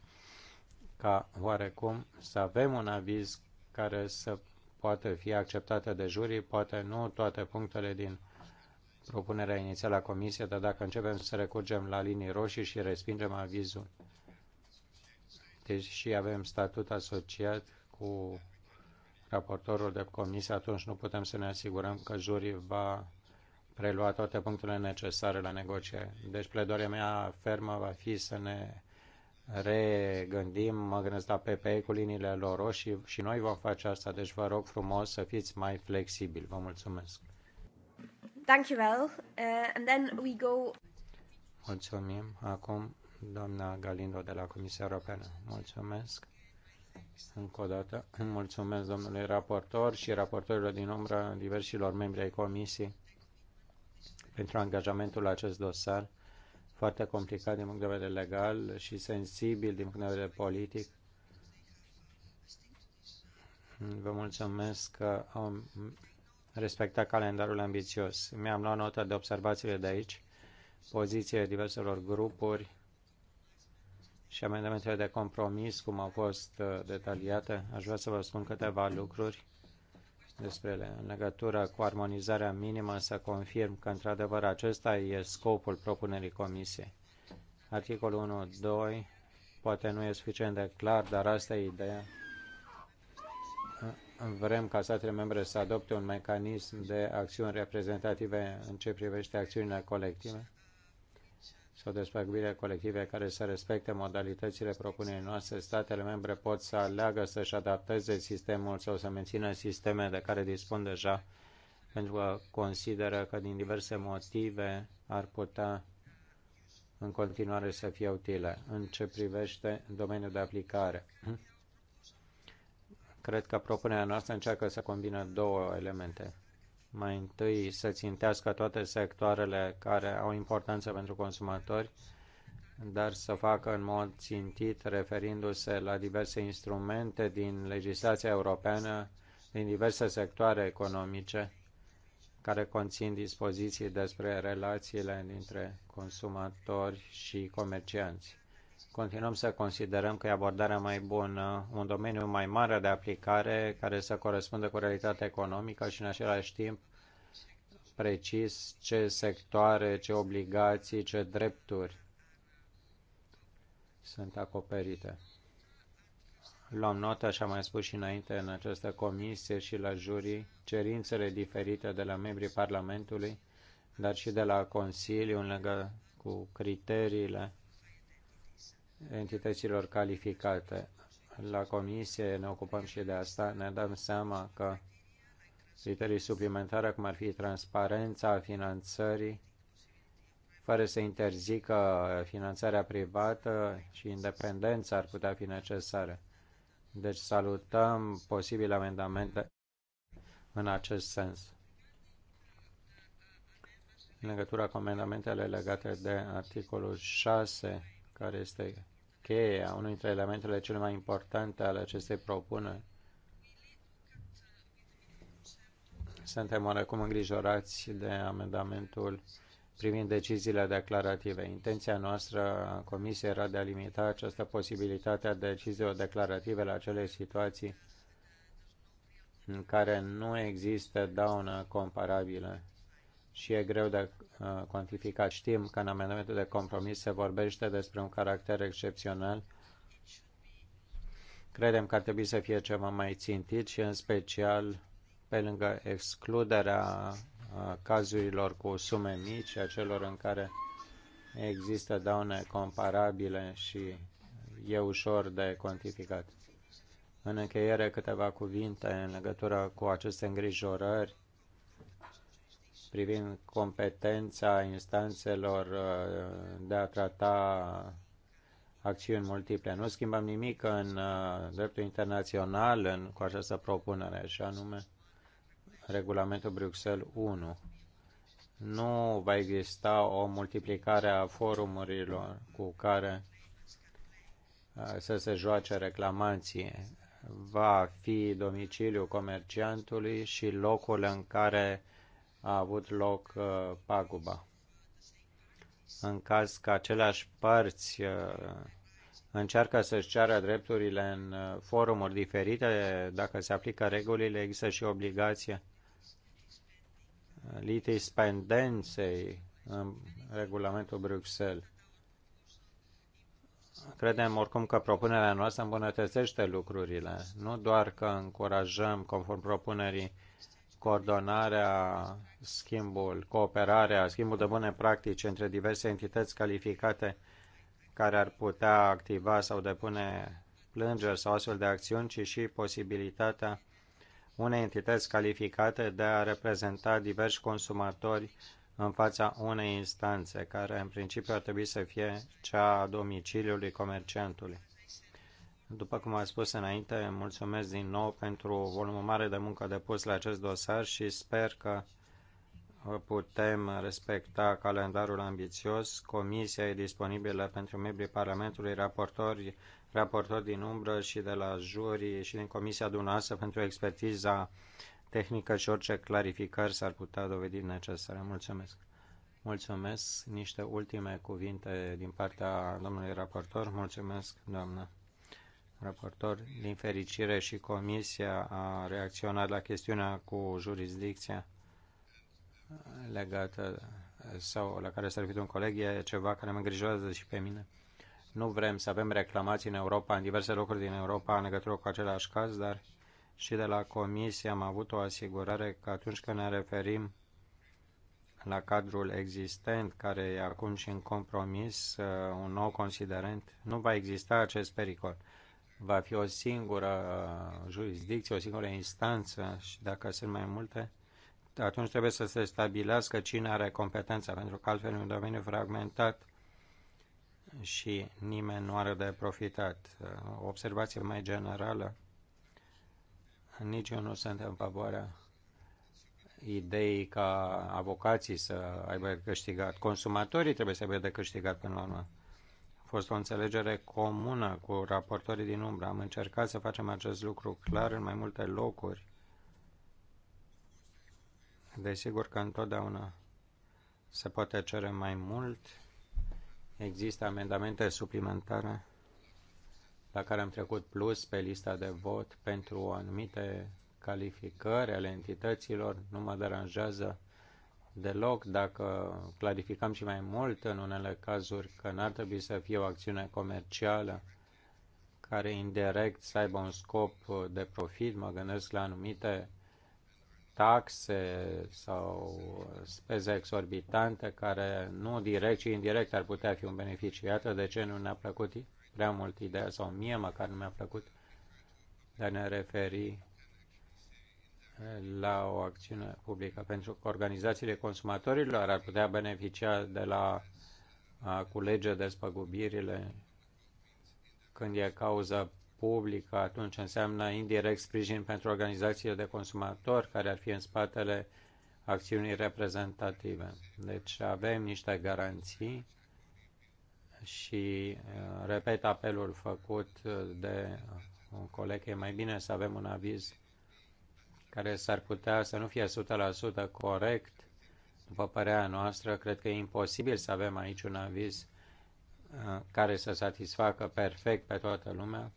C: ca oarecum să avem un aviz care să poate fi acceptată de juri, poate nu toate punctele din propunerea inițială a comisiei, dar dacă începem să recurgem la linii roșii și respingem avizul, deși deci avem statut asociat cu raportorul de comisie, atunci nu putem să ne asigurăm că jurii va prelua toate punctele necesare la negociere. Deci pledoarea mea fermă va fi să ne regândim, mă gândesc la PPE cu liniile lor roșii și noi vom face asta, deci vă rog frumos să fiți mai flexibili. Vă mulțumesc.
D: Thank you well. Uh, and then we go...
C: Mulțumim. Acum doamna Galindo de la Comisia Europeană. Mulțumesc. Încă o dată, mulțumesc domnului raportor și raportorilor din umbră, diversilor membri ai Comisiei pentru angajamentul la acest dosar foarte complicat din punct de vedere legal și sensibil din punct de vedere politic. Vă mulțumesc că am respectat calendarul ambițios. Mi-am luat notă de observațiile de aici, poziția diverselor grupuri și amendamentele de compromis, cum au fost uh, detaliate. Aș vrea să vă spun câteva lucruri despre ele. În legătură cu armonizarea minimă, să confirm că, într-adevăr, acesta e scopul propunerii comisiei. Articolul 1, 2 poate nu e suficient de clar, dar asta e ideea. Vrem ca statele membre să adopte un mecanism de acțiuni reprezentative în ce privește acțiunile colective sau despăgubire colective care să respecte modalitățile propunerii noastre, statele membre pot să aleagă să-și adapteze sistemul sau să mențină sisteme de care dispun deja pentru că consideră că din diverse motive ar putea în continuare să fie utile. În ce privește domeniul de aplicare, cred că propunerea noastră încearcă să combină două elemente mai întâi să țintească toate sectoarele care au importanță pentru consumatori, dar să facă în mod țintit referindu-se la diverse instrumente din legislația europeană din diverse sectoare economice care conțin dispoziții despre relațiile dintre consumatori și comercianți continuăm să considerăm că e abordarea mai bună, un domeniu mai mare de aplicare care să corespundă cu realitatea economică și în același timp precis ce sectoare, ce obligații, ce drepturi sunt acoperite. Luăm notă, așa mai spus și înainte, în această comisie și la jurii, cerințele diferite de la membrii Parlamentului, dar și de la Consiliu în legă cu criteriile entităților calificate. La comisie ne ocupăm și de asta, ne dăm seama că criterii suplimentare, cum ar fi transparența finanțării, fără să interzică finanțarea privată și independența ar putea fi necesare. Deci salutăm posibile amendamente în acest sens. În legătura cu amendamentele legate de articolul 6 care este cheia, unul dintre elementele cele mai importante ale acestei propuneri. Suntem oarecum îngrijorați de amendamentul privind deciziile declarative. Intenția noastră a Comisiei era de a limita această posibilitate a deciziilor declarative la acele situații în care nu există daună comparabilă și e greu de uh, cuantificat. Știm că în amendamentul de compromis se vorbește despre un caracter excepțional. Credem că ar trebui să fie ceva mai țintit și în special pe lângă excluderea uh, cazurilor cu sume mici, a celor în care există daune comparabile și e ușor de cuantificat. În încheiere, câteva cuvinte în legătură cu aceste îngrijorări privind competența instanțelor uh, de a trata acțiuni multiple. Nu schimbăm nimic în uh, dreptul internațional în, cu această propunere, și anume regulamentul Bruxelles 1. Nu va exista o multiplicare a forumurilor cu care uh, să se joace reclamații. Va fi domiciliul comerciantului și locul în care a avut loc uh, paguba. În caz că aceleași părți uh, încearcă să-și ceară drepturile în uh, forumuri diferite, dacă se aplică regulile, există și obligație litispendenței în regulamentul Bruxelles. Credem oricum că propunerea noastră îmbunătățește lucrurile, nu doar că încurajăm, conform propunerii, coordonarea, schimbul, cooperarea, schimbul de bune practici între diverse entități calificate care ar putea activa sau depune plângeri sau astfel de acțiuni, ci și posibilitatea unei entități calificate de a reprezenta diversi consumatori în fața unei instanțe, care în principiu ar trebui să fie cea a domiciliului comerciantului. După cum am spus înainte, mulțumesc din nou pentru volumul mare de muncă depus la acest dosar și sper că putem respecta calendarul ambițios. Comisia e disponibilă pentru membrii Parlamentului, raportori, raportori din umbră și de la juri și din Comisia dumneavoastră pentru expertiza tehnică și orice clarificări s-ar putea dovedi necesare. Mulțumesc! Mulțumesc! Niște ultime cuvinte din partea domnului raportor. Mulțumesc, doamnă! raportor. Din fericire și Comisia a reacționat la chestiunea cu jurisdicția legată sau la care s-a referit un coleg, e ceva care mă îngrijorează și pe mine. Nu vrem să avem reclamații în Europa, în diverse locuri din Europa, în legătură cu același caz, dar și de la Comisie am avut o asigurare că atunci când ne referim la cadrul existent, care e acum și în compromis, uh, un nou considerent, nu va exista acest pericol va fi o singură uh, jurisdicție, o singură instanță și dacă sunt mai multe, atunci trebuie să se stabilească cine are competența, pentru că altfel e un domeniu fragmentat și nimeni nu are de profitat. O uh, observație mai generală, nici eu nu sunt în favoarea idei ca avocații să aibă câștigat. Consumatorii trebuie să aibă de câștigat până la urmă fost o înțelegere comună cu raportorii din umbră. Am încercat să facem acest lucru clar în mai multe locuri. Desigur că întotdeauna se poate cere mai mult. Există amendamente suplimentare la care am trecut plus pe lista de vot pentru anumite calificări ale entităților. Nu mă deranjează deloc dacă clarificăm și mai mult în unele cazuri că n-ar trebui să fie o acțiune comercială care indirect să aibă un scop de profit, mă gândesc la anumite taxe sau speze exorbitante care nu direct, ci indirect ar putea fi un beneficiu. Iată de ce nu ne-a plăcut prea mult ideea, sau mie măcar nu mi-a plăcut, de a ne referi la o acțiune publică, pentru că organizațiile consumatorilor ar putea beneficia de la a culege despăgubirile când e cauza publică, atunci înseamnă indirect sprijin pentru organizațiile de consumatori care ar fi în spatele acțiunii reprezentative. Deci avem niște garanții și uh, repet apelul făcut de un coleg, e mai bine să avem un aviz care s-ar putea să nu fie 100% corect, după părerea noastră, cred că e imposibil să avem aici un aviz uh, care să satisfacă perfect pe toată lumea,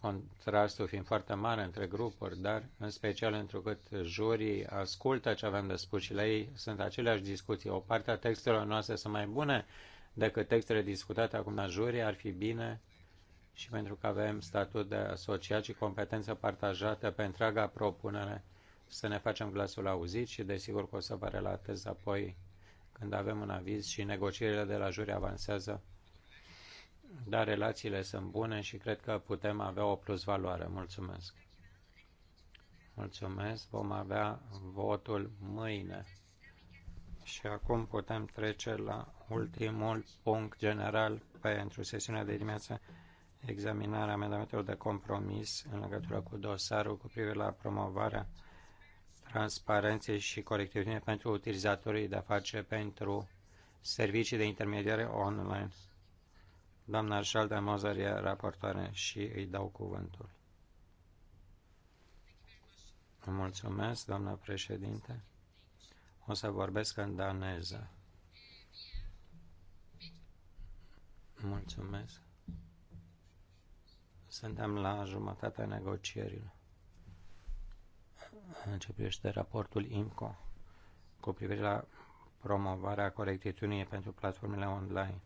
C: contrastul fiind foarte mare între grupuri, dar în special întrucât jurii ascultă ce avem de spus și la ei sunt aceleași discuții. O parte a textelor noastre sunt mai bune decât textele discutate acum la jurii, ar fi bine și pentru că avem statut de asociat și competență partajată pe întreaga propunere, să ne facem glasul auzit și desigur că o să vă relatez apoi când avem un aviz și negocierile de la juri avansează, dar relațiile sunt bune și cred că putem avea o plusvaloare. Mulțumesc! Mulțumesc! Vom avea votul mâine. Și acum putem trece la ultimul punct general pentru sesiunea de dimineață examinarea amendamentelor de compromis în legătură cu dosarul cu privire la promovarea transparenței și corectitudine pentru utilizatorii de afaceri pentru servicii de intermediare online. Doamna Arșalda Mozar e raportoare și îi dau cuvântul. Mulțumesc, doamna președinte. O să vorbesc în daneză. Mulțumesc. Suntem la jumătatea negocierilor. În ce privește raportul IMCO cu privire la promovarea corectitudinii pentru platformele online.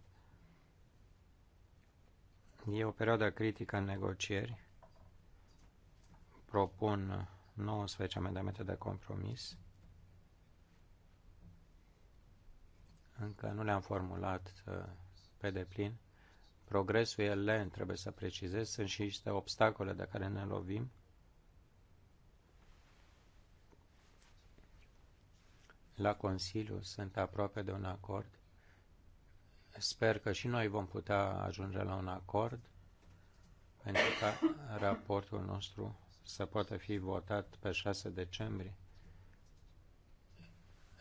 C: E o perioadă critică în negocieri. Propun 19 amendamente de compromis. Încă nu le-am formulat uh, pe deplin Progresul e lent, trebuie să precizez, sunt și niște obstacole de care ne lovim. La Consiliu sunt aproape de un acord. Sper că și noi vom putea ajunge la un acord pentru ca raportul nostru să poată fi votat pe 6 decembrie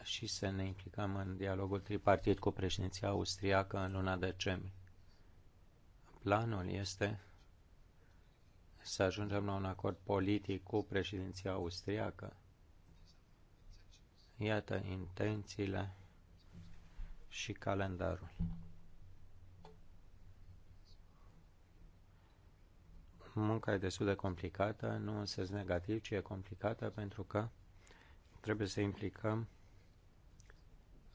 C: și să ne implicăm în dialogul tripartit cu președinția austriacă în luna decembrie. Planul este să ajungem la un acord politic cu președinția austriacă. Iată intențiile și calendarul. Munca e destul de complicată, nu în sens negativ, ci e complicată pentru că trebuie să implicăm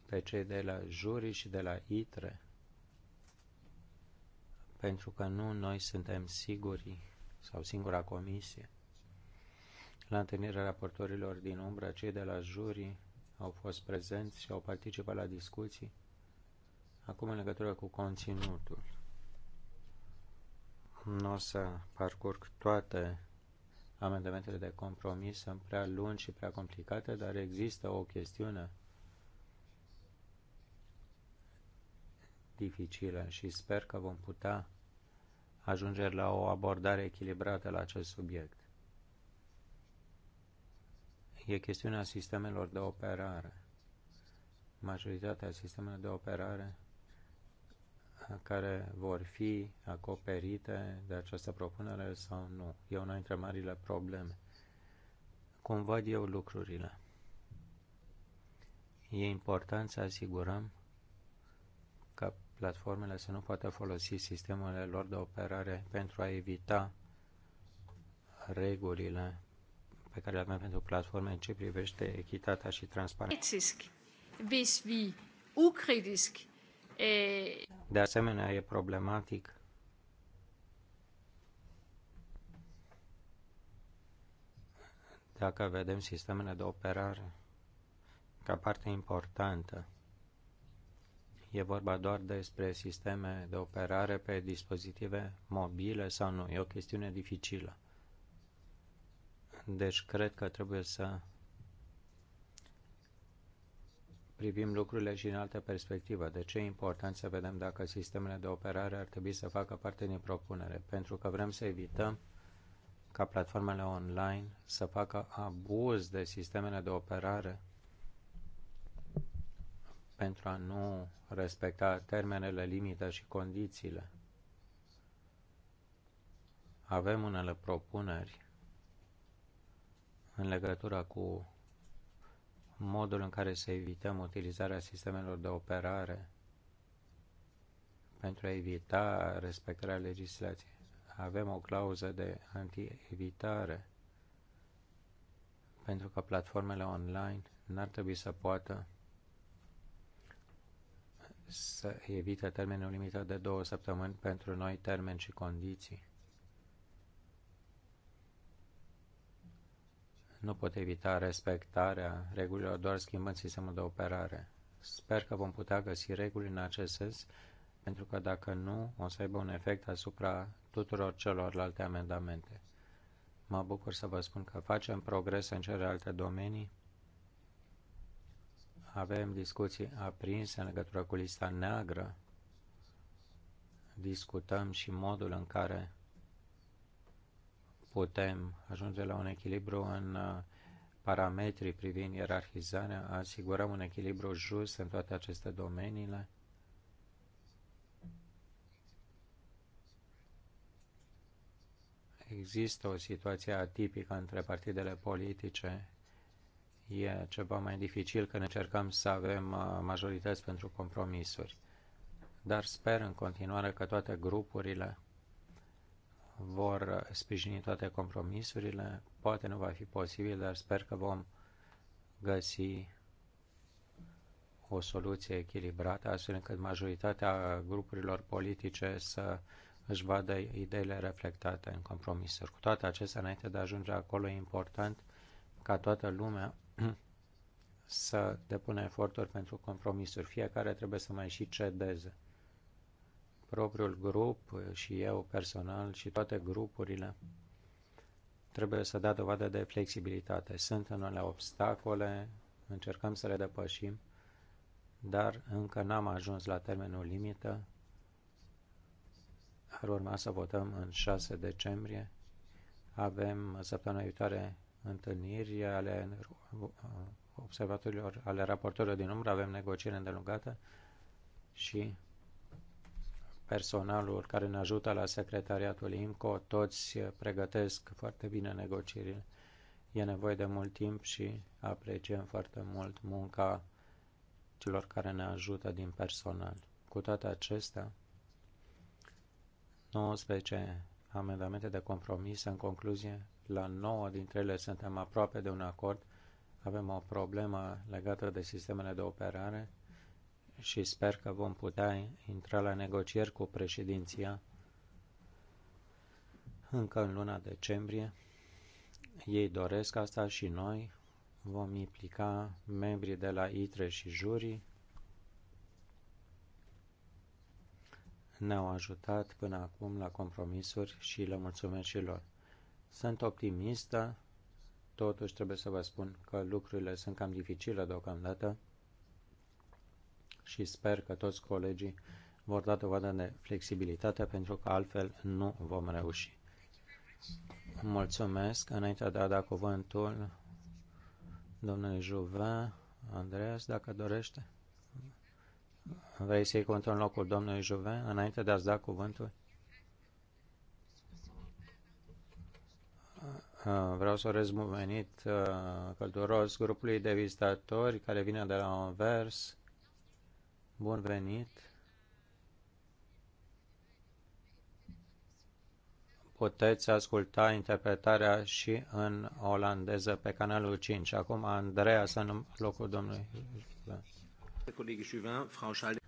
C: pe cei de la juri și de la ITRE pentru că nu noi suntem siguri sau singura comisie. La întâlnirea raportorilor din umbră, cei de la jurii au fost prezenți și au participat la discuții, acum în legătură cu conținutul. Nu o să parcurg toate amendamentele de compromis, sunt prea lungi și prea complicate, dar există o chestiune dificilă și sper că vom putea ajunge la o abordare echilibrată la acest subiect. E chestiunea sistemelor de operare. Majoritatea sistemelor de operare uh, care vor fi acoperite de această propunere sau nu. E una dintre marile probleme. Cum văd eu lucrurile? E important să asigurăm că platformele să nu poată folosi sistemele lor de operare pentru a evita regulile pe care le avem pentru platforme în ce privește echitatea și transparența.
E: Eh,
C: de asemenea, e problematic dacă vedem sistemele de operare ca parte importantă E vorba doar despre sisteme de operare pe dispozitive mobile sau nu. E o chestiune dificilă. Deci cred că trebuie să privim lucrurile și în altă perspectivă. De ce e important să vedem dacă sistemele de operare ar trebui să facă parte din propunere? Pentru că vrem să evităm ca platformele online să facă abuz de sistemele de operare pentru a nu respecta termenele limită și condițiile. Avem unele propuneri în legătură cu modul în care să evităm utilizarea sistemelor de operare pentru a evita respectarea legislației. Avem o clauză de anti-evitare pentru că platformele online n-ar trebui să poată să evite termenul limită de două săptămâni pentru noi termeni și condiții. Nu pot evita respectarea regulilor, doar schimbând sistemul de operare. Sper că vom putea găsi reguli în acest sens, pentru că dacă nu, o să aibă un efect asupra tuturor celorlalte amendamente. Mă bucur să vă spun că facem progrese în celelalte domenii avem discuții aprinse în legătură cu lista neagră. Discutăm și modul în care putem ajunge la un echilibru în uh, parametrii privind ierarhizarea, asigurăm un echilibru just în toate aceste domeniile. Există o situație atipică între partidele politice e ceva mai dificil când încercăm să avem uh, majorități pentru compromisuri. Dar sper în continuare că toate grupurile vor uh, sprijini toate compromisurile. Poate nu va fi posibil, dar sper că vom găsi o soluție echilibrată, astfel încât majoritatea grupurilor politice să își vadă ideile reflectate în compromisuri. Cu toate acestea, înainte de a ajunge acolo, e important ca toată lumea să depună eforturi pentru compromisuri. Fiecare trebuie să mai și cedeze. Propriul grup și eu personal și toate grupurile trebuie să dea dovadă de flexibilitate. Sunt unele obstacole, încercăm să le depășim, dar încă n-am ajuns la termenul limită. Ar urma să votăm în 6 decembrie. Avem săptămâna viitoare întâlniri ale observatorilor, ale raportorilor din umbră, avem negocieri îndelungate și personalul care ne ajută la secretariatul IMCO, toți pregătesc foarte bine negocierile. E nevoie de mult timp și apreciem foarte mult munca celor care ne ajută din personal. Cu toate acestea, 19 amendamente de compromis. În concluzie, la 9 dintre ele suntem aproape de un acord. Avem o problemă legată de sistemele de operare și sper că vom putea intra la negocieri cu președinția încă în luna decembrie. Ei doresc asta și noi vom implica membrii de la ITRE și jurii ne-au ajutat până acum la compromisuri și le mulțumesc și lor. Sunt optimistă, totuși trebuie să vă spun că lucrurile sunt cam dificile deocamdată și sper că toți colegii vor da dovadă de flexibilitate pentru că altfel nu vom reuși. Mulțumesc. Înainte de a da cuvântul domnului Juvin, Andreas, dacă dorește. Vrei să iei cuvântul în locul domnului Juven, înainte de a-ți da cuvântul? Uh, vreau să urez venit uh, călduros grupului de vizitatori care vine de la Anvers. Bun venit! Puteți asculta interpretarea și în olandeză pe canalul 5. Acum Andreea să în locul domnului.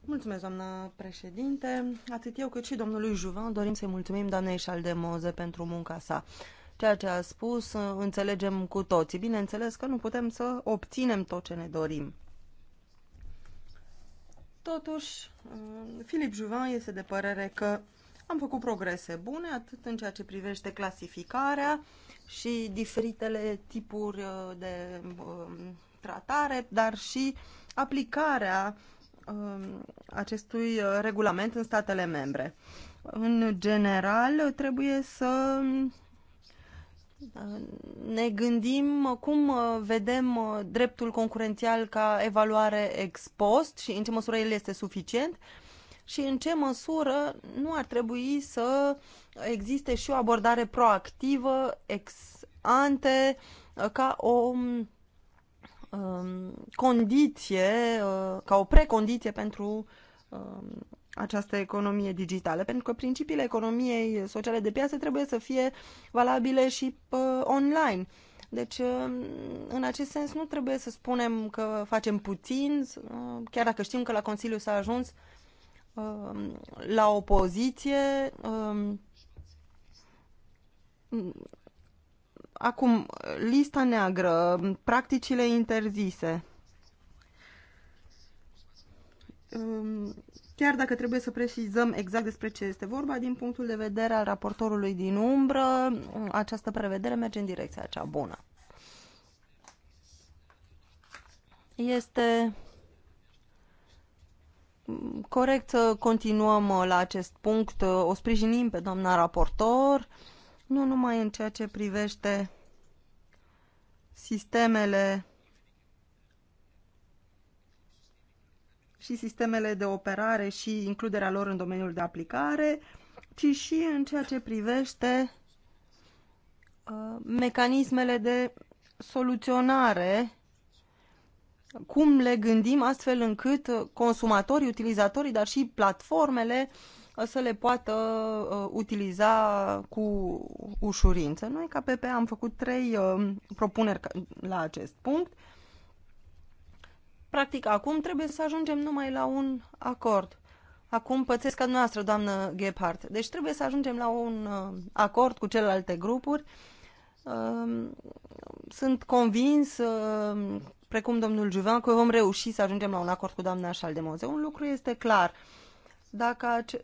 B: Mulțumesc, doamna președinte. Atât eu cât și domnului Juvan dorim să-i mulțumim doamnei Șaldemoze pentru munca sa. Ceea ce a spus înțelegem cu toții. Bineînțeles că nu putem să obținem tot ce ne dorim. Totuși, Filip Juvan este de părere că am făcut progrese bune, atât în ceea ce privește clasificarea și diferitele tipuri de um, tratare, dar și uh, aplicarea um, acestui uh, regulament în statele membre. În general, trebuie să uh, ne gândim cum uh, vedem dreptul concurențial ca evaluare ex post și în ce măsură el este suficient și în ce măsură nu ar trebui să existe și o abordare proactivă ex ante ca o um, Um, condiție, uh, ca o precondiție pentru um, această economie digitală, pentru că principiile economiei sociale de piață trebuie să fie valabile și uh, online. Deci, um, în acest sens, nu trebuie să spunem că facem puțin, uh, chiar dacă știm că la Consiliu s-a ajuns la opoziție Acum, lista neagră, practicile interzise. Ehm, chiar dacă trebuie să precizăm exact despre ce este vorba, din punctul de vedere al raportorului din umbră, această prevedere merge în direcția cea bună. Este corect să continuăm la acest punct. O sprijinim pe doamna raportor. Uh, nu numai în ceea ce privește sistemele și sistemele de operare și includerea lor în domeniul de aplicare, ci și în ceea ce privește uh, mecanismele de soluționare, cum le gândim astfel încât uh, consumatorii, utilizatorii, dar și platformele uh, să le poată uh, utiliza cu ușurință. Noi, ca PP, am făcut trei uh, propuneri la acest punct. Practic, acum trebuie să ajungem numai la un acord. Acum pățesc ca noastră, doamnă Gephardt. Deci trebuie să ajungem la un uh, acord cu celelalte grupuri. Uh, sunt convins uh, precum domnul Juvan, că vom reuși să ajungem la un acord cu doamna Șaldemoze. Un lucru este clar. Uh, dacă ace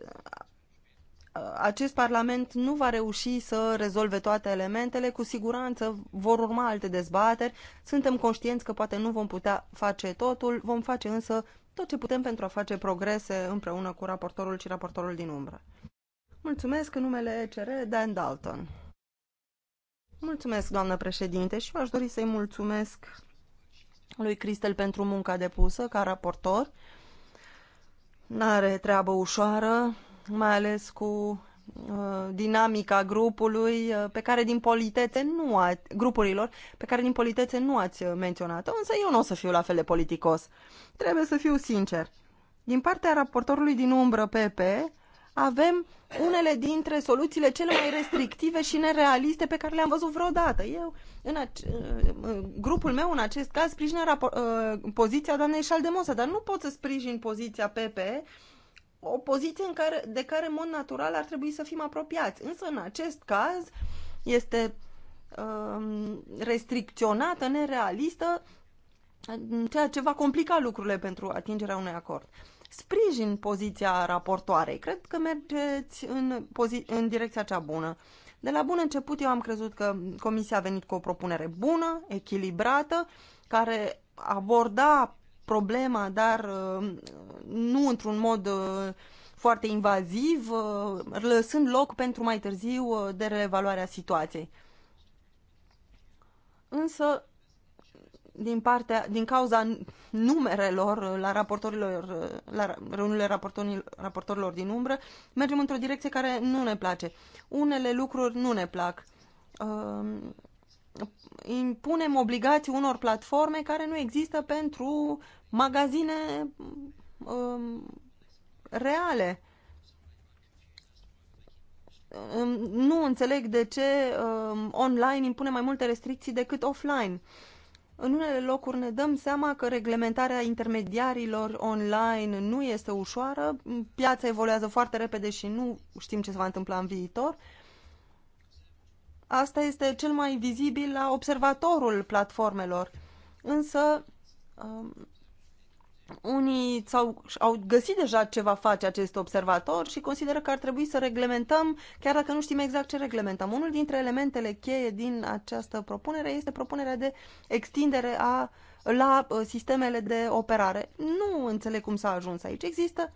B: acest Parlament nu va reuși să rezolve toate elementele, cu siguranță vor urma alte dezbateri. Suntem conștienți că poate nu vom putea face totul, vom face însă tot ce putem pentru a face progrese împreună cu raportorul și raportorul din umbră. Mulțumesc în numele ECR, Dan Dalton. Mulțumesc, doamnă președinte, și eu aș dori să-i mulțumesc lui Cristel pentru munca depusă ca raportor N-are treabă ușoară, mai ales cu uh, dinamica grupului uh, pe care din politețe nu a, grupurilor pe care din politețe nu ați menționat însă eu nu o să fiu la fel de politicos. Trebuie să fiu sincer. Din partea raportorului din umbră PP, avem unele dintre soluțiile cele mai restrictive și nerealiste pe care le-am văzut vreodată. Eu, în grupul meu, în acest caz, sprijină poziția doamnei Șaldemosa, dar nu pot să sprijin poziția PPE, o poziție în care, de care, în mod natural, ar trebui să fim apropiați. Însă, în acest caz, este um, restricționată, nerealistă, ceea ce va complica lucrurile pentru atingerea unui acord sprijin poziția raportoarei. Cred că mergeți în, în direcția cea bună. De la bun început eu am crezut că Comisia a venit cu o propunere bună, echilibrată, care aborda problema, dar uh, nu într-un mod uh, foarte invaziv, uh, lăsând loc pentru mai târziu de reevaluarea situației. Însă din, partea, din cauza numerelor uh, la, raportorilor, uh, la reuniunile raportorilor, raportorilor din umbră, mergem într-o direcție care nu ne place. Unele lucruri nu ne plac. Uh, impunem obligații unor platforme care nu există pentru magazine uh, reale. Um, nu înțeleg de ce online impune mai multe restricții decât offline. Uh, în unele locuri ne dăm seama că reglementarea intermediarilor online nu este ușoară, piața evoluează foarte repede și nu știm ce se va întâmpla în viitor. Asta este cel mai vizibil la observatorul platformelor. Însă, um, unii -au, au găsit deja ce va face acest observator și consideră că ar trebui să reglementăm, chiar dacă nu știm exact ce reglementăm. Unul dintre elementele cheie din această propunere este propunerea de extindere a, la uh, sistemele de operare. Nu înțeleg cum s-a ajuns aici. Există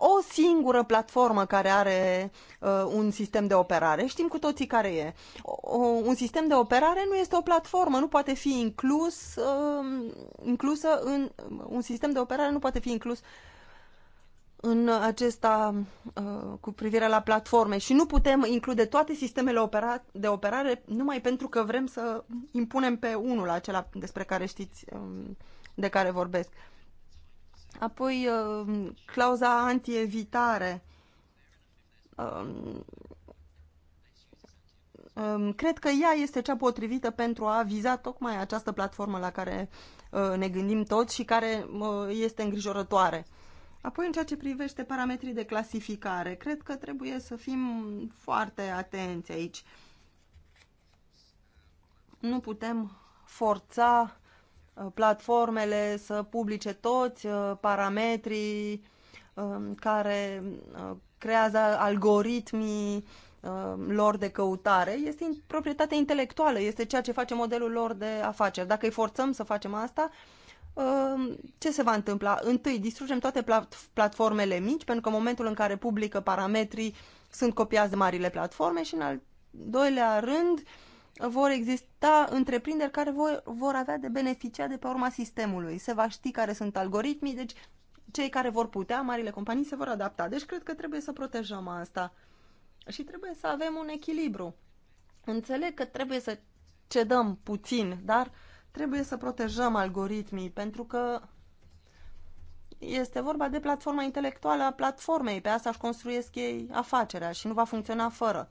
B: o singură platformă care are uh, un sistem de operare. Știm cu toții care e. O, un sistem de operare nu este o platformă, nu poate fi inclus, uh, inclusă în. Un sistem de operare nu poate fi inclus în acesta uh, cu privire la platforme și nu putem include toate sistemele opera- de operare numai pentru că vrem să impunem pe unul acela despre care știți, um, de care vorbesc. Uh, Apoi, uh, clauza evitare um, um, Cred că ea este cea potrivită pentru a viza tocmai această platformă la care uh, ne gândim toți și care uh, este îngrijorătoare. Apoi, în ceea ce privește parametrii de clasificare, cred că trebuie să fim foarte atenți aici. Nu putem forța platformele să publice toți uh, parametrii um, care uh, creează algoritmii um, lor de căutare. Este proprietatea intelectuală, este ceea ce face modelul lor de afaceri. Dacă îi forțăm să facem asta, um, ce se va întâmpla? Întâi, distrugem toate platformele mici, pentru că în momentul în care publică parametrii, sunt copiați de marile platforme și în al doilea rând, uh, vor exista întreprinderi care vor, vor avea de beneficia de pe urma sistemului. Se va ști care sunt algoritmii, deci cei care vor putea, marile companii, se vor adapta. Deci cred că trebuie să protejăm asta. Și trebuie să avem un echilibru. Înțeleg că trebuie să cedăm puțin, dar trebuie să protejăm algoritmii, pentru că este vorba de platforma intelectuală a platformei. Pe asta își construiesc ei afacerea și nu va funcționa fără.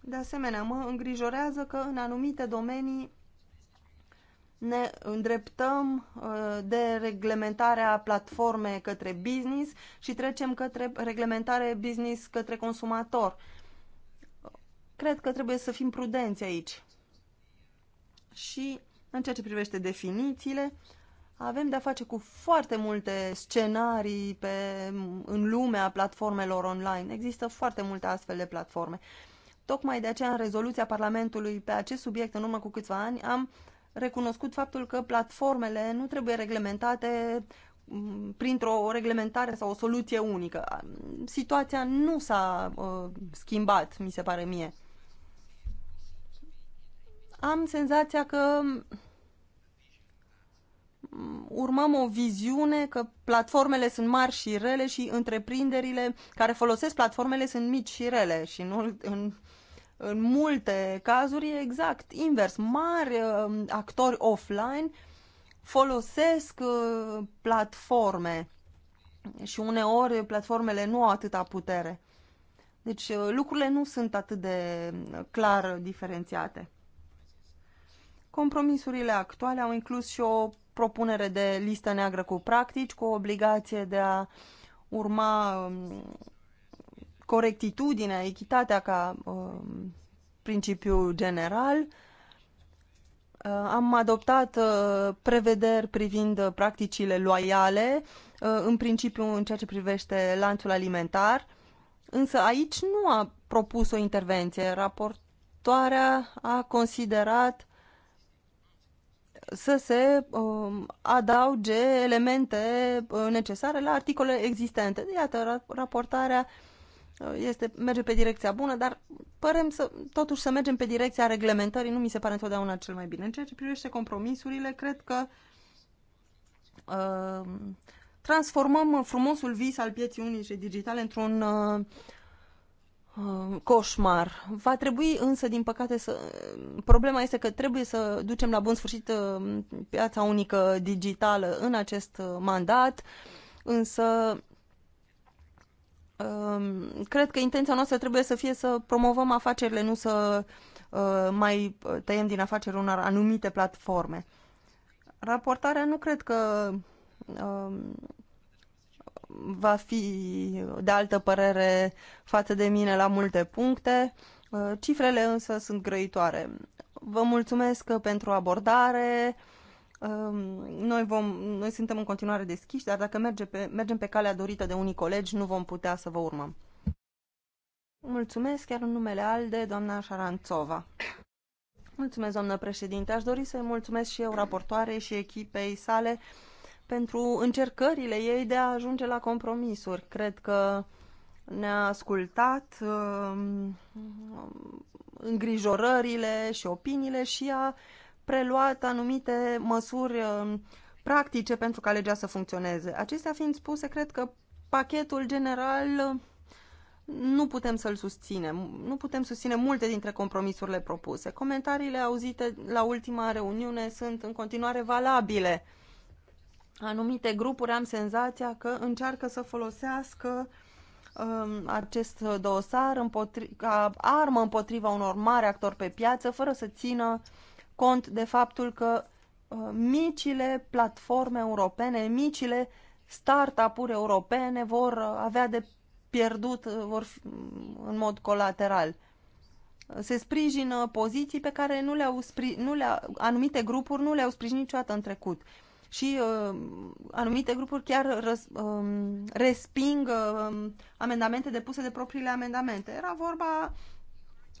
B: De asemenea, mă îngrijorează că în anumite domenii ne îndreptăm uh, de reglementarea platforme către business și trecem către reglementare business către consumator. Cred că trebuie să fim prudenți aici. Și în ceea ce privește definițiile, avem de-a face cu foarte multe scenarii pe, în lumea platformelor online. Există foarte multe astfel de platforme. Uh, Tocmai de aceea, în rezoluția Parlamentului pe acest subiect, în urmă cu câțiva ani, am recunoscut faptul că platformele nu trebuie reglementate mm, printr-o reglementare sau o soluție unică. Situația nu s-a uh, schimbat, mi se pare mie. Am senzația că mm, urmăm o viziune că platformele sunt mari și rele și întreprinderile care folosesc platformele sunt mici și rele și nu în în multe cazuri e exact invers. Mari uh, actori offline folosesc uh, platforme și uneori platformele nu au atâta putere. Deci uh, lucrurile nu sunt atât de uh, clar diferențiate. Compromisurile actuale au inclus și o propunere de listă neagră cu practici, cu obligație de a urma um, corectitudinea, echitatea ca um, principiu general. Uh, am adoptat uh, prevederi privind uh, practicile loiale, în principiu în ceea ce privește lanțul alimentar, însă aici nu a propus o intervenție. Raportoarea a considerat să se um, adauge elemente necesare la articole existente. Iată, raportarea uh, este, merge pe direcția bună, dar părem să, totuși să mergem pe direcția reglementării nu mi se pare întotdeauna cel mai bine. În ceea ce privește compromisurile, cred că uh, transformăm frumosul vis al pieții unice digitale într-un uh, uh coșmar. Va trebui însă, din păcate, să... problema este că trebuie să ducem la bun sfârșit uh, piața unică digitală în acest uh, mandat, însă Ehm, cred că intenția noastră trebuie să fie să promovăm afacerile, nu să uh, mai tăiem din afaceri unor anumite platforme. Raportarea nu cred că ehm, va fi de altă părere față de mine la multe puncte. Uh, cifrele însă sunt grăitoare. Vă mulțumesc pentru abordare, noi, vom, noi suntem în continuare deschiși, dar dacă merge pe, mergem pe calea dorită de unii colegi, nu vom putea să vă urmăm. Mulțumesc chiar în numele ALDE, doamna Șaranțova. Mulțumesc, doamnă președinte. Aș dori să-i mulțumesc și eu raportoare și echipei sale pentru încercările ei de a ajunge la compromisuri. Cred că ne-a ascultat um, îngrijorările și opiniile și a preluat anumite măsuri um, practice pentru ca legea să funcționeze. Acestea fiind spuse, cred că pachetul general um, nu putem să-l susținem. Nu putem susține multe dintre compromisurile propuse. Comentariile auzite la ultima reuniune sunt în continuare valabile. Anumite grupuri am senzația că încearcă să folosească um, acest dosar ca armă împotriva unor mari actori pe piață, fără să țină uh, cont de faptul că uh, micile platforme europene, micile startup-uri europene vor uh, avea de pierdut uh, vor fi, mm, în mod colateral. Se sprijină poziții pe care nu le-au nu le anumite grupuri nu le-au sprijinit niciodată în trecut. Și uh, anumite grupuri chiar răs, uh, resping uh, amendamente depuse de propriile amendamente. Era vorba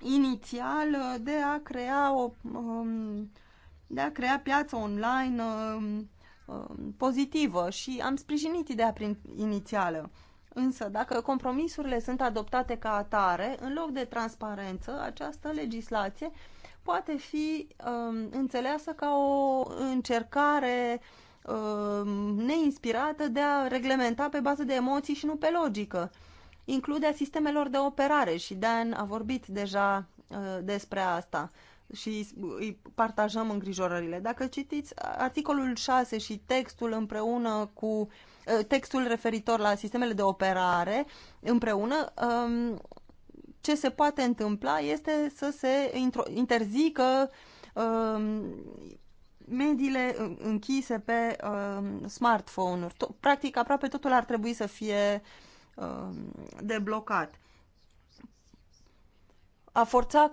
B: inițial uh, de a crea o um, de a crea piață online um, um, pozitivă și am sprijinit ideea prin inițială. Însă, dacă compromisurile sunt adoptate ca atare, în loc de transparență, această legislație poate fi um, înțeleasă ca o încercare um, neinspirată de a reglementa pe bază de emoții și nu pe logică. Includea sistemelor de operare și Dan a vorbit deja uh, despre asta și îi partajăm îngrijorările. Dacă citiți articolul 6 și textul împreună cu uh, textul referitor la sistemele de operare împreună, um, ce se poate întâmpla este să se interzică um, mediile închise pe um, smartphone-uri. Practic, aproape totul ar trebui să fie uh, Um, deblocat. A forța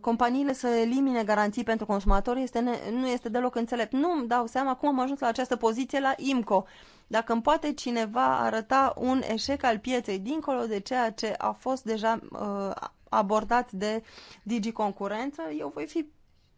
B: companiile să elimine garanții pentru consumatori este nu este deloc înțelept. Nu îmi dau seama cum am ajuns la această poziție la IMCO. Dacă îmi poate cineva arăta un eșec al pieței dincolo de ceea ce a fost deja uh, abordat de Digi Concurență, eu voi fi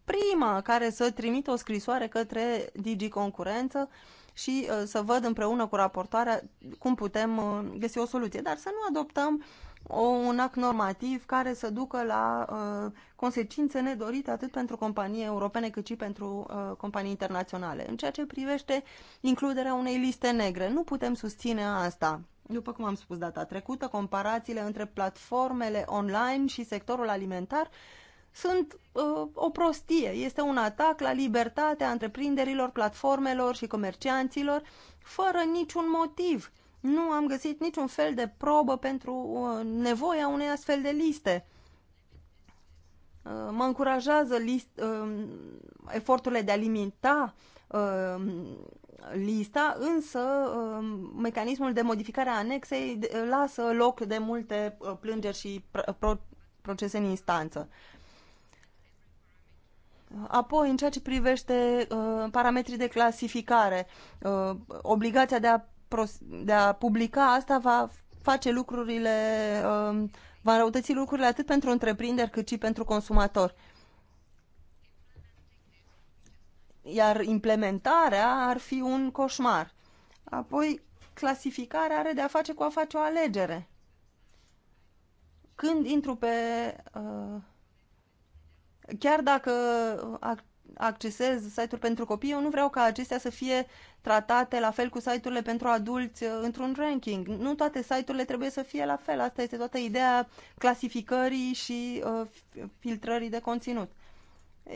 B: prima care să trimit o scrisoare către Digi Concurență uh, și uh, să văd împreună cu raportoarea cum putem uh, găsi o soluție, dar să nu adoptăm o, un act normativ care să ducă la uh, consecințe nedorite atât pentru companii europene cât și pentru uh, companii internaționale. În ceea ce privește includerea unei liste negre, nu putem susține asta. După cum am spus data trecută, comparațiile între platformele online și sectorul alimentar uh, sunt uh, o prostie. Este un atac la libertatea întreprinderilor, platformelor și comercianților fără niciun motiv. Nu am găsit niciun fel de probă pentru uh, nevoia unei astfel de liste. Uh, mă încurajează list, uh, eforturile de a limita uh, lista, însă uh, mecanismul de modificare a anexei uh, lasă loc de multe plângeri și pro procese în instanță. Apoi, în ceea ce privește uh, parametrii de clasificare, uh, obligația de a, de a publica asta va face lucrurile, uh, va înrăutăți lucrurile atât pentru întreprinderi cât și pentru consumatori. Iar implementarea ar fi un coșmar. Apoi, clasificarea are de a face cu a face o alegere. Când intru pe uh, Chiar dacă accesez site-uri pentru copii, eu nu vreau ca acestea să fie tratate la fel cu site-urile pentru adulți uh, într-un ranking. Nu toate site-urile trebuie să fie la fel. Asta este toată ideea clasificării și uh, filtrării de conținut.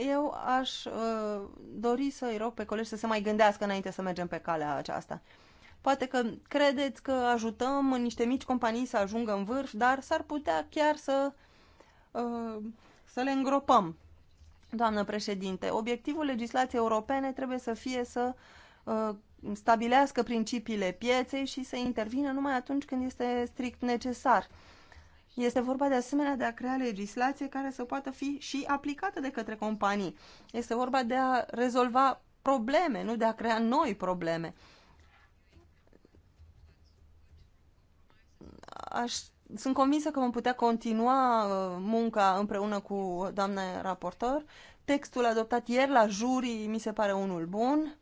B: Eu aș uh, dori să-i rog pe colegi să se mai gândească înainte să mergem pe calea aceasta. Poate că credeți că ajutăm niște mici companii să ajungă în vârf, dar s-ar putea chiar să uh, să le îngropăm. Doamnă președinte, obiectivul legislației europene trebuie să fie să uh, stabilească principiile pieței și să intervină numai atunci când este strict necesar. Este vorba de asemenea de a crea legislație care să poată fi și aplicată de către companii. Este vorba de a rezolva probleme, nu de a crea noi probleme. Aș sunt convinsă că vom putea continua uh, munca împreună cu doamna raportor. Textul adoptat ieri la jurii mi se pare unul bun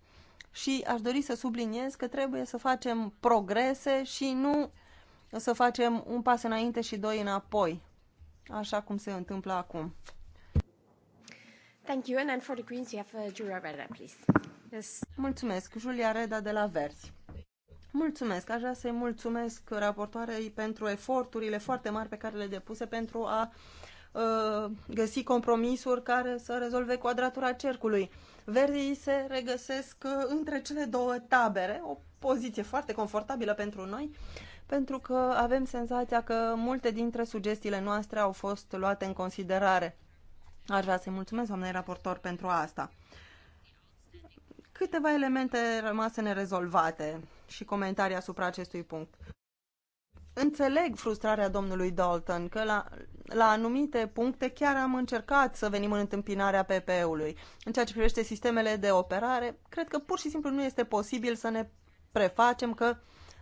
B: și aș dori să subliniez că trebuie să facem progrese și nu să facem un pas înainte și doi înapoi, așa cum se întâmplă acum.
A: Thank you. And then for the Greens, you have uh, Julia Reda, please. Yes.
B: Mulțumesc. Julia Reda de la Verzi. Mulțumesc! Aș vrea să-i mulțumesc raportoarei pentru eforturile foarte mari pe care le depuse pentru a ă, găsi compromisuri care să rezolve quadratura cercului. Verzii se regăsesc între cele două tabere, o poziție foarte confortabilă pentru noi, pentru că avem senzația că multe dintre sugestiile noastre au fost luate în considerare. Aș vrea să-i mulțumesc, doamnei raportor, pentru asta. Câteva elemente rămase nerezolvate și comentarii asupra acestui punct. Înțeleg frustrarea domnului Dalton că la, la anumite puncte chiar am încercat să venim în întâmpinarea PP-ului. În ceea ce privește sistemele de operare, cred că pur și simplu nu este posibil să ne prefacem că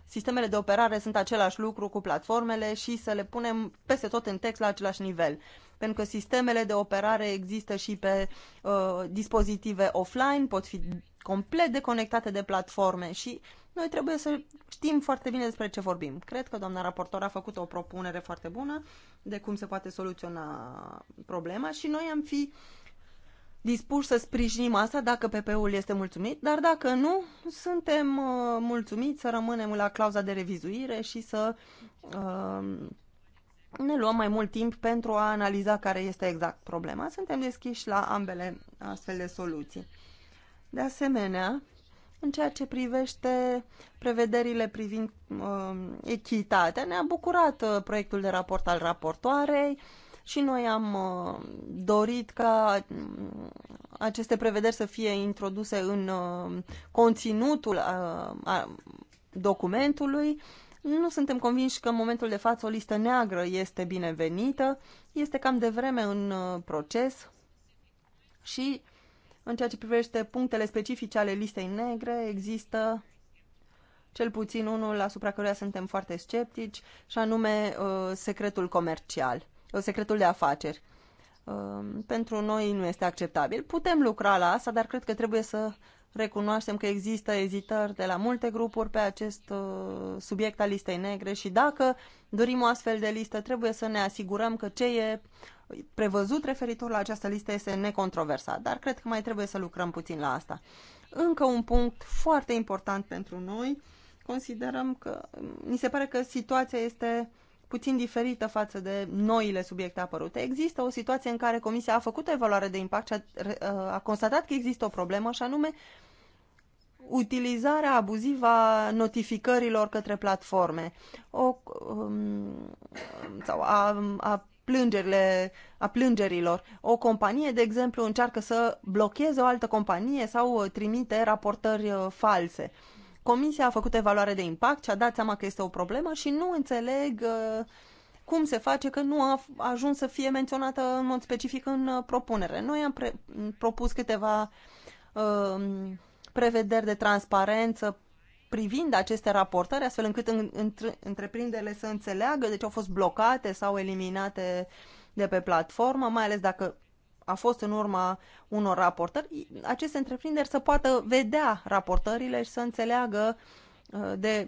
B: sistemele de operare sunt același lucru cu platformele și să le punem peste tot în text la același nivel. Pentru că sistemele de operare există și pe uh, dispozitive offline, pot fi complet deconectate de platforme și noi trebuie să știm foarte bine despre ce vorbim. Cred că doamna raportor a făcut o propunere foarte bună de cum se poate soluționa problema și noi am fi dispuși să sprijinim asta dacă PP-ul este mulțumit, dar dacă nu, suntem uh, mulțumiți să rămânem la clauza de revizuire și să uh, ne luăm mai mult timp pentru a analiza care este exact problema. Suntem deschiși la ambele astfel de soluții. De asemenea, în ceea ce privește prevederile privind uh, echitatea, ne-a bucurat uh, proiectul de raport al raportoarei și noi am uh, dorit ca mm, aceste prevederi să fie introduse în uh, conținutul uh, a documentului. Nu suntem convinși că în momentul de față o listă neagră este binevenită. Este cam vreme în uh, proces și în ceea ce privește punctele specifice ale listei negre, există cel puțin unul asupra căruia suntem foarte sceptici, și anume uh, secretul comercial, uh, secretul de afaceri. Uh, pentru noi nu este acceptabil. Putem lucra la asta, dar cred că trebuie să recunoaștem că există ezitări de la multe grupuri pe acest subiect al listei negre și dacă dorim o astfel de listă, trebuie să ne asigurăm că ce e prevăzut referitor la această listă este necontroversat, dar cred că mai trebuie să lucrăm puțin la asta. Încă un punct foarte important pentru noi, considerăm că, mi se pare că situația este puțin diferită față de noile subiecte apărute. Există o situație în care Comisia a făcut o evaluare de impact și a, a constatat că există o problemă și anume utilizarea abuzivă a notificărilor către platforme o, um, sau a, a plângerile, a plângerilor. O companie, de exemplu, încearcă să blocheze o altă companie sau uh, trimite raportări uh, false. Comisia a făcut evaluare de impact și a dat seama că este o problemă și nu înțeleg uh, cum se face că nu a ajuns să fie menționată în mod specific în propunere. Noi am propus câteva prevederi de transparență privind aceste raportări, astfel încât în, între, întreprinderile să înțeleagă de deci ce au fost blocate sau eliminate de pe platformă, mai ales dacă a fost în urma unor raportări, aceste întreprinderi să poată vedea raportările și să înțeleagă uh, de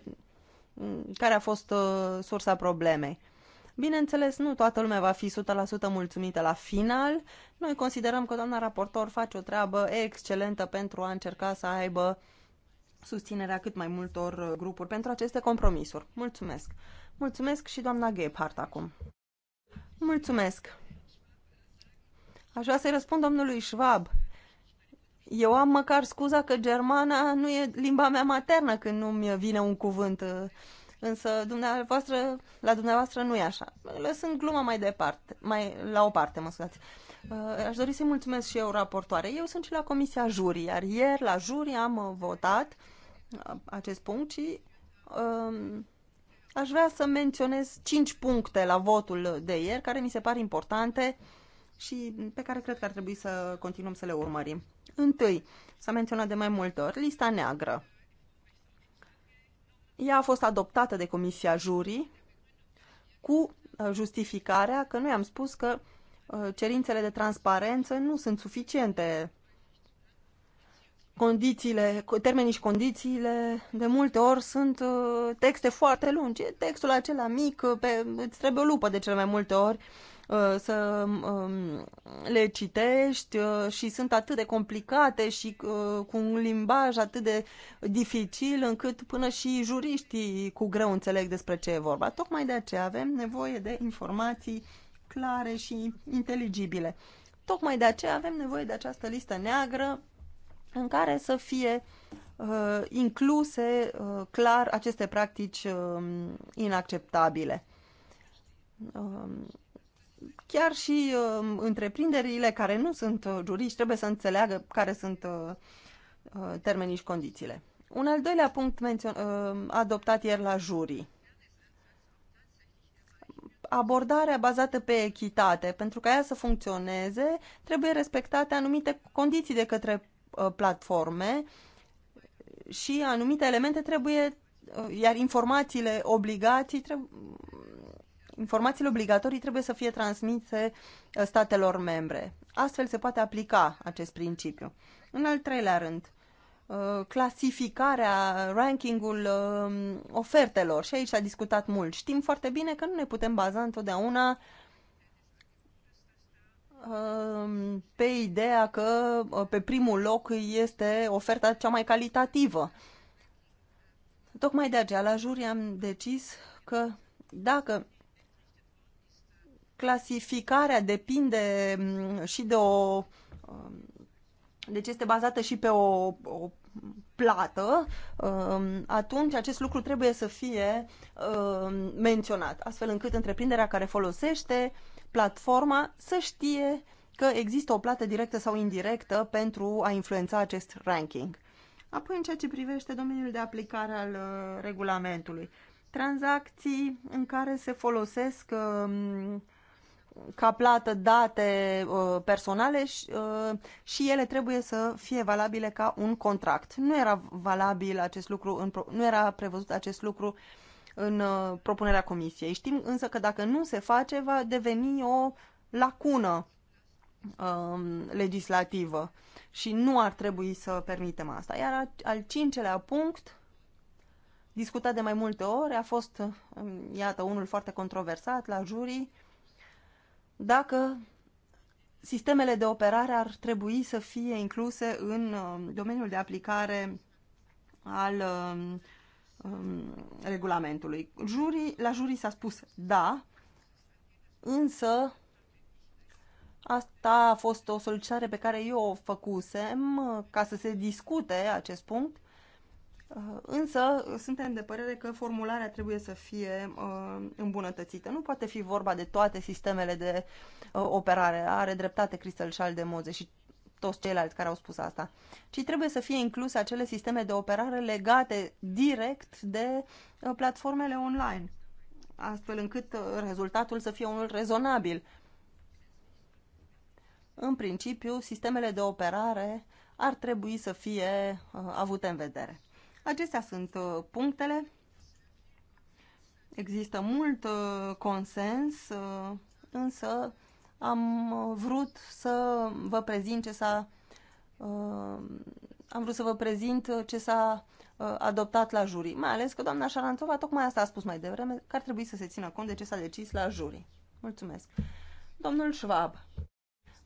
B: mm, care a fost uh, sursa problemei. Bineînțeles, nu toată lumea va fi 100% mulțumită la final. Noi considerăm că doamna raportor face o treabă excelentă pentru a încerca să aibă uh, susținerea cât mai multor uh, grupuri pentru aceste compromisuri. Mulțumesc! Mulțumesc și doamna Gephardt acum. Mulțumesc! Aș vrea să-i răspund domnului Schwab. Eu am măcar scuza că germana nu e limba mea maternă când nu-mi vine un cuvânt. Uh, însă dumneavoastră, la dumneavoastră nu e așa. Lăsând gluma mai departe, mai la o parte, mă scuzați. Uh, Uh, aș dori să-i mulțumesc și eu raportoare. Eu sunt și la Comisia Jurii, iar ieri la Jurii am uh, votat uh, acest punct și um, aș vrea să menționez cinci puncte la votul de ieri care mi se par importante și pe care cred că ar trebui să continuăm să le urmărim. Întâi, s-a menționat de mai multe ori, lista neagră. Ea a fost adoptată de Comisia Jurii cu justificarea că noi am spus că Uh, cerințele de transparență nu sunt suficiente. Condițiile, termenii și condițiile de multe ori sunt uh, texte foarte lungi. Textul acela mic, uh, pe, îți trebuie o lupă de cele mai multe ori să um, le citești și sunt atât de complicate și cu un limbaj atât de dificil încât până și juriștii cu greu înțeleg despre ce e vorba. Tocmai de aceea avem nevoie de informații clare și inteligibile. Tocmai de aceea avem nevoie de această listă neagră în care să fie uh, incluse uh, clar aceste practici uh, inacceptabile. Uh, chiar și uh, întreprinderile care nu sunt uh, juriști trebuie să înțeleagă care sunt uh, uh termenii și condițiile. Un al doilea punct menționat uh, adoptat ieri la jurii abordarea bazată pe echitate. Pentru ca ea să funcționeze, trebuie respectate anumite condiții de către uh, platforme și anumite elemente trebuie, uh, iar informațiile obligații trebuie, informațiile obligatorii trebuie să fie transmise uh, statelor membre. Astfel se poate aplica acest principiu. În al treilea rând, Uh, clasificarea, rankingul um, ofertelor și aici s-a discutat mult. Știm foarte bine că nu ne putem baza întotdeauna um, pe ideea că uh, pe primul loc este oferta cea mai calitativă. Tocmai de aceea la juri am decis că dacă clasificarea depinde um, și de o deci este bazată și pe o, o plată, um, atunci acest lucru trebuie să fie um, menționat, astfel încât întreprinderea care folosește platforma să știe că există o plată directă sau indirectă pentru a influența acest ranking. Apoi, în ceea ce privește domeniul de aplicare al uh, regulamentului, tranzacții în care se folosesc um, ca plată date uh, personale și, uh, și ele trebuie să fie valabile ca un contract. Nu era valabil acest lucru, în, nu era prevăzut acest lucru în uh, propunerea comisiei. Știm însă că dacă nu se face, va deveni o lacună uh, legislativă și nu ar trebui să permitem asta. Iar al cincelea punct discutat de mai multe ori, a fost, um, iată, unul foarte controversat la jurii, dacă sistemele de operare ar trebui să fie incluse în um, domeniul de aplicare al um, um, regulamentului. Jurii, la jurii s-a spus da, însă asta a fost o solicitare pe care eu o făcusem uh, ca să se discute acest punct Uh, însă, suntem de părere că formularea trebuie să fie uh, îmbunătățită. Nu poate fi vorba de toate sistemele de uh, operare. Are dreptate Cristel Schall de Moze și toți ceilalți care au spus asta, ci trebuie să fie incluse acele sisteme de operare legate direct de uh, platformele online, astfel încât uh, rezultatul să fie unul rezonabil. În principiu, sistemele de operare ar trebui să fie uh, avute în vedere. Acestea sunt uh, punctele. Există mult uh, consens, uh, însă am vrut să vă prezint ce s-a am vrut să vă prezint ce s-a adoptat la jurii, mai ales că doamna Șaranțova tocmai asta a spus mai devreme, că ar trebui să se țină cont de ce s-a decis la jurii. Mulțumesc. Domnul Schwab.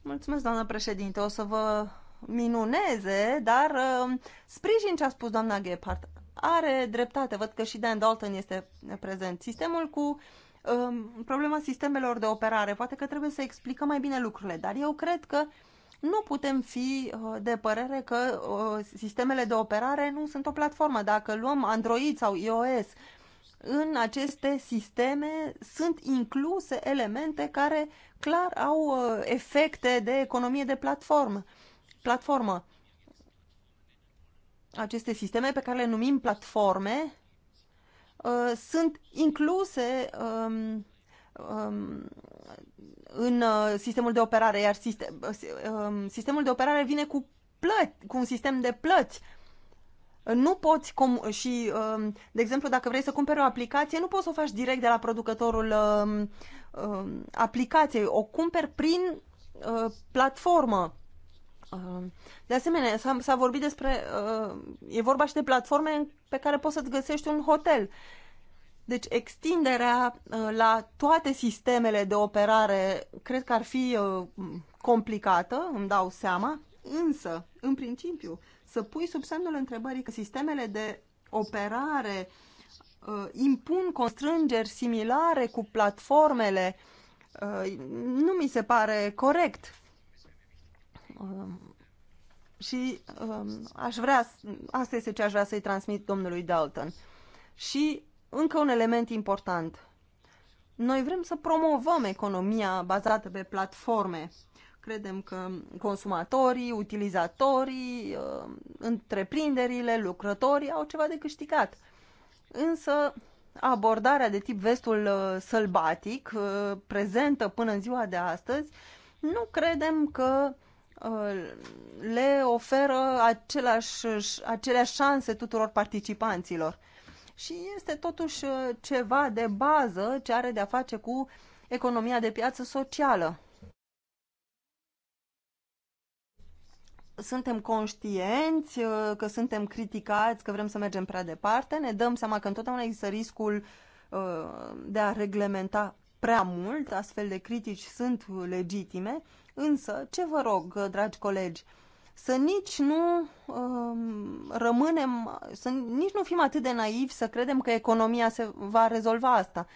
B: Mulțumesc, doamnă președinte. O să vă minuneze, dar uh, sprijin ce a spus doamna Gephardt. Are dreptate, văd că și Dan Dalton este prezent. Sistemul cu um, problema sistemelor de operare, poate că trebuie să explicăm mai bine lucrurile, dar eu cred că nu putem fi uh, de părere că uh, sistemele de operare nu sunt o platformă. Dacă luăm Android sau iOS, în aceste sisteme sunt incluse elemente care clar au uh, efecte de economie de platformă platformă. Aceste sisteme pe care le numim platforme uh, sunt incluse um, um, în uh, sistemul de operare, iar sistem, uh, um, sistemul de operare vine cu plăți, cu un sistem de plăți. Nu poți, com- și, um, de exemplu, dacă vrei să cumperi o aplicație, nu poți să o faci direct de la producătorul um, aplicației. O cumperi prin uh, platformă. Ehm, de asemenea, s-a, vorbit despre. Ehm, e vorba și de platforme pe care poți să-ți găsești un hotel. Deci, extinderea eh, la toate sistemele de operare cred că ar fi eh, complicată, îmi dau seama, însă, în principiu, să pui sub semnul întrebării că sistemele de operare eh, impun constrângeri similare cu platformele nu mi se pare corect Um, și um, aș vrea, asta este ce aș vrea să-i transmit domnului Dalton. Și încă un element important. Noi vrem să promovăm economia bazată pe platforme. Credem că consumatorii, utilizatorii, um, întreprinderile, lucrătorii au ceva de câștigat. Însă abordarea de tip vestul uh, sălbatic uh, prezentă până în ziua de astăzi nu credem că Uh, le oferă aceleași, aceleași șanse tuturor participanților. Și este totuși uh, ceva de bază ce are de-a face cu economia de piață socială. Suntem conștienți uh, că suntem criticați, că vrem să mergem prea departe, ne dăm seama că întotdeauna există riscul de a reglementa prea mult, astfel de critici sunt legitime, Însă, ce vă rog, dragi colegi, să nici nu um, rămânem, să nici nu fim atât de naivi să credem că economia se va rezolva asta.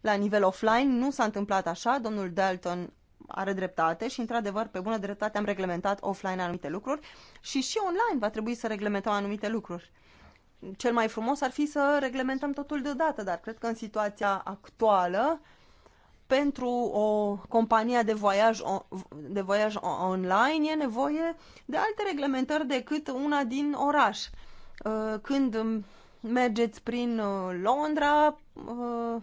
B: La nivel offline nu s-a întâmplat așa, domnul Dalton are dreptate și, într-adevăr, pe bună dreptate am reglementat offline anumite lucruri și și online va trebui să reglementăm anumite lucruri. Cel mai frumos ar fi să reglementăm totul deodată, dar cred că în situația actuală pentru o companie de voiaj, de voiaj online e nevoie de alte reglementări decât una din oraș. Uh, când mergeți prin uh, Londra, uh,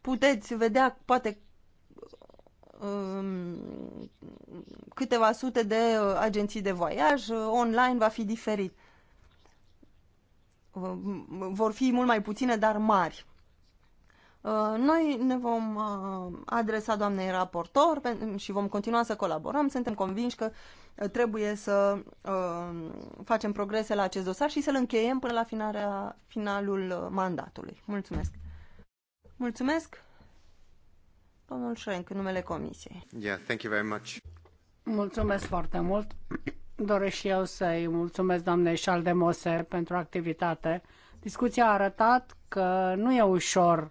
B: puteți vedea poate um, câteva sute de agenții de voiaj, online va fi diferit. Vor fi mult mai puține, dar mari Uh, noi ne vom uh, adresa doamnei raportor și vom continua să colaborăm. Suntem convinși că uh, trebuie să facem progrese la acest dosar și să-l încheiem până la finalul mandatului. Mulțumesc! Mulțumesc! Domnul Schrenk, în numele Comisiei.
C: Yeah, thank you very much.
B: Mulțumesc foarte mult!
E: Doresc și eu să-i mulțumesc doamnei Șaldemose pentru activitate. Discuția a arătat că nu e ușor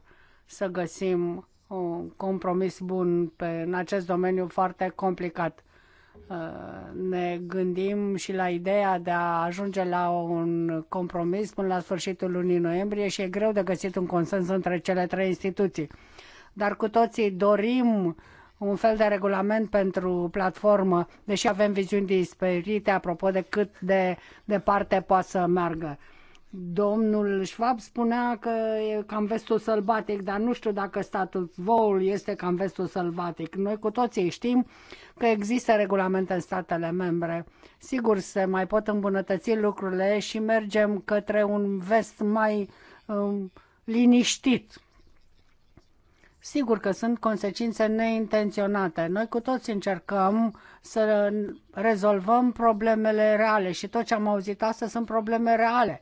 E: să găsim un compromis bun pe, în acest domeniu foarte complicat. Uh, ne gândim și la ideea de a ajunge la un compromis până la sfârșitul lunii noiembrie și e greu de găsit un consens între cele trei instituții. Dar cu toții dorim un fel de regulament pentru platformă, deși avem viziuni disperite apropo de cât de departe poate să meargă. Domnul Schwab spunea că e cam vestul sălbatic, dar nu știu dacă statul voul este cam vestul sălbatic. Noi cu toții știm că există regulamente în statele membre. Sigur, se mai pot îmbunătăți lucrurile și mergem către un vest mai um, liniștit. Sigur că sunt consecințe neintenționate. Noi cu toți încercăm să rezolvăm problemele reale și tot ce am auzit astăzi sunt probleme reale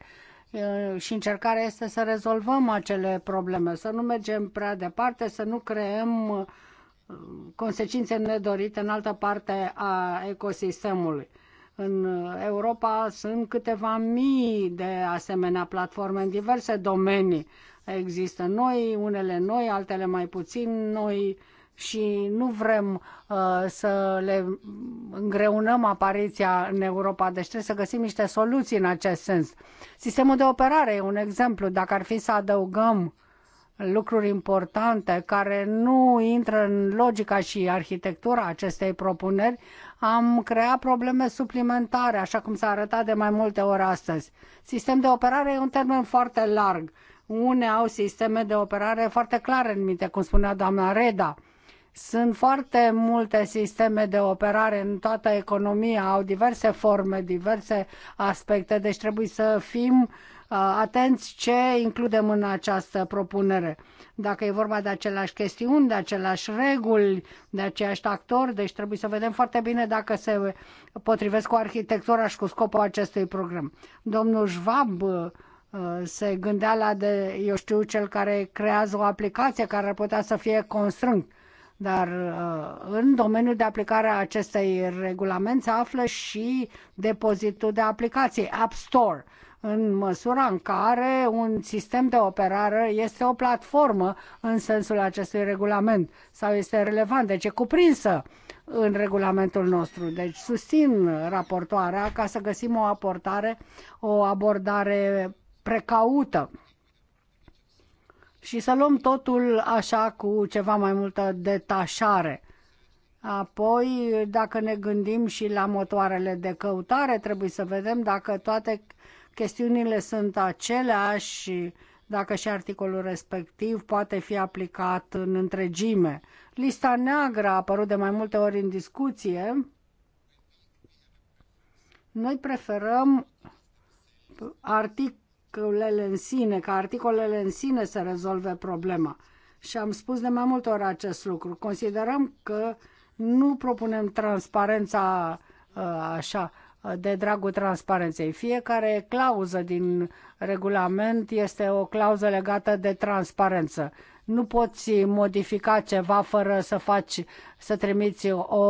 E: și încercarea este să rezolvăm acele probleme, să nu mergem prea departe, să nu creăm uh, consecințe nedorite în altă parte a ecosistemului. În Europa sunt câteva mii de asemenea platforme în diverse domenii. Există noi, unele noi, altele mai puțin noi, și nu vrem uh, să le îngreunăm apariția în Europa, deci trebuie să găsim niște soluții în acest sens. Sistemul de operare e un exemplu, dacă ar fi să adăugăm lucruri importante care nu intră în logica și arhitectura acestei propuneri, am creat probleme suplimentare, așa cum s-a arătat de mai multe ori astăzi. Sistem de operare e un termen foarte larg. Unele au sisteme de operare foarte clare în minte, cum spunea doamna Reda sunt foarte multe sisteme de operare în toată economia, au diverse forme, diverse aspecte, deci trebuie să fim uh, atenți ce includem în această propunere. Dacă e vorba de aceleași chestiuni, de aceleași reguli, de aceiași actori, deci trebuie să vedem foarte bine dacă se potrivesc cu arhitectura și cu scopul acestui program. Domnul Schwab uh, se gândea la, de, eu știu, cel care creează o aplicație care ar putea să fie constrânt dar uh, în domeniul de aplicare a acestei regulament se află și depozitul de aplicații, App Store, în măsura în care un sistem de operare este o platformă în sensul acestui regulament sau este relevant, deci e cuprinsă în regulamentul nostru. Deci susțin raportoarea ca să găsim o aportare, o abordare precaută și să luăm totul așa cu ceva mai multă detașare. Apoi, dacă ne gândim și la motoarele de căutare, trebuie să vedem dacă toate chestiunile sunt aceleași și dacă și articolul respectiv poate fi aplicat în întregime. Lista neagră a apărut de mai multe ori în discuție. Noi preferăm artic, articolele în sine, ca articolele în sine să rezolve problema. Și am spus de mai multe ori acest lucru. Considerăm că nu propunem transparența uh, așa de dragul transparenței. Fiecare clauză din regulament este o clauză legată de transparență nu poți modifica ceva fără să faci, să trimiți o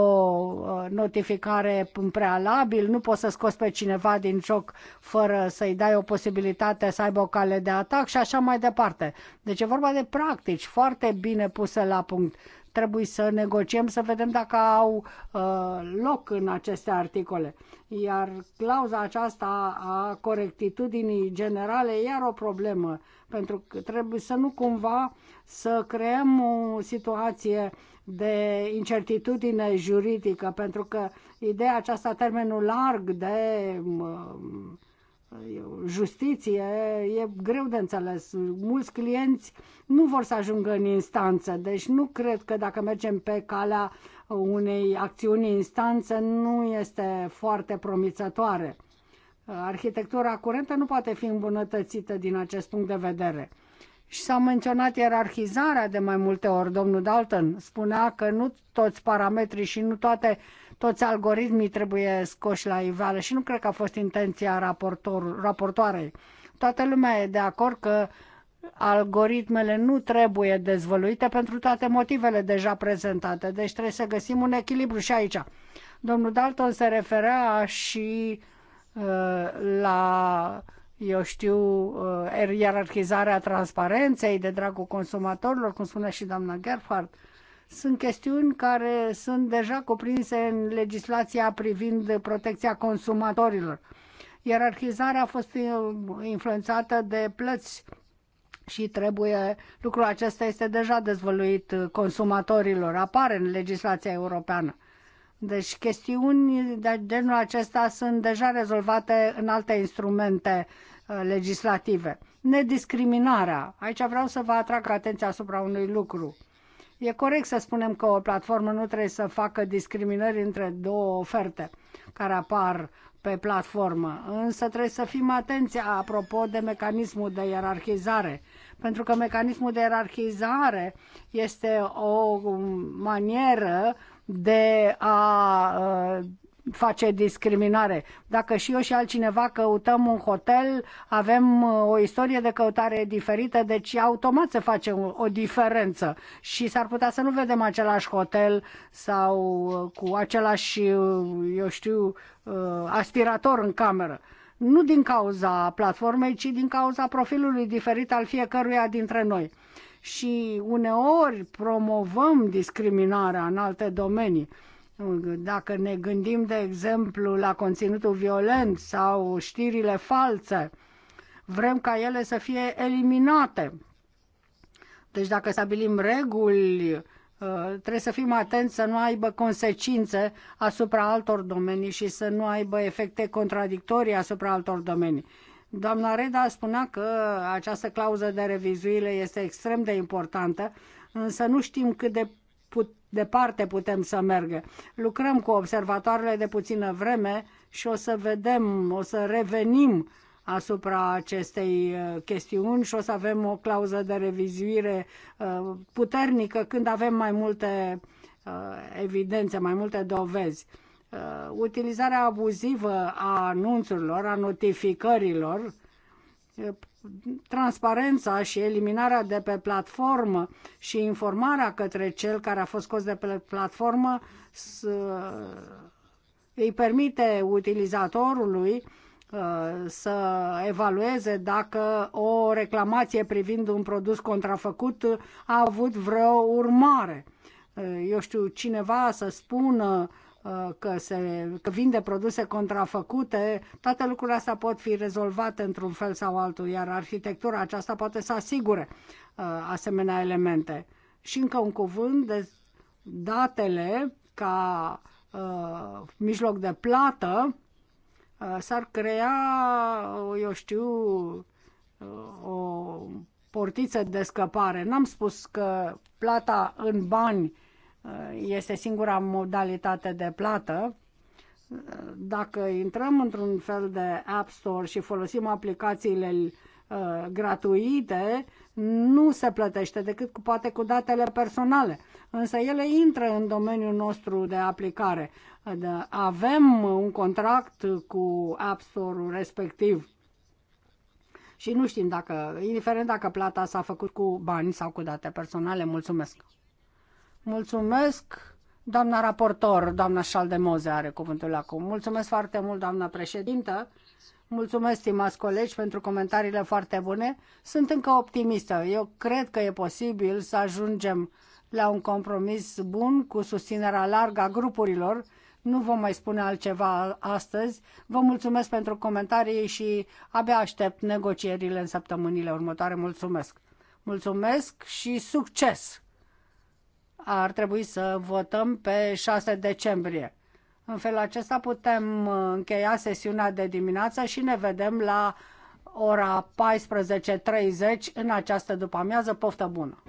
E: notificare în prealabil, nu poți să scoți pe cineva din joc fără să-i dai o posibilitate să aibă o cale de atac și așa mai departe. Deci e vorba de practici foarte bine puse la punct trebuie să negociem să vedem dacă au uh, loc în aceste articole. Iar clauza aceasta a corectitudinii generale e iar o problemă pentru că trebuie să nu cumva să creăm o situație de incertitudine juridică, pentru că ideea aceasta, termenul larg de uh, justiție, e greu de înțeles. Mulți clienți nu vor să ajungă în instanță, deci nu cred că dacă mergem pe calea unei acțiuni instanță nu este foarte promițătoare. Arhitectura curentă nu poate fi îmbunătățită din acest punct de vedere. Și s-a menționat ierarhizarea de mai multe ori. Domnul Dalton spunea că nu toți parametrii și nu toate, toți algoritmii trebuie scoși la iveală și nu cred că a fost intenția raportoarei. Toată lumea e de acord că algoritmele nu trebuie dezvăluite pentru toate motivele deja prezentate. Deci trebuie să găsim un echilibru și aici. Domnul Dalton se referea și uh, la, eu știu, eh, er, ierarhizarea transparenței de dragul consumatorilor, cum spunea și doamna Gerhardt, sunt chestiuni care sunt deja cuprinse în legislația privind protecția consumatorilor. Ierarhizarea a fost influențată de plăți și trebuie, lucrul acesta este deja dezvăluit consumatorilor, apare în legislația europeană. Deci chestiuni de genul acesta sunt deja rezolvate în alte instrumente uh, legislative. Nediscriminarea. Aici vreau să vă atrag atenția asupra unui lucru. E corect să spunem că o platformă nu trebuie să facă discriminări între două oferte care apar pe platformă, însă trebuie să fim atenți apropo de mecanismul de ierarhizare, pentru că mecanismul de ierarhizare este o manieră de a ă, face discriminare. Dacă și eu și altcineva căutăm un hotel, avem ă, o istorie de căutare diferită, deci automat se face o diferență și s-ar putea să nu vedem același hotel sau ă, cu același, eu știu, aspirator în cameră nu din cauza platformei, ci din cauza profilului diferit al fiecăruia dintre noi și uneori promovăm discriminarea în alte domenii. Dacă ne gândim, de exemplu, la conținutul violent sau știrile false, vrem ca ele să fie eliminate. Deci dacă stabilim reguli, uh, trebuie să fim atenți să nu aibă consecințe asupra altor domenii și să nu aibă efecte contradictorii asupra altor domenii. Doamna Reda spunea că această clauză de revizuire este extrem de importantă, însă nu știm cât de put- departe putem să mergă. Lucrăm cu observatoarele de puțină vreme și o să vedem, o să revenim asupra acestei uh, chestiuni și o să avem o clauză de revizuire uh, puternică când avem mai multe uh, evidențe, mai multe dovezi. Uh, utilizarea abuzivă a anunțurilor, a notificărilor, uh, transparența și eliminarea de pe platformă și informarea către cel care a fost scos de pe platformă uh, îi permite utilizatorului să evalueze dacă o reclamație privind un produs contrafăcut a avut vreo urmare. Eu știu, cineva să spună Uh, că, se, că vinde produse contrafăcute, toate lucrurile astea pot fi rezolvate într-un fel sau altul, iar arhitectura aceasta poate să asigure uh, asemenea elemente. Și încă un cuvânt de datele ca uh, mijloc de plată uh, s-ar crea, uh, eu știu, uh, o portiță de scăpare. N-am spus că plata în bani este singura modalitate de plată. Dacă intrăm într-un fel de App Store și folosim aplicațiile uh, gratuite, nu se plătește decât cu, poate cu datele personale. Însă ele intră în domeniul nostru de aplicare. Avem un contract cu App Store-ul respectiv și nu știm dacă, indiferent dacă plata s-a făcut cu bani sau cu date personale, mulțumesc. Mulțumesc, doamna raportor, doamna Șaldemoze are cuvântul acum. Mulțumesc foarte mult, doamna președintă. Mulțumesc, stimați colegi, pentru comentariile foarte bune. Sunt încă optimistă. Eu cred că e posibil să ajungem la un compromis bun cu susținerea largă a grupurilor. Nu vom mai spune altceva astăzi. Vă mulțumesc pentru comentarii și abia aștept negocierile în săptămânile următoare. Mulțumesc! Mulțumesc și succes! ar trebui să votăm pe 6 decembrie. În felul acesta putem uh, încheia sesiunea de dimineață și ne vedem la ora 14.30 în această după-amiază. Poftă bună!